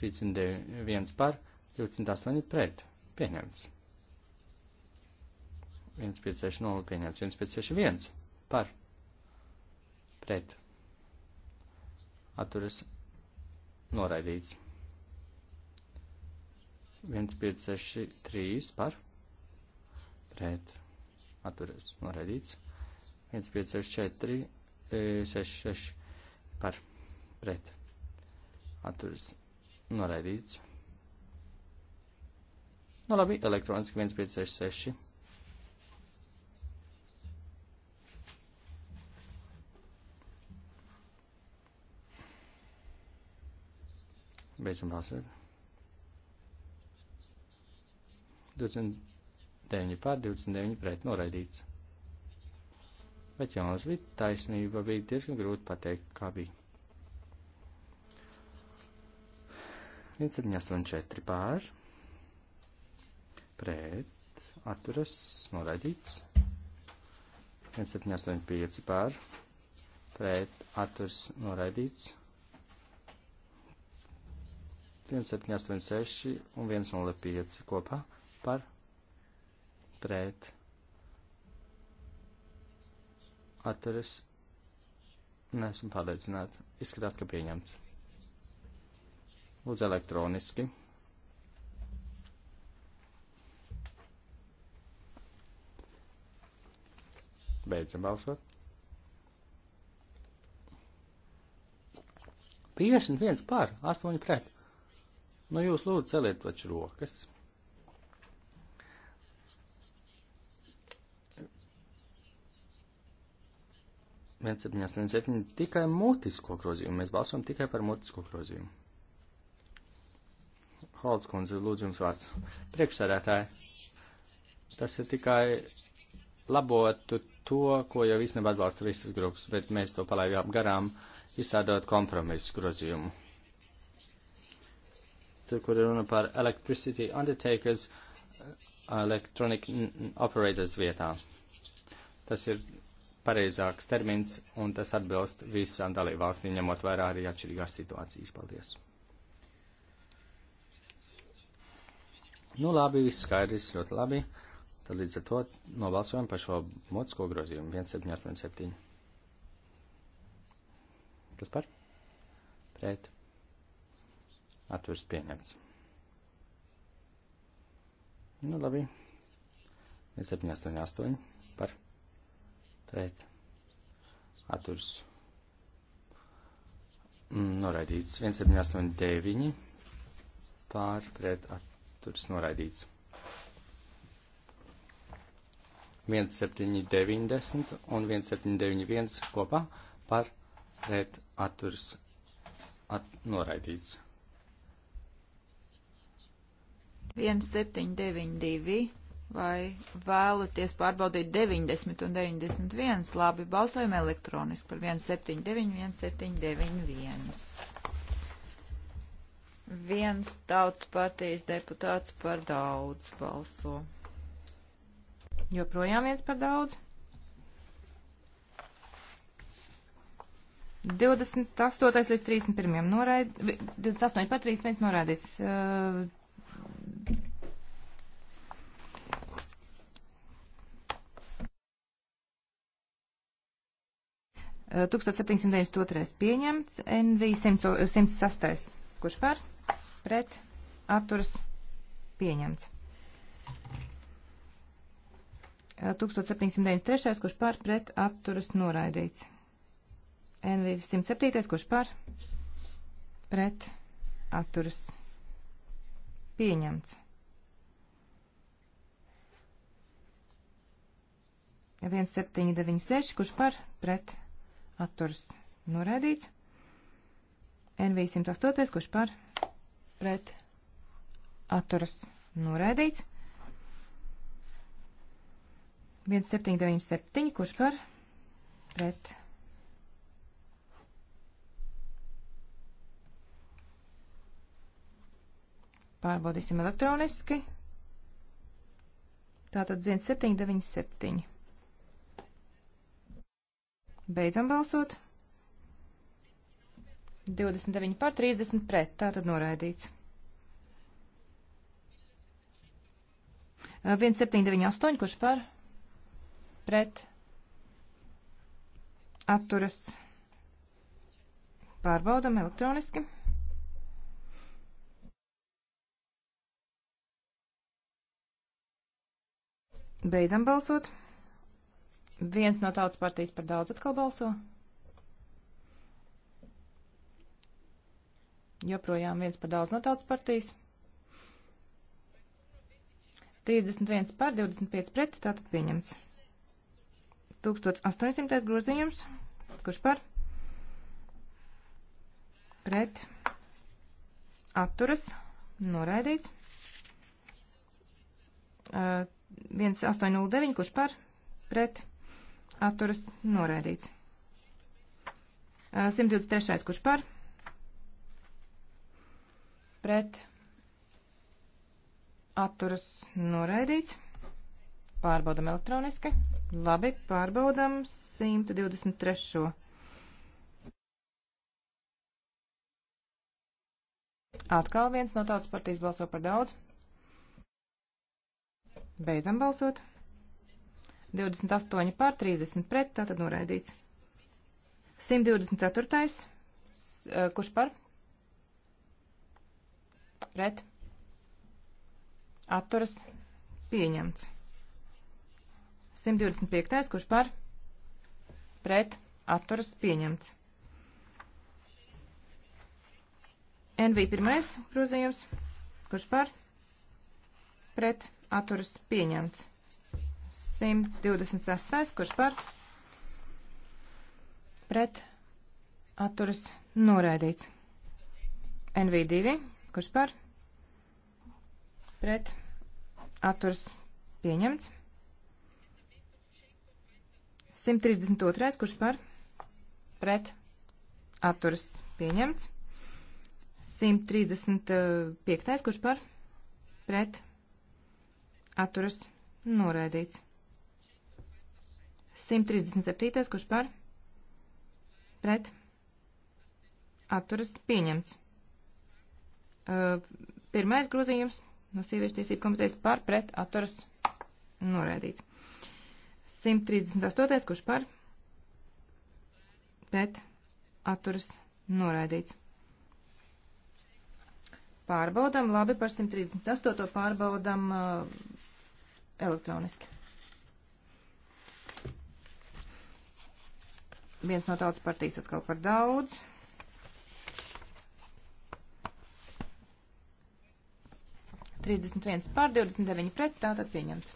31 par, 28 pret. Pieņemts. 1,560 pieņemts, 1,561 par pret atturas noraidīts. 1563 par pret atturas noraidīts. 1564 66 e, par pret atturas noraidīts. Nu labi, elektroniski 1566. Beidzam balsot. 29 pār 29 pret noraidīts. Bet Jānis bija taisnība, bija diezgan grūti pateikt, kā bija. 1784 pār pret atturas noraidīts. 1785 pār pret atturas noraidīts. 1786 un 105 kopā par pret atturas nesmu pārliecināta. Izskatās, ka pieņemts. Lūdzu elektroniski. Beidzam balsot. 51 pār, 8 pret. Nu, jūs lūdzu celiet taču rokas. Viens septiņas, viens septiņi tikai mutisko grozījumu. Mēs balsojam tikai par mutisko grozījumu. Holds kundze, lūdzu jums vārds. Priekšsēdētāji, tas ir tikai labotu to, ko jau īstenībā atbalsta visas grupas, bet mēs to palaidām garām, izstādot kompromisu grozījumu tur, kur runa par electricity undertakers, electronic operators vietā. Tas ir pareizāks termins, un tas atbilst visām dalībvalstīm, ņemot vērā arī atšķirīgās situācijas. Paldies! Nu, labi, viss skaidrs, ļoti labi. Tad līdz ar to nobalsojam par šo mocisko grozījumu 1787. Kas par? Pret. Atturs pieņemts. Nu, labi. 788 par pret. Atturs. Mm, noraidīts. 1789 pār pret. Atturs noraidīts. 1790 un 1791 kopā par pret atturs at noraidīts. 1792 vai vēlaties pārbaudīt 90 un 91. Labi, balsojam elektroniski par 179, 1791. Viens tautas partijas deputāts par daudz balso. Joprojām viens par daudz? 28 līdz 31 noraid, 28 par 31 noraidīts, uh, 1792. pieņemts, NV 106. Kurš par? Pret. Atturas. Pieņemts. 1793. Kurš par? Pret. Atturas. Noraidīts. NV 107. Kurš par? Pret. Atturas. Pieņemts. 1796, kurš par pret atturs norēdīts. NV108, kurš par pret atturs norēdīts. 1797, kurš par pret atturs norēdīts. pārbaudīsim elektroniski. Tātad 1797. Beidzam balsot. 29 par 30 pret, tātad noraidīts. 1798, kurš par? Pret. Atturas. Pārbaudam elektroniski. 1798. Beidzam balsot. Viens no tautas partijas par daudz atkal balso. Joprojām viens par daudz no tautas partijas. 31 pār 25 pret, tātad pieņemts. 1800 grozījums. Kurš par? Pret. Atturas. Noraidīts. Uh, 1809, kurš par pret atturas noraidīts. 123. kurš par pret atturas noraidīts. Pārbaudam elektroniski. Labi, pārbaudam 123. Atkal viens no tautas partijas balso par daudz. Beidzam balsot. 28 pār 30 pret, tātad noraidīts. 124. Eh, kurš par? Pret. Atturas. Pieņemts. 125. Kurš par? Pret. Atturas. Pieņemts. NV pirmais grozījums. Kurš par? Pret atturas pieņemts. 126. kurš par pret atturas noraidīts. NV2, kurš par pret atturas pieņemts. 132. kurš par pret atturas pieņemts. 135. kurš par pret atturas noraidīts. 137. kurš par pret atturas pieņemts. Uh, pirmais grozījums no sieviešu tiesību komitejas par pret atturas noraidīts. 138. kurš par pret atturas noraidīts. Pārbaudam, labi, par 138. pārbaudam. Uh, elektroniski. Viens no tautas partijas atkal par daudz. Trīsdesmit viens pār, divdesmit deviņi pret, tātad pieņemts.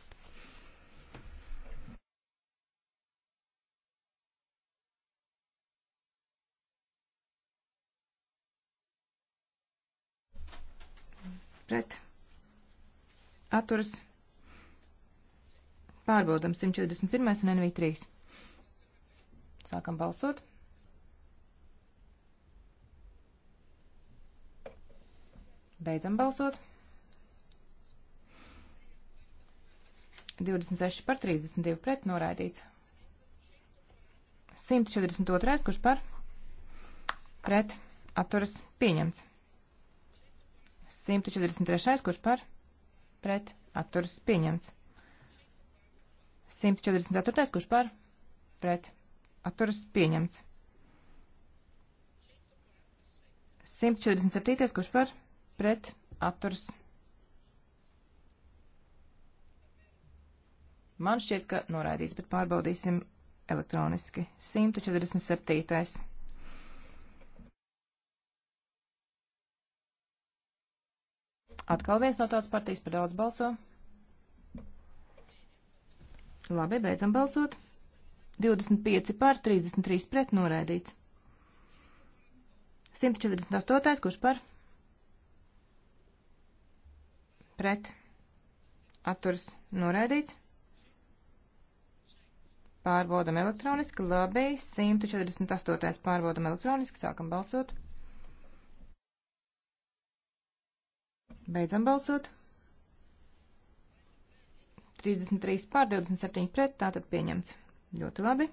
Pret. Atturas. Pārbaudam 141 un NV3. Sākam balsot. Beidzam balsot. 26 par 32 pret noraidīts. 142. kurš par pret atturas pieņemts. 143. kurš par pret atturas pieņemts. 144. kurš par pret atturas pieņemts. 147. kurš par pret atturas. Man šķiet, ka noraidīts, bet pārbaudīsim elektroniski. 147. Atkal viens no tautas partijas par daudz balso. Labi, beidzam balsot. 25 par, 33 pret noraidīts. 148. kurš par? Pret. Atturs noraidīts. Pārbaudam elektroniski. Labi, 148. pārbaudam elektroniski. Sākam balsot. Beidzam balsot. 33 pār 27 pret, tātad pieņemts. Ļoti labi.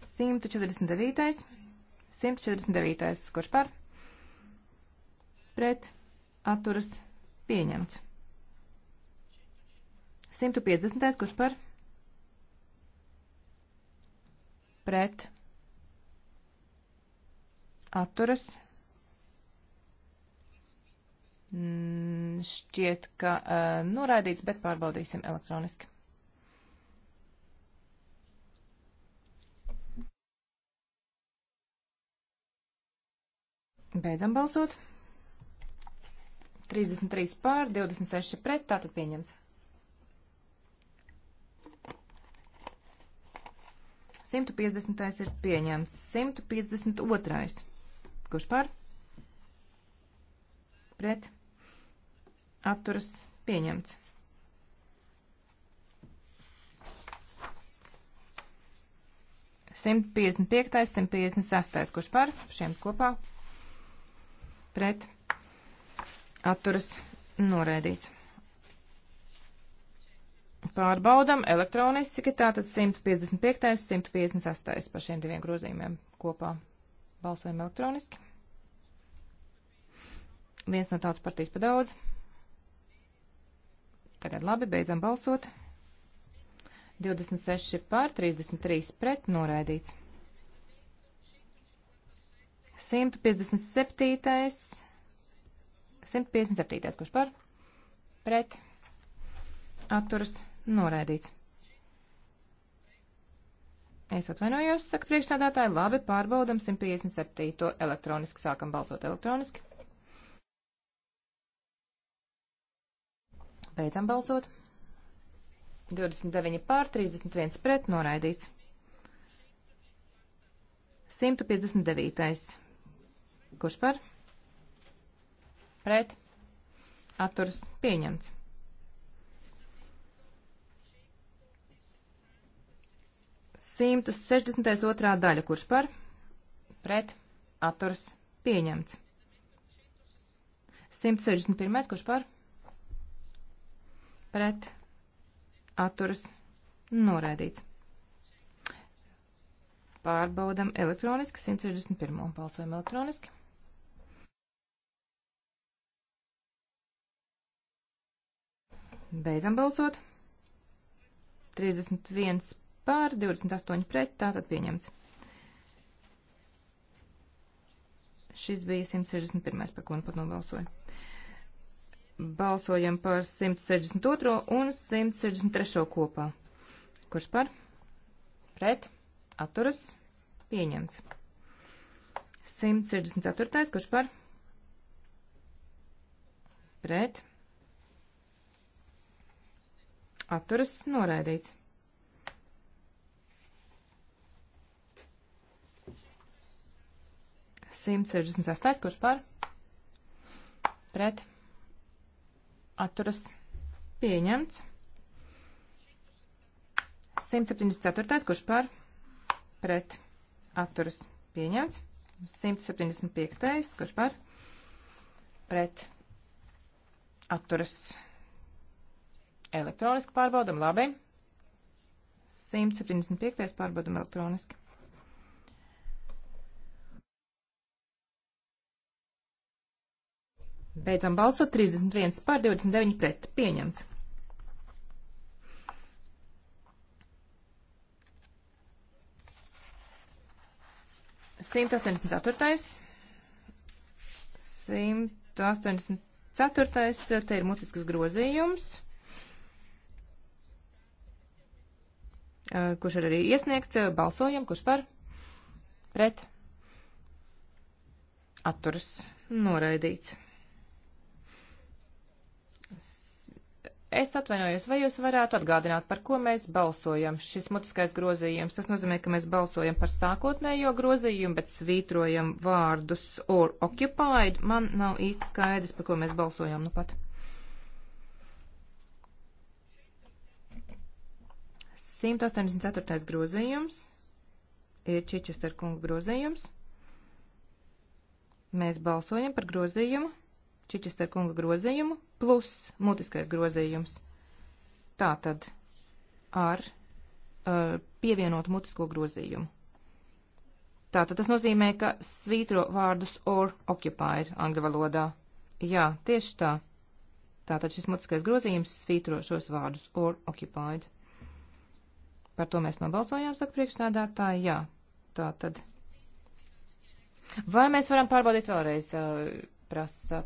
149. 149. Kurš par? Pret. Atturas. Pieņemts. 150. Kurš par? Pret. Atturas. Pieņemts Mm, šķiet, ka uh, noraidīts, bet pārbaudīsim elektroniski. Beidzam balsot. 33 pār, 26 pret, tātad pieņemts. 150. ir pieņemts. 152. Kurš par? Pret atturas pieņemts. Simt piecdesmit piektais, simt piecdesmit sastais, kurš par šiem kopā pret atturas noraidīts. Pārbaudam elektroniski, tātad 155. 158. par šiem diviem grozījumiem kopā balsojam elektroniski. Viens no tautas partijas pa daudz. Tagad labi, beidzam balsot. 26 pār 33 pret noraidīts. 157. 157. kurš par? Pret. Atturas noraidīts. Es atvainojos, saka priekšsādātāji, labi, pārbaudam 157. elektroniski, sākam balsot elektroniski. Beidzam balsot. 29 pār, 31 pret, noraidīts. 159. Kurš par? Pret. Atturas pieņemts. Simtus sešdesmitais otrā daļa, kurš par? Pret. Atturas pieņemts. 161. kurš par? pret atturas noraidīts. Pārbaudam elektroniski 161. balsojam elektroniski. Beidzam balsot. 31 pār 28 pret, tātad pieņemts. Šis bija 161. par ko nu pat nobalsoja balsojam par 162 un 163 kopā. Kurš par? Pret? Atturas? Pieņemts. 164. Kurš par? Pret? Atturas? Noraidīts. Simt sešdesmit sastais, kurš par? Pret? atturas pieņemts. 174. kurš par pret atturas pieņemts. 175. kurš par pret atturas elektroniski pārbaudam. Labi. 175. pārbaudam elektroniski. Beidzam balsot 31 pār 29 pret. Pieņemts. Simt astoņdesmit ceturtais. Simt astoņdesmit ceturtais. Te ir mutiskas grozījums. Eh, kurš ir arī iesniegts. Balsojam, kurš par pret atturas noraidīts. Es atvainojos, vai jūs varētu atgādināt, par ko mēs balsojam? Šis mutiskais grozījums, tas nozīmē, ka mēs balsojam par sākotnējo grozījumu, bet svītrojam vārdus or occupied. Man nav īsti skaidrs, par ko mēs balsojam nu pat. 184. grozījums ir Čičester kunga grozījums. Mēs balsojam par grozījumu, Čičester kunga grozījumu plus mutiskais grozījums. Tātad ar uh, eh, pievienot mutisko grozījumu. Tātad tas nozīmē, ka svītro vārdus or occupied angļu valodā. Jā, tieši tā. Tātad šis mutiskais grozījums svītro šos vārdus or occupied. Par to mēs nobalsojām, saka priekšsēdētāji, jā. Tātad. Vai mēs varam pārbaudīt vēlreiz, uh, prasa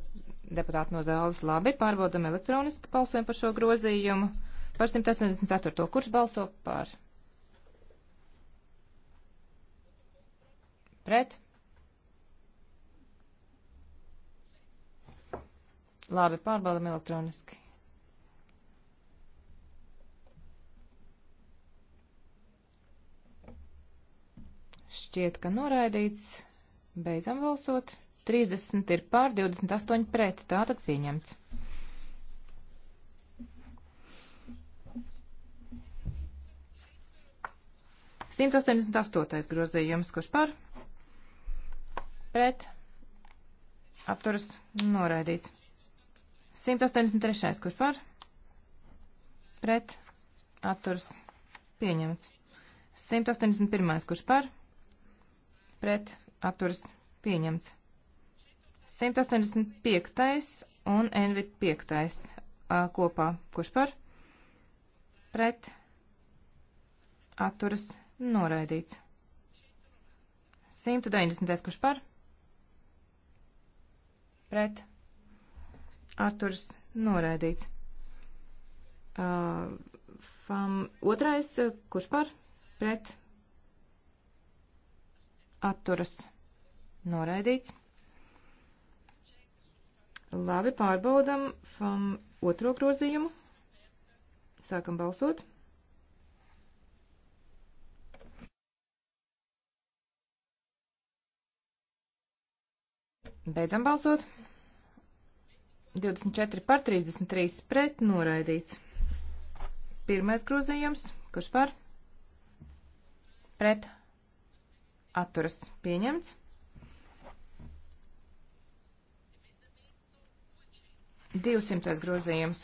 deputāti no zāles labi, pārbaudam elektroniski balsojumu par šo grozījumu. Par 184. Kurš balso par? Pret? Labi, pārbaudam elektroniski. Šķiet, ka noraidīts. Beidzam balsot. 30 ir pār, 28 pret. Tātad pieņemts. Simt astoņdesmit astotais grozījums, kurš par, pret, apturas noraidīts. Simt astoņdesmit trešais, kurš par, pret, apturas pieņemts. Simt astoņdesmit pirmais, kurš par, pret, apturas pieņemts. 185. un NV5. kopā. Kurš par? Pret. Atturas noraidīts. 190. kurš par? Pret. Atturs noraidīts. Uh, fam, otrais, kurš par? Pret. Atturas noraidīts. Labi, pārbaudam FAM otro grozījumu. Sākam balsot. Beidzam balsot. 24 par 33 pret noraidīts. Pirmais grozījums. Kurš par? Pret. Atturas. Pieņemts. 200. grozījums.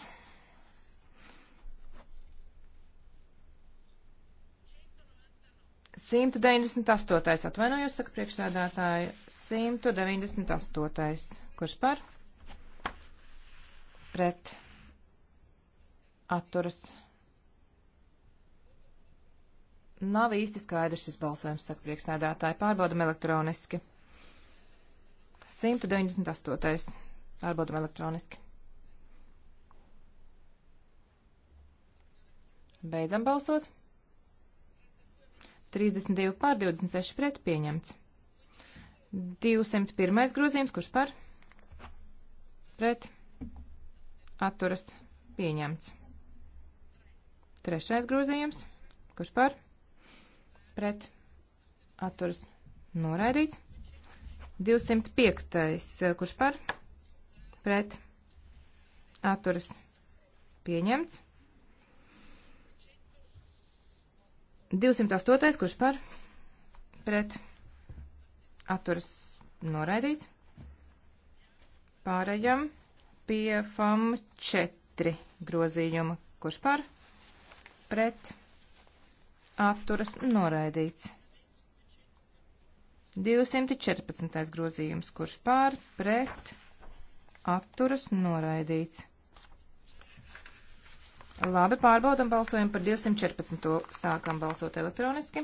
Simtu deviņdesmit astotais, atvainojos, saka priekšsēdētāja, simtu deviņdesmit astotais. Kurš par? Pret. Atturas. Nav īsti skaidrs šis balsojums, saka priekšsēdētāji. Pārbaudam elektroniski. 198. Pārbaudam elektroniski. Beidzam balsot. 32 pār 26 pret pieņemts. 201 grozījums, kurš par? Pret. Atturas pieņemts. Trešais grozījums, kurš par? Pret. Atturas noraidīts. 205. kurš par? Pret. Atturas pieņemts. 208. kurš par pret atturas noraidīts. Pārējām pie FAM 4 grozījuma, kurš par pret atturas noraidīts. 214. grozījums, kurš pār pret atturas noraidīts. Labi, pārbaudam balsojumu par 214. Sākam balsot elektroniski.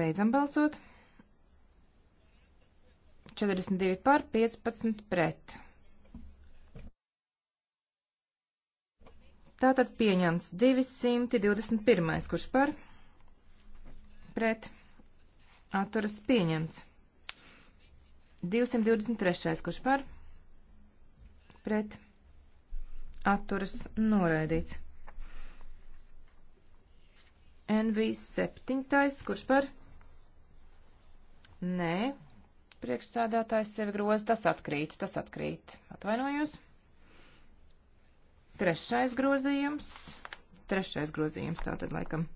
Beidzam balsot. 42 par, 15 pret. Tātad pieņemts 221, kurš par, pret, atturas pieņemts. 223, kurš par, pret pret atturas noraidīts. NV7, kurš par? Nē, priekšsādātājs sevi groza, tas atkrīt, tas atkrīt. Atvainojos. Trešais grozījums. Trešais grozījums tātad laikam.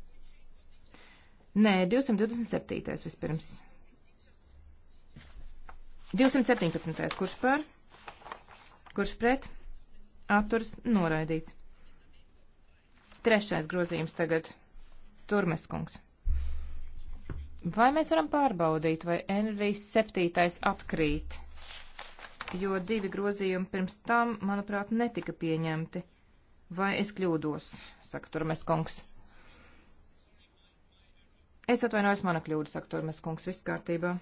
Nē, 227. vispirms. 217. kurš par? kurš pret atturas noraidīts. Trešais grozījums tagad Turmeskungs. Vai mēs varam pārbaudīt, vai NV7 atkrīt? Jo divi grozījumi pirms tam, manuprāt, netika pieņemti. Vai es kļūdos, saka Turmeskungs. Es atvainojos, mana kļūda, saka Turmeskungs, viss kārtībā.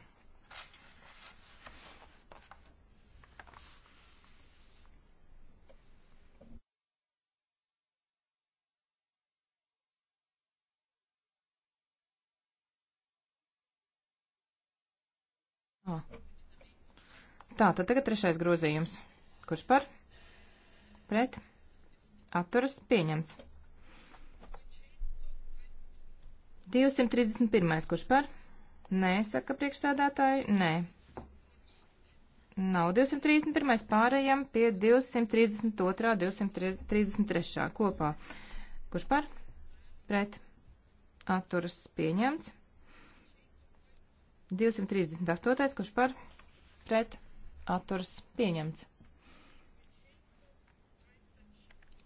Tā, tad tagad trešais grozījums. Kurš par? Pret? Atturas pieņemts. 231. Kurš par? Nē, saka priekšsādātāji, nē. Nav 231. pārējām pie 232. 233. kopā. Kurš par? Pret. Atturas pieņemts. 238. Kurš par? Pret atturs pieņemts.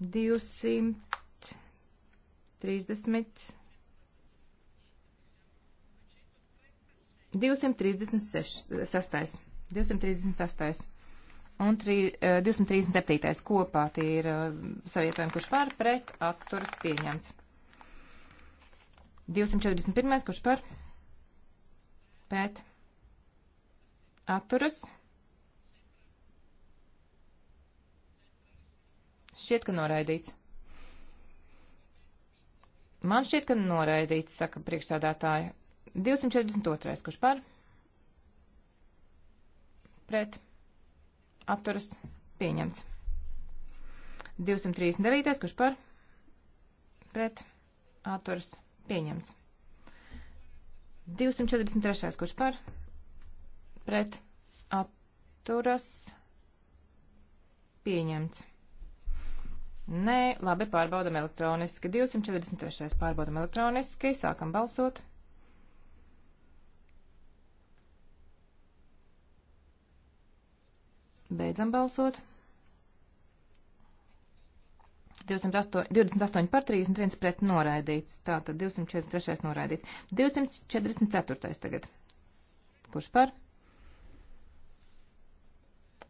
230. 236. 236. Un tri, eh, 237. kopā tie ir eh, savietojumi, kurš par pret atturas pieņemts. 241. kurš par pret atturas pieņemts Šķiet, ka noraidīts. Man šķiet, ka noraidīts, saka priekšsādātāja. 242. Kurš par? Pret. Apturas. Pieņemts. 239. Kurš par? Pret. Atturas. Pieņemts. 243. Kurš par? Pret. Atturas. Pieņemts. Nē, labi, pārbaudam elektroniski. 243. pārbaudam elektroniski, sākam balsot. Beidzam balsot. 208, 28 par 31 pret noraidīts. Tātad 243 noraidīts. 244 tagad. Kurš par?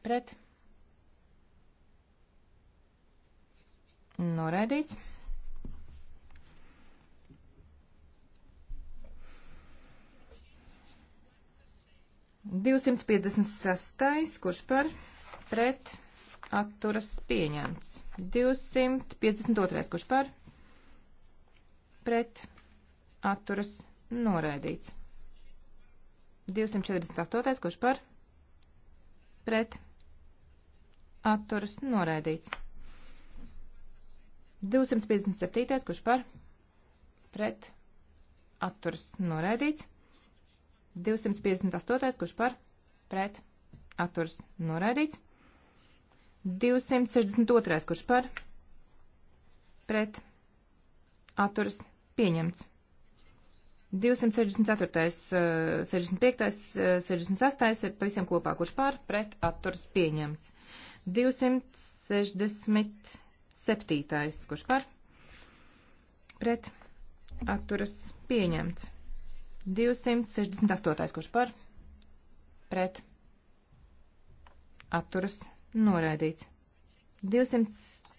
Pret. Noraidīts. Divsimt piecdesmit sastais, kurš par pret atturas pieņemts. 252. kurš par pret atturas noraidīts. 248. kurš par pret atturas noraidīts. 257. kurš par pret atturas noraidīts. 258. kurš par pret atturas noraidīts. 262. kurš par pret atturas pieņemts. 264. 65. 68. ir pavisam kopā, kurš par pret atturas pieņemts. 260. Septītais, kurš par? Pret. Atturas pieņemts. 268. kurš par? Pret. Atturas noraidīts. 200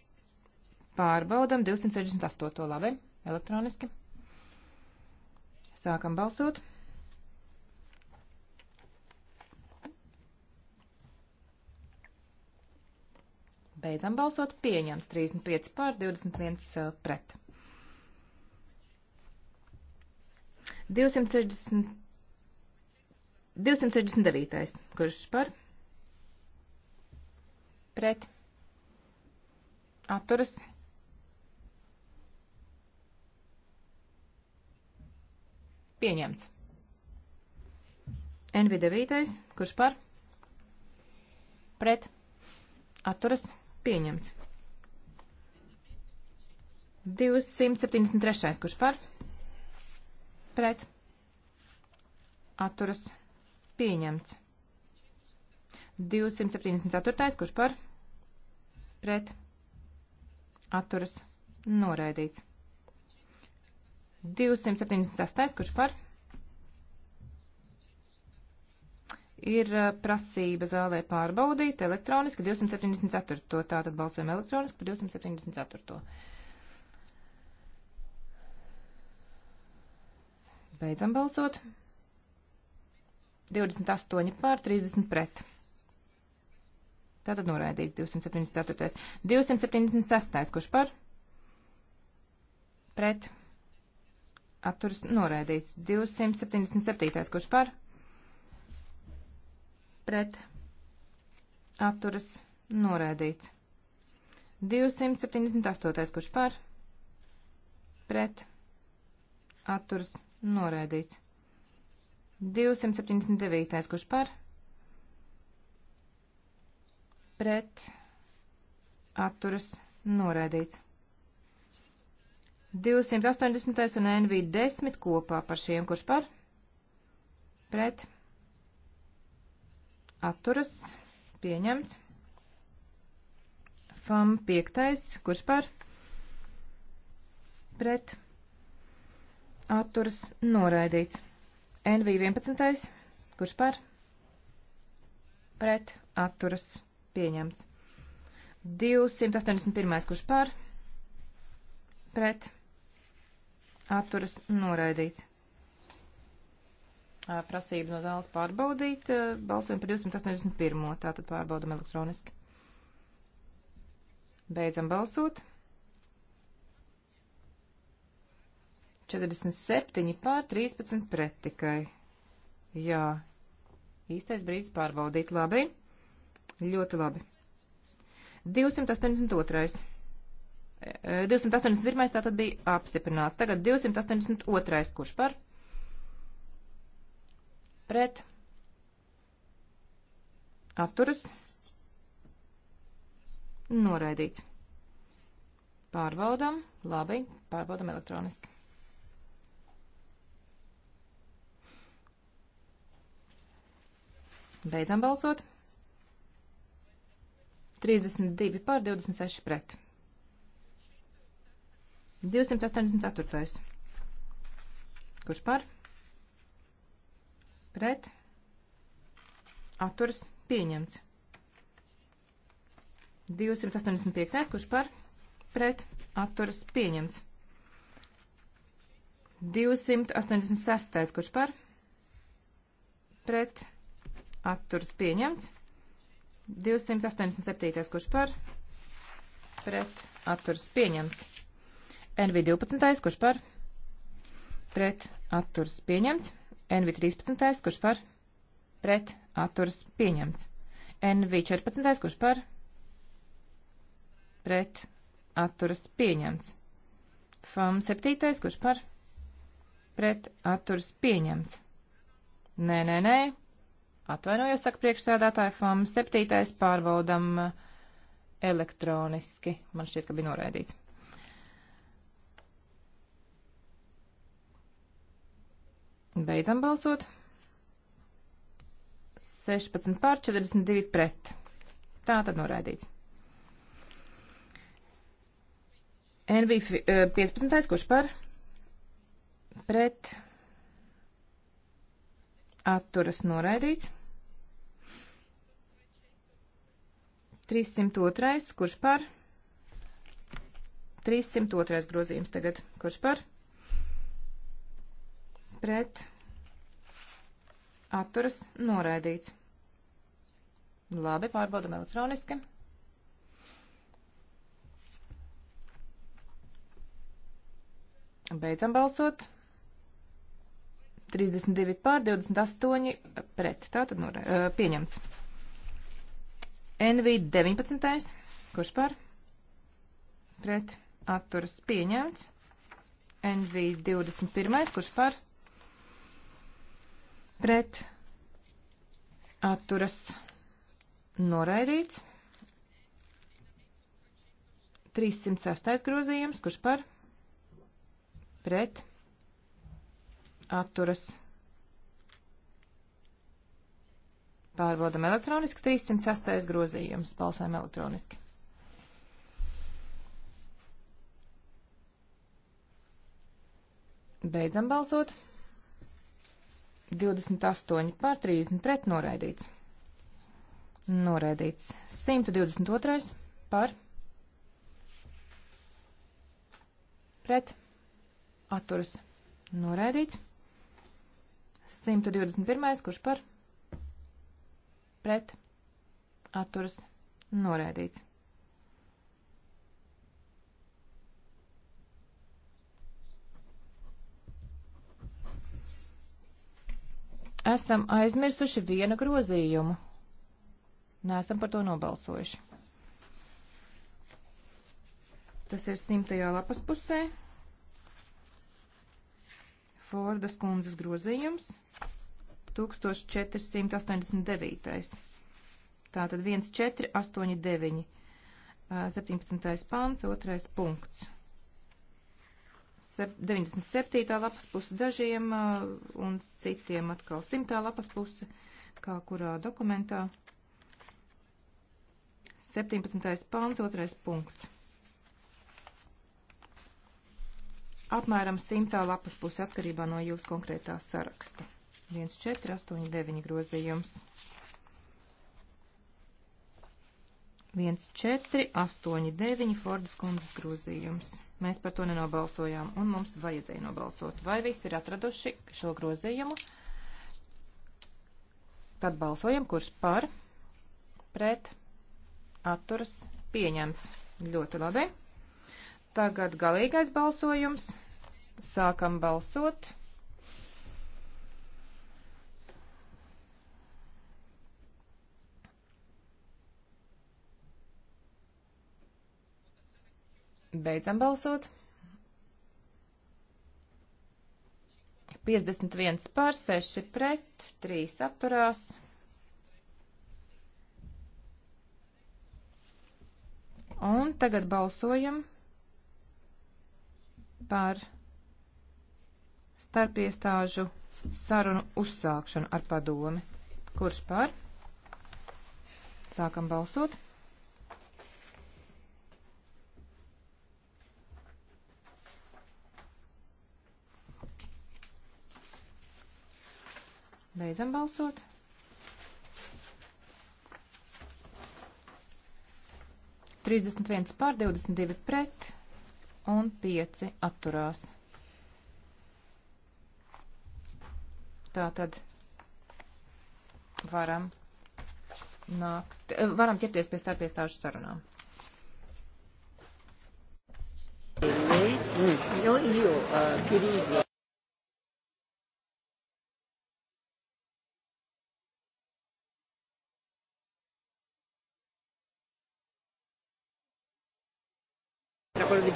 pārbaudam 268. labi. Elektroniski. Sākam balsot. Beidzam balsot. Pieņems 35 pār 21 uh, pret. 260, 269. Kurš par? Pret. Atturas. Pieņemts. NV9. Kurš par? Pret. Atturas. Pieņemts. 273. Kurš par? Pret. Atturas. Pieņemts. 274. Kurš par? Pret. Atturas. Noraidīts. 278. Kurš par? ir eh, prasība zālē pārbaudīt elektroniski 274. Tātad balsojam elektroniski par 274. Beidzam balsot. 28 pār 30 pret. Tātad noraidīts 274. 276. Kurš par? Pret. Atturs noraidīts. 277. Kurš par? pret atturas noraidīts. 278. kurš par pret atturas noraidīts. 279. kurš par pret atturas noraidīts. 280. un NV10 kopā par šiem, kurš par pret atturas noraidīts atturas pieņemts. FAM 5. Kurš par? Pret atturas noraidīts. NV 11. Kurš par? Pret atturas pieņemts. 281. Kurš par? Pret atturas noraidīts prasību no zāles pārbaudīt. Balsojam par 281. Tātad pārbaudam elektroniski. Beidzam balsot. 47 pār 13 pret tikai. Jā, īstais brīdis pārbaudīt. Labi. Ļoti labi. 282. 281. tātad bija apstiprināts. Tagad 282. kurš par? pret atturas noraidīts. Pārbaudam, labi, pārbaudam elektroniski. Beidzam balsot. 32 pār 26 pret. 284. Kurš par? pret atturs pieņemts. 285. kurš par pret atturas pieņemts. 286. kurš par pret atturas pieņemts. 287. kurš par pret atturas pieņemts. NV12. kurš par pret atturas pieņemts. NV13, kurš par pret atturas pieņemts. NV14, kurš par pret atturas pieņemts. FAM 7, kurš par pret atturas pieņemts. Nē, nē, nē. Atvainojos, saka priekšsēdētāja FAM 7, pārbaudam uh, elektroniski. Man šķiet, ka bija noraidīts. Beidzam balsot. 16 pār 42 pret. Tā tad noraidīts. NV 15. Eh, kurš par? Pret. Atturas noraidīts. 302. kurš par? 302. grozījums tagad. Kurš par? pret atturas noraidīts. Labi, pārbaudam elektroniski. Beidzam balsot. 32 pār 28 pret. Tā tad norē, uh, pieņemts. NV 19. Kurš par? Pret. Atturas pieņemts. NV 21. Kurš par? pret atturas noraidīts. 306. grozījums, kurš par pret atturas pārbaudam elektroniski. 306. grozījums, balsājam elektroniski. Beidzam balsot. 28 pār 30 pret noraidīts. Noraidīts. 122 pār pret atturas noraidīts. 121, kurš par pret atturas noraidīts. esam aizmirsuši vienu grozījumu. Nesam par to nobalsojuši. Tas ir simtajā lapas pusē. Fordas kundzes grozījums 1489. Tātad 1489. 17. pāns, 2. punkts. 97. lapas puse dažiem un citiem atkal 100. lapas puse, kā kurā dokumentā. 17. pāns, 2. punkts. Apmēram 100. lapas puse atkarībā no jūsu konkrētā saraksta. 1, 4, 8, 9 grozījums. 1, 4, 8, 9 Fordas kundzes grozījums. Mēs par to nenobalsojām, un mums vajadzēja nobalsot. Vai visi ir atraduši šo grozījumu? Tad balsojam, kurš par, pret, atturas, pieņemts. Ļoti labi. Tagad galīgais balsojums. Sākam balsot. Beidzam balsot. 51 pār 6 pret, 3 atturās. Un tagad balsojam par starpiestāžu sarunu uzsākšanu ar padomi. Kurš par? Sākam balsot. Beidzam balsot. Trīsdesmit viens pār, divdesmit divi pret un pieci atturās. Tātad varam nākt, eh, varam ķerties pie starpiestāžu sarunām. Io, io uh, chiedevo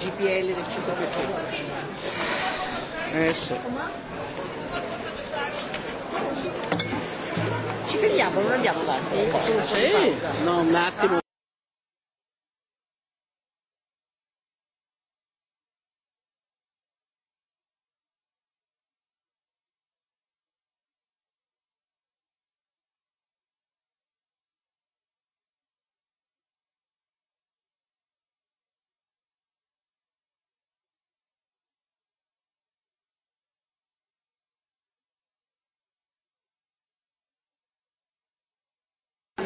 GPL del 5%. Eh sì. Ci fermiamo, non andiamo avanti? Sì, no, un attimo.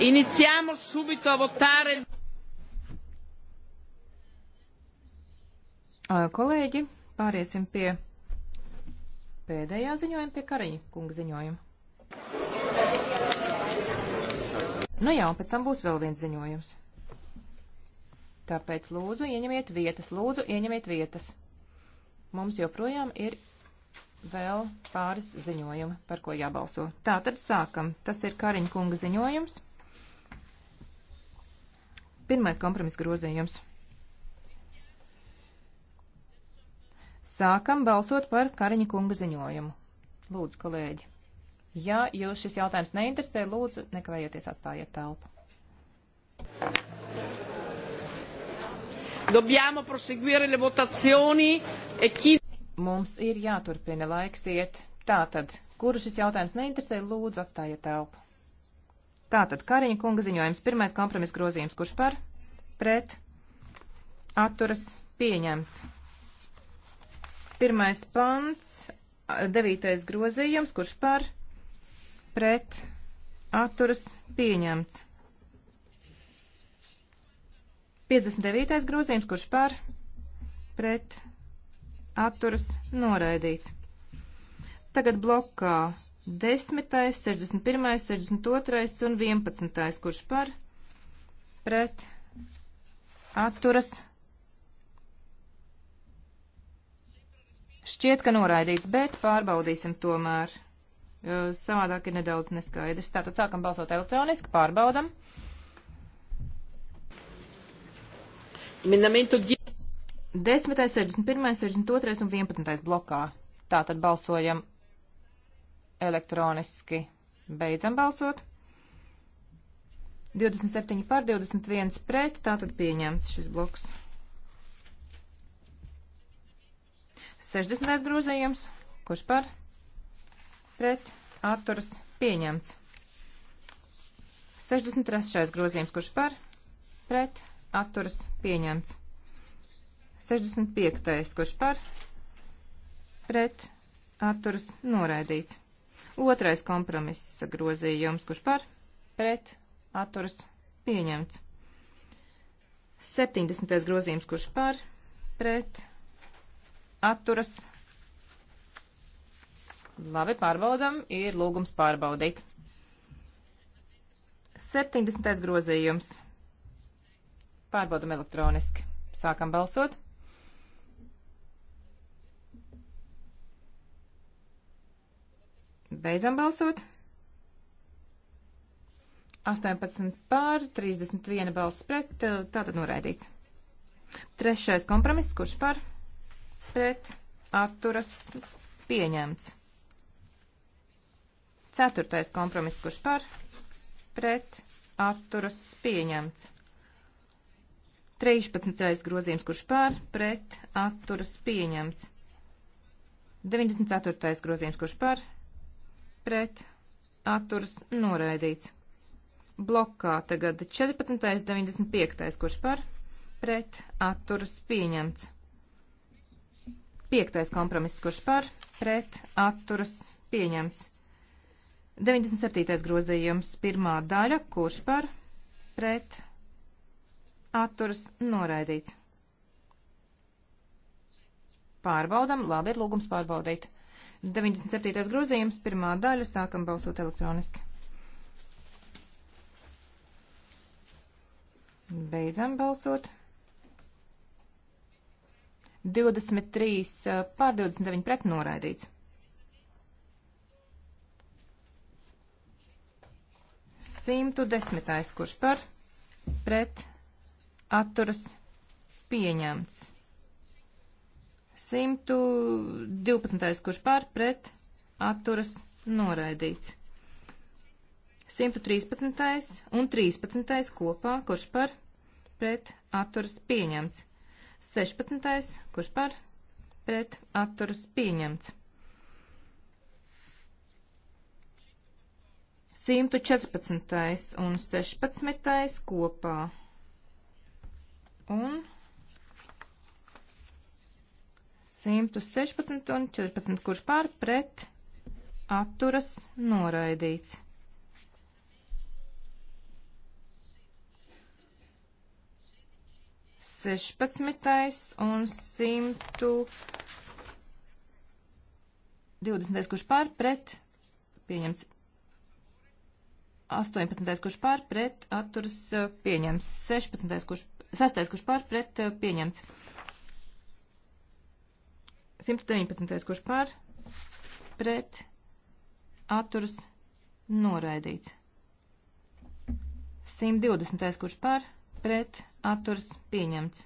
Iniziamo subito a votare. Kolēģi, pāriesim pie pēdējā ziņojuma, pie Kariņa kunga ziņojuma. Nu jā, un pēc tam būs vēl viens ziņojums. Tāpēc lūdzu, ieņemiet vietas, lūdzu, ieņemiet vietas. Mums joprojām ir vēl pāris ziņojumi, par ko jābalso. Tātad sākam. Tas ir Kariņa kunga ziņojums. Pirmais kompromiss grozījums. Sākam balsot par Kariņa kunga ziņojumu. Lūdzu, kolēģi. Ja jūs šis jautājums neinteresē, lūdzu, nekavējoties atstājiet telpu. Dobbiamo proseguire le votazioni e chi... Mums ir jāturpina laiks iet. Tātad, kuru šis jautājums neinteresē, lūdzu, atstājiet telpu. Tātad Kariņa kunga ziņojums. Pirmais kompromiss grozījums. Kurš par? Pret. Atturas pieņemts. Pirmais pants. Devītais grozījums. Kurš par? Pret. Atturas pieņemts. 59. grozījums, kurš par pret atturas noraidīts. Tagad blokā 10., 61., 62. un 11. kurš par pret atturas. Šķiet, ka noraidīts, bet pārbaudīsim tomēr. Savādāk ir nedaudz neskaidrs. Tātad sākam balsot elektroniski, pārbaudam. Minamentu 10, 61, 62 un 11 blokā. Tātad balsojam elektroniski. Beidzam balsot. 27 pār 21 pret, tātad pieņemts šis bloks. 60. grozījums, kurš par pret atturas pieņemts. 63. grozījums, kurš par pret atturas pieņemts. 65. kurš par pret atturas noraidīts. Otrais kompromiss grozījums, kurš par pret atturas pieņemts. 70. grozījums, kurš par pret atturas. Labi, pārbaudam, ir lūgums pārbaudīt. 70. grozījums. Pārbaudam elektroniski. Sākam balsot. Beidzam balsot. 18 pār, 31 balss pret, eh, tātad noraidīts. Trešais kompromiss, kurš par, pret, atturas, pieņemts. Ceturtais kompromiss, kurš par, pret, atturas, pieņemts. 13. grozījums, kurš pār, pret, atturas, pieņemts. 94. grozījums, kurš pār, pret atturas noraidīts. Blokā tagad 14. 95. kurš par pret atturas pieņemts. Piektais kompromiss, kurš par pret atturas pieņemts. 97. grozījums, pirmā daļa, kurš par pret atturas noraidīts. Pārbaudam, labi ir lūgums pārbaudīt. 97. grozījums, pirmā daļa, sākam balsot elektroniski. Beidzam balsot. 23 eh, pār 29 pret noraidīts. 110. kurš par pret atturas pieņemts. 112. kurš pār pret atturas noraidīts. 113. un 13. kopā, kurš par pret atturas pieņemts. 16. kurš par pret atturas pieņemts. 114. un 16. kopā. Un 116 un 14, kurš pār pret atturas noraidīts. Sešpadsmitais un simtu divdesmitais, kurš pār pret pieņemts. 18. kurš pār pret atturas pieņemts. 16. kurš, 6. kurš pār pret pieņemts. 119. kurš par pret atturas noraidīts. 120. kurš par pret atturas pieņemts.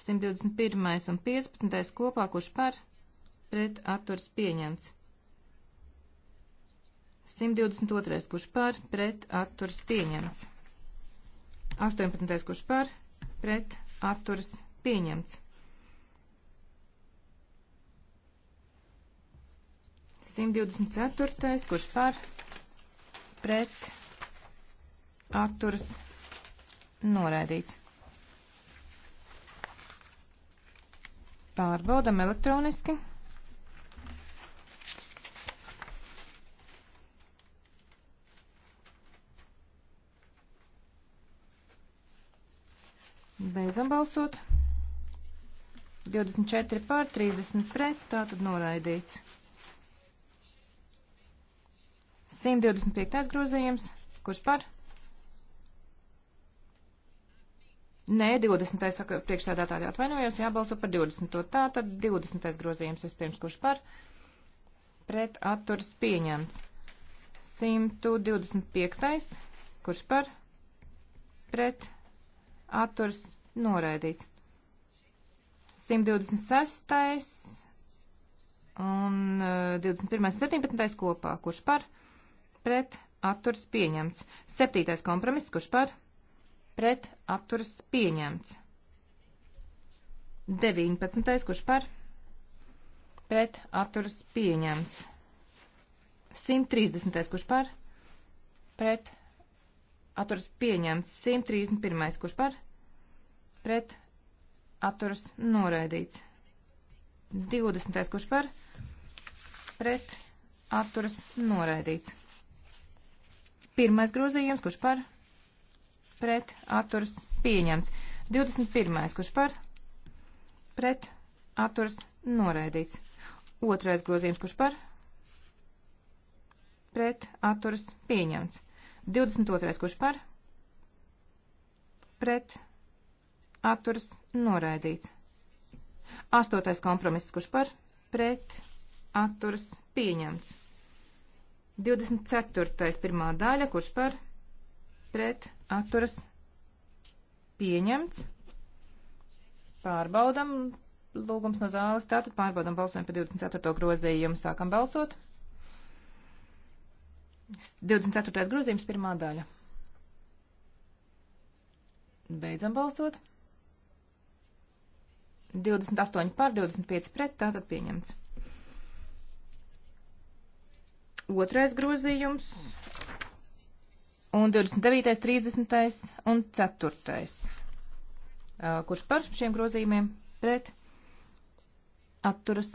121. un 15. kopā, kurš par pret atturas pieņemts. 122. kurš par pret atturas pieņemts. 18. kurš par pret atturas pieņemts. 124. kurš par pret atturas noraidīts. Pārbaudam elektroniski. Beidzam balsot. 24 pār 30 pret, tā tad noraidīts. 125. grozījums. Kurš par? Nē, 20. saka priekšsēdētāji atvainojos, jābalso par 20. Tā tad 20. grozījums vispirms, kurš par pret atturs pieņemts. 125. kurš par pret atturs noraidīts. 126. un 21. Eh, 17. kopā, kurš par pret pret atturas pieņemts. Septītais kompromiss, kurš par pret atturas pieņemts. Deviņpadsmitais, kurš par pret atturas pieņemts. 130. kurš par pret atturas pieņemts. 131. kurš par pret atturas noraidīts. 20. kurš par pret atturas noraidīts. Pirmais grozījums, kurš par pret atturs pieņemts. 21. kurš par pret atturs noraidīts. Otrais grozījums, kurš par pret atturs pieņemts. 22. kurš par pret atturs noraidīts. Astotais kompromiss, kurš par pret atturs pieņemts. 24. pirmā daļa, kurš par pret atturas pieņemts. Pārbaudam lūgums no zāles, tātad pārbaudam balsojumu par 24. grozījumu, sākam balsot. 24. grozījums pirmā daļa. Beidzam balsot. 28 pār 25 pret, tātad pieņemts. Otrais grozījums un 29., 30. un 4. Kurš par šiem grozījumiem pret atturas?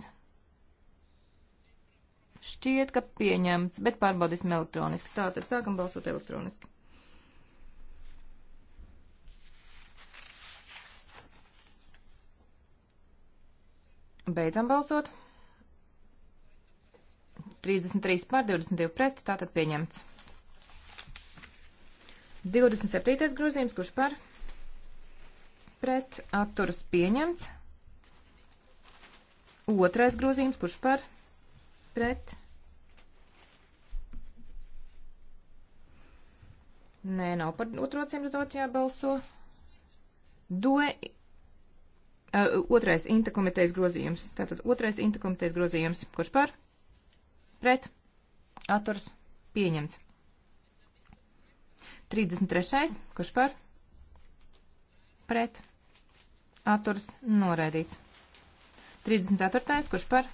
Šķiet, ka pieņemts, bet pārbaudīsim elektroniski. Tātad sākam balsot elektroniski. Beidzam balsot. 33 pār 22 pret, tātad pieņemts. 27. grozījums, kurš par pret atturas pieņemts. Otrais grozījums, kurš par pret. Nē, nav par otro acīm redzot jābalso. Doe Uh, eh, otrais interkomitejas grozījums. Tātad otrais interkomitejas grozījums. Kurš par? pret atturs pieņemts. 33. kurš par pret atturs noraidīts. 34. kurš par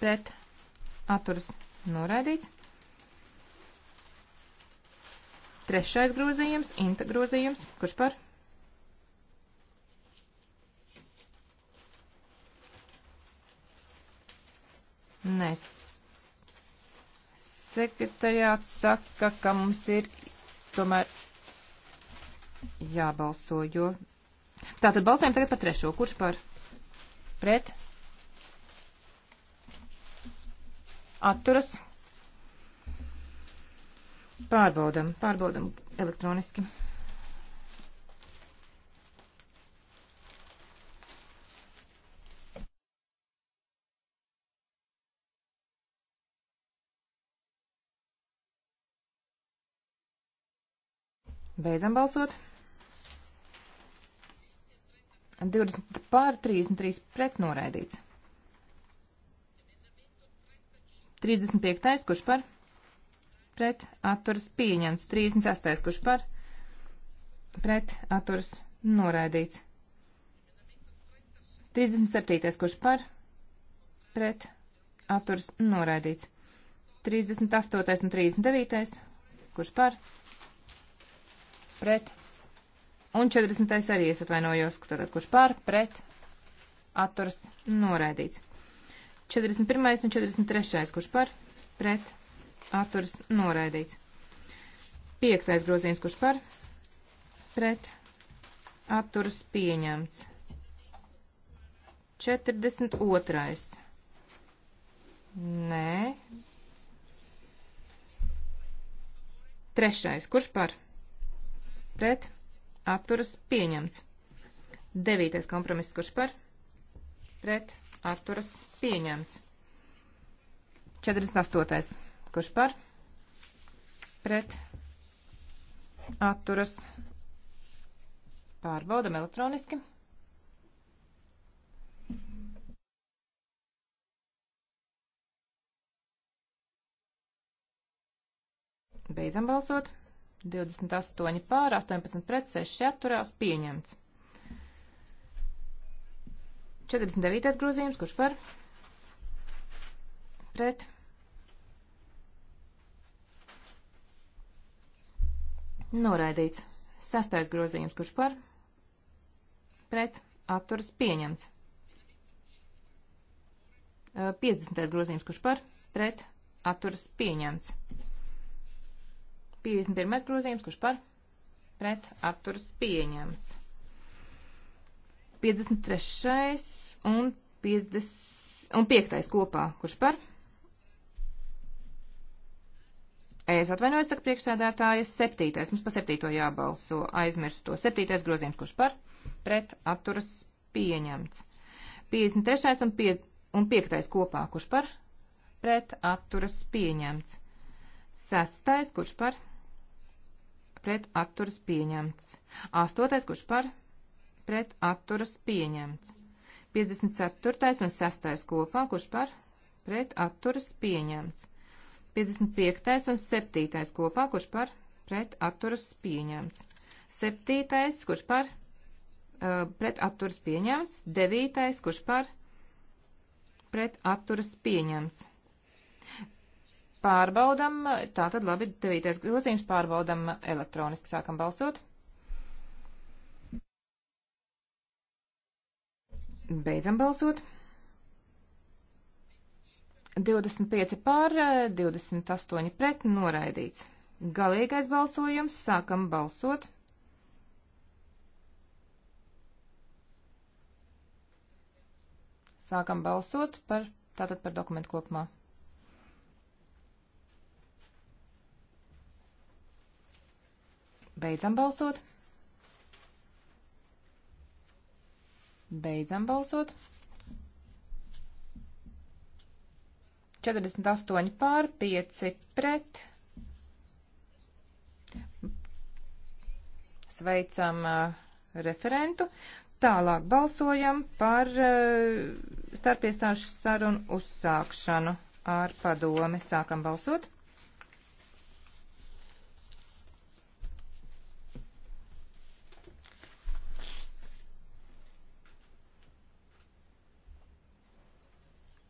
pret atturs noraidīts. Trešais grozījums, inta grozījums, kurš par? Nē, sekretariāts saka, ka mums ir tomēr jābalso, jo. Tātad balsojam tagad par trešo. Kurš par? Pret? Atturas? Pārbaudam, pārbaudam elektroniski. Beidzam balsot. 20 pār 33 pret noraidīts. 35. kurš par? Pret atturas pieņemts. 36. kurš par? Pret atturas noraidīts. 37. kurš par? Pret atturas noraidīts. 38. un 39. kurš par? pret, un 40. arī es atvainojos, tātad kurš pār, pret, atturs, noraidīts. 41. un 43. kurš par, pret, atturs, noraidīts. 5. grozījums, kurš par, pret, atturs, pieņemts. 42. Nē. Trešais, kurš par? pret atturas pieņemts. Devītais kompromiss, kurš par pret atturas pieņemts. 48. kurš par pret atturas pārbaudam elektroniski. Beidzam balsot. 28 pār, 18 pret, 6 atturās, pieņemts. 49. grozījums, kurš par? Pret. Noraidīts. Sastais grozījums, kurš par? Pret. Atturas pieņemts. 50. grozījums, kurš par? Pret. Atturas pieņemts. 51. grozījums, kurš par pret atturas pieņemts. 53. un, 50, un 5. kopā, kurš par? Es atvainojos, saka priekšsēdētājas, 7. mums pa 7. jābalso, aizmirstu to. 7. grozījums, kurš par? Pret atturas pieņemts. 53. un 5. un 5. kopā, kurš par? Pret atturas pieņemts. Sestais, kurš par? pret atturas pieņemts. 8. kurš par pret atturas pieņemts. 54. un 6. kopā, kurš par pret atturas pieņemts. 55. un 7. kopā, kurš par pret atturas pieņemts. 7. kurš par uh, pret atturas pieņemts. 9. kurš par pret atturas pieņemts. Pārbaudam, tā tad labi, devītais grozījums pārbaudam elektroniski, sākam balsot. Beidzam balsot. 25 pār, 28 pret, noraidīts. Galīgais balsojums, sākam balsot. Sākam balsot par, tātad par dokumentu kopumā. Beidzam balsot. Beidzam balsot. 48 pār 5 pret. Sveicam uh, referentu. Tālāk balsojam par uh, starpiestāšu sarunu uzsākšanu ar padomi. Sākam balsot.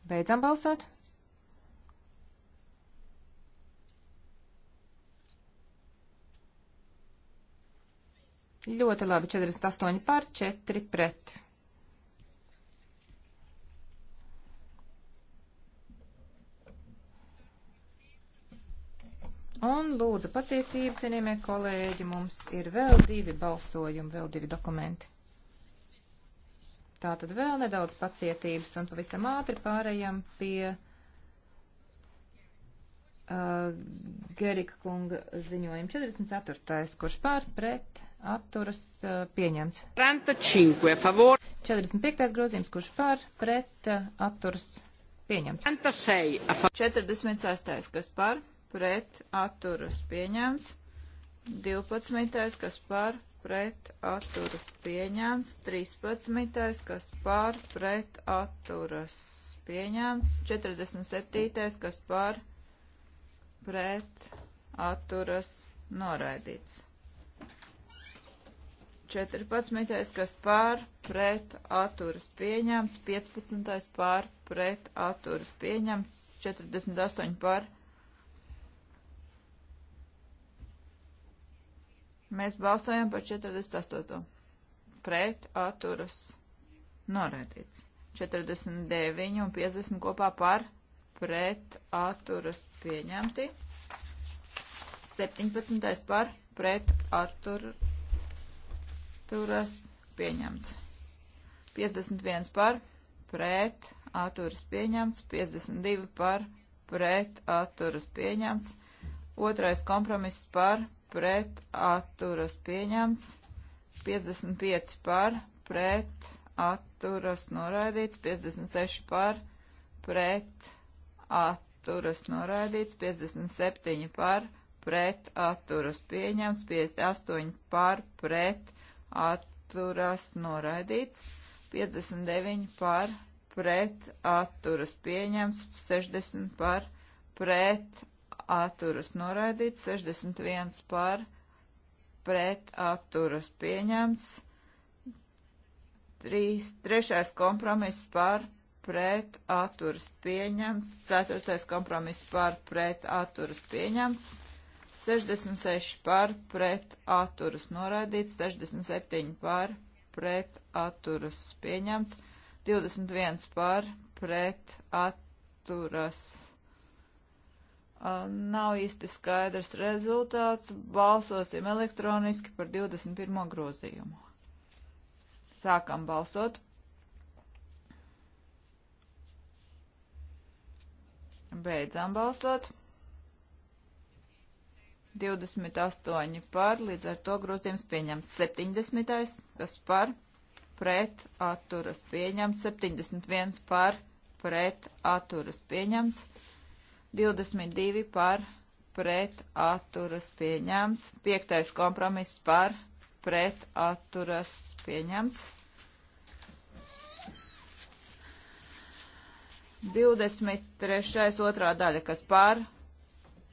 Beidzam balsot. Ļoti labi, 48 pār 4 pret. Un lūdzu pacietību, cienījamie kolēģi, mums ir vēl divi balsojumi, vēl divi dokumenti. Tā tad vēl nedaudz pacietības un pavisam ātri pārējām pie uh, Gerika kunga ziņojuma 44. kurš pār pret atturas uh, pieņemts. 45. Favor. 45. grozījums, kurš pār pret uh, atturas pieņemts. 46. kas pār pret atturas pieņemts. 12. kas pār pret atturas pieņēmts, 13. kas par pret atturas pieņēmts, 47. kas par pret atturas noraidīts. 14. kas pār pret atturas pieņemts, 15. pār pret atturas pieņemts, 48 pār Mēs balsojam par 48. Pret atturas norēdīts. 49 un 50 kopā par pret atturas pieņemti. 17. par pret atturas pieņemts. 51 par pret atturas pieņemts. 52 par pret atturas pieņemts. Otrais kompromiss par pret atturas pieņemts, 55 par pret atturas noraidīts, 56 par pret atturas noraidīts, 57 par pret atturas pieņemts, 58 par pret atturas noraidīts, 59 par pret atturas pieņemts, 60 par pret atturas noraidīts, 61 par pret atturas pieņemts, 3, trešais kompromiss par pret atturas pieņemts, ceturtais kompromiss par pret atturas pieņemts, 66 par pret atturas noraidīts, 67 par pret atturas pieņemts, 21 par pret atturas pieņemts Nav īsti skaidrs rezultāts. Balsosim elektroniski par 21. grozījumu. Sākam balsot. Beidzām balsot. 28 par, līdz ar to grozījums pieņemts 70. kas par, pret, atturas pieņemts 71 par, pret, atturas pieņemts 22 par pret atturas pieņemts. 5. kompromiss par pret atturas pieņemts. 23. otrā daļa, kas par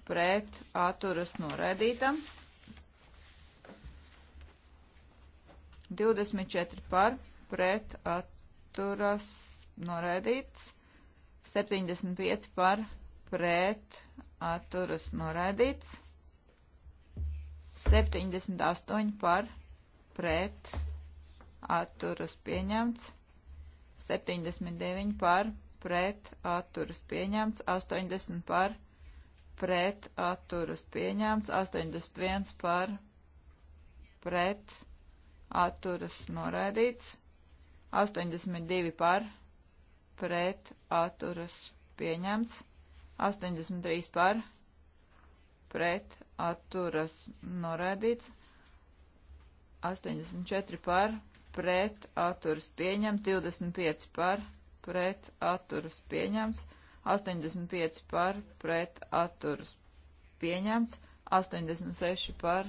pret atturas noraidītam. 24 par pret atturas noraidīts. 75 par pret pret atturas noraidīts. 78 par pret atturas pieņemts. 79 par pret atturas pieņemts. 80 par pret atturas pieņemts. 81 par pret atturas noraidīts. 82 par pret atturas pieņemts. 83 par pret atturas norādīts, 84 par pret atturas pieņemts, 25 par pret atturas pieņemts, 85 par pret atturas pieņemts, 86 par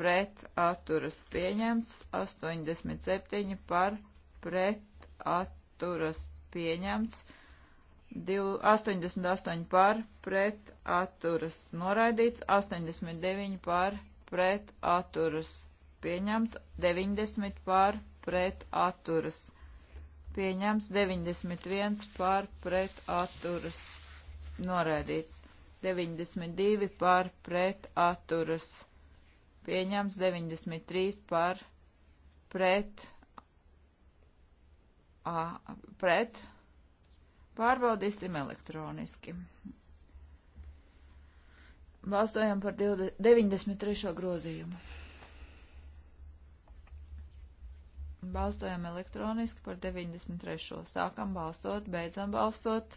pret atturas pieņemts, 87 par pret atturas pieņemts, 88 par pret atturas noraidīts, 89 par pret atturas pieņemts, 90 par pret atturas pieņemts, 91 par pret atturas noraidīts, 92 par pret atturas pieņemts, 93 par pret, a, pret atturas Pārbaudīsim elektroniski. Balstojam par 93. grozījumu. Balstojam elektroniski par 93. Sākam balstot, beidzam balstot.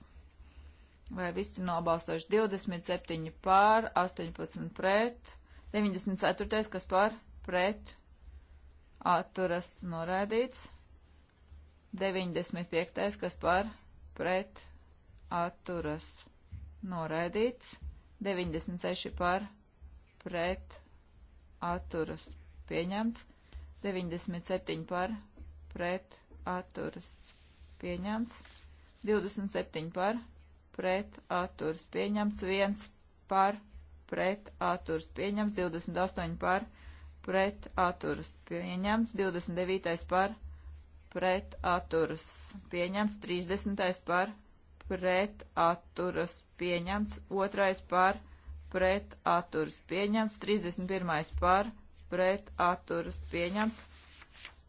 Vai visi nobalstojuši 27 pār, 18 pret, 94. kas pār, pret, atturas noraidīts, 95. kas pār, pret atturas noraidīts, 96 par pret atturas pieņemts, 97 par pret atturas pieņemts, 27 par pret atturas pieņemts, 1 par pret atturas pieņemts, 28 par pret atturas pieņemts, 29 par pret pret atturas pieņemts, 30. par pret atturas pieņemts, 2. par pret atturas pieņemts, 31. par pret atturas pieņemts,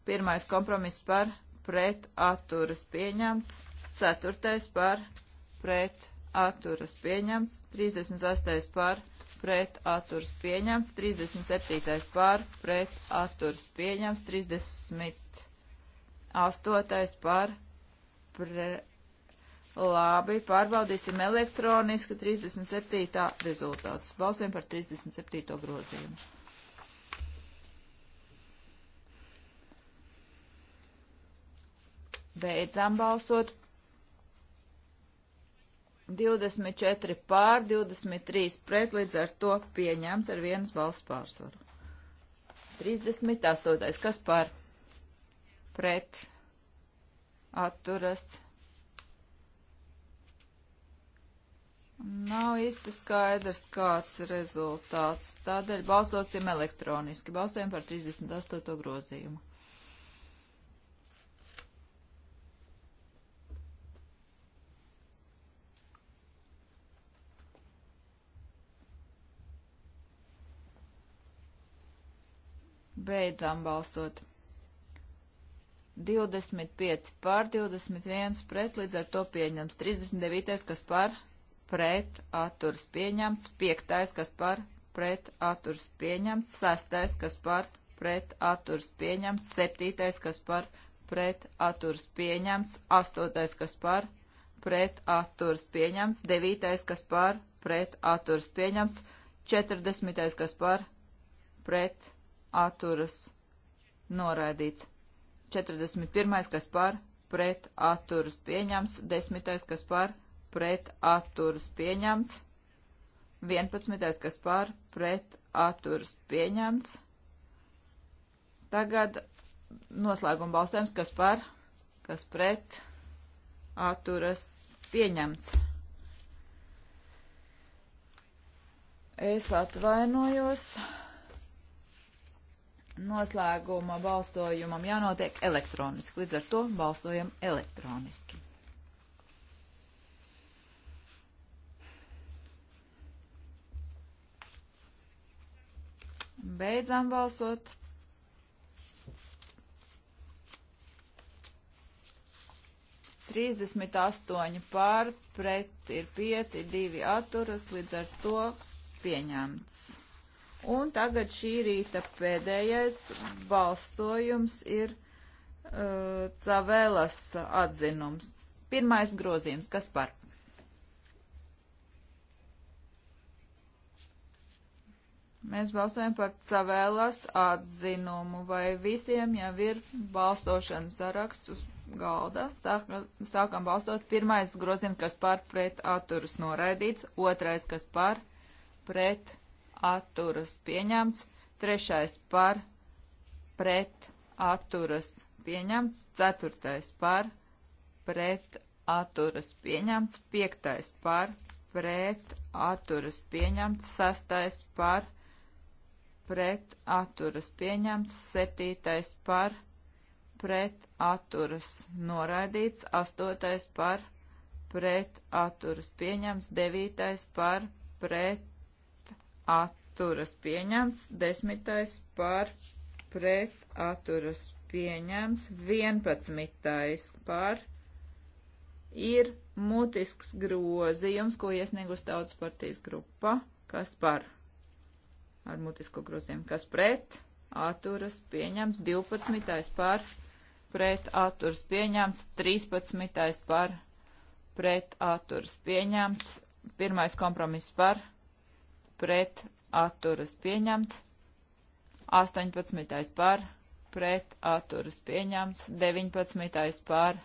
1. kompromiss par pret atturas pieņemts, 4. par pret atturas pieņemts, 38. par pret pret atturas pieņemts, 37. pār pret atturas pieņemts, 30. Astotais par pre... Labi, pārbaudīsim elektroniski 37. rezultātus. Balsojam par 37. grozījumu. Beidzām balsot. 24 pār, 23 pret, līdz ar to pieņemts ar vienas balss pārsvaru. 38. Kas par? pret atturas. Nav īsti skaidrs, kāds ir rezultāts. Tādēļ balsosim elektroniski. Balsojam par 38. grozījumu. Beidzām balsot. 25 pār 21 pret, līdz ar to pieņems 39, kas par pret atturs pieņemts, 5, kas par pret atturs pieņemts, 6, kas par pret atturs pieņemts, 7, kas par pret atturs pieņemts, 8, kas par pret atturs pieņemts, 9, kas par pret atturs pieņemts, 40, kas par pret atturs noraidīts. 41. kas par pret atturas pieņemts, 10. kas par pret atturas pieņemts, 11. kas par pret atturas pieņemts. Tagad noslēguma balstēms, kas par, kas pret atturas pieņemts. Es atvainojos noslēguma balsojumam jānotiek elektroniski. Līdz ar to balsojam elektroniski. Beidzām balsot. Trīsdesmit astoņi pār, pret ir pieci, divi atturas, līdz ar to pieņemts. Un tagad šī rīta pēdējais balsojums ir uh, Cavēlas atzinums. Pirmais grozījums, kas par? Mēs balsojam par Cavēlas atzinumu, vai visiem jau ir balsošanas saraksts uz galda. Sāk, sākam balsot. Pirmais grozījums, kas par pret atturus noraidīts, otrais, kas par pret atturus atturas pieņemts, trešais par pret atturas pieņemts, ceturtais par pret atturas pieņemts, piektais par pret atturas pieņemts, sastais par pret atturas pieņemts, septītais par pret atturas noraidīts, astotais par pret atturas pieņemts, devītais par pret atturas pieņemts, desmitais par pret atturas pieņemts, vienpadsmitais par ir mutisks grozījums, ko iesniegus tautas partijas grupa, kas par ar mutisko grozījumu, kas pret atturas pieņemts, 12. par pret atturas pieņemts, 13. par pret atturas pieņemts, pirmais kompromiss par pret atturas pieņemts, 18. par pret atturas pieņemts, 19. par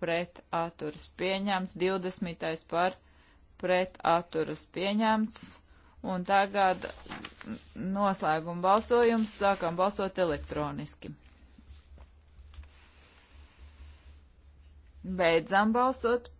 pret atturas pieņemts, 20. par pret atturas pieņemts. Un tagad noslēguma balsojums sākam balsot elektroniski. Beidzam balsot.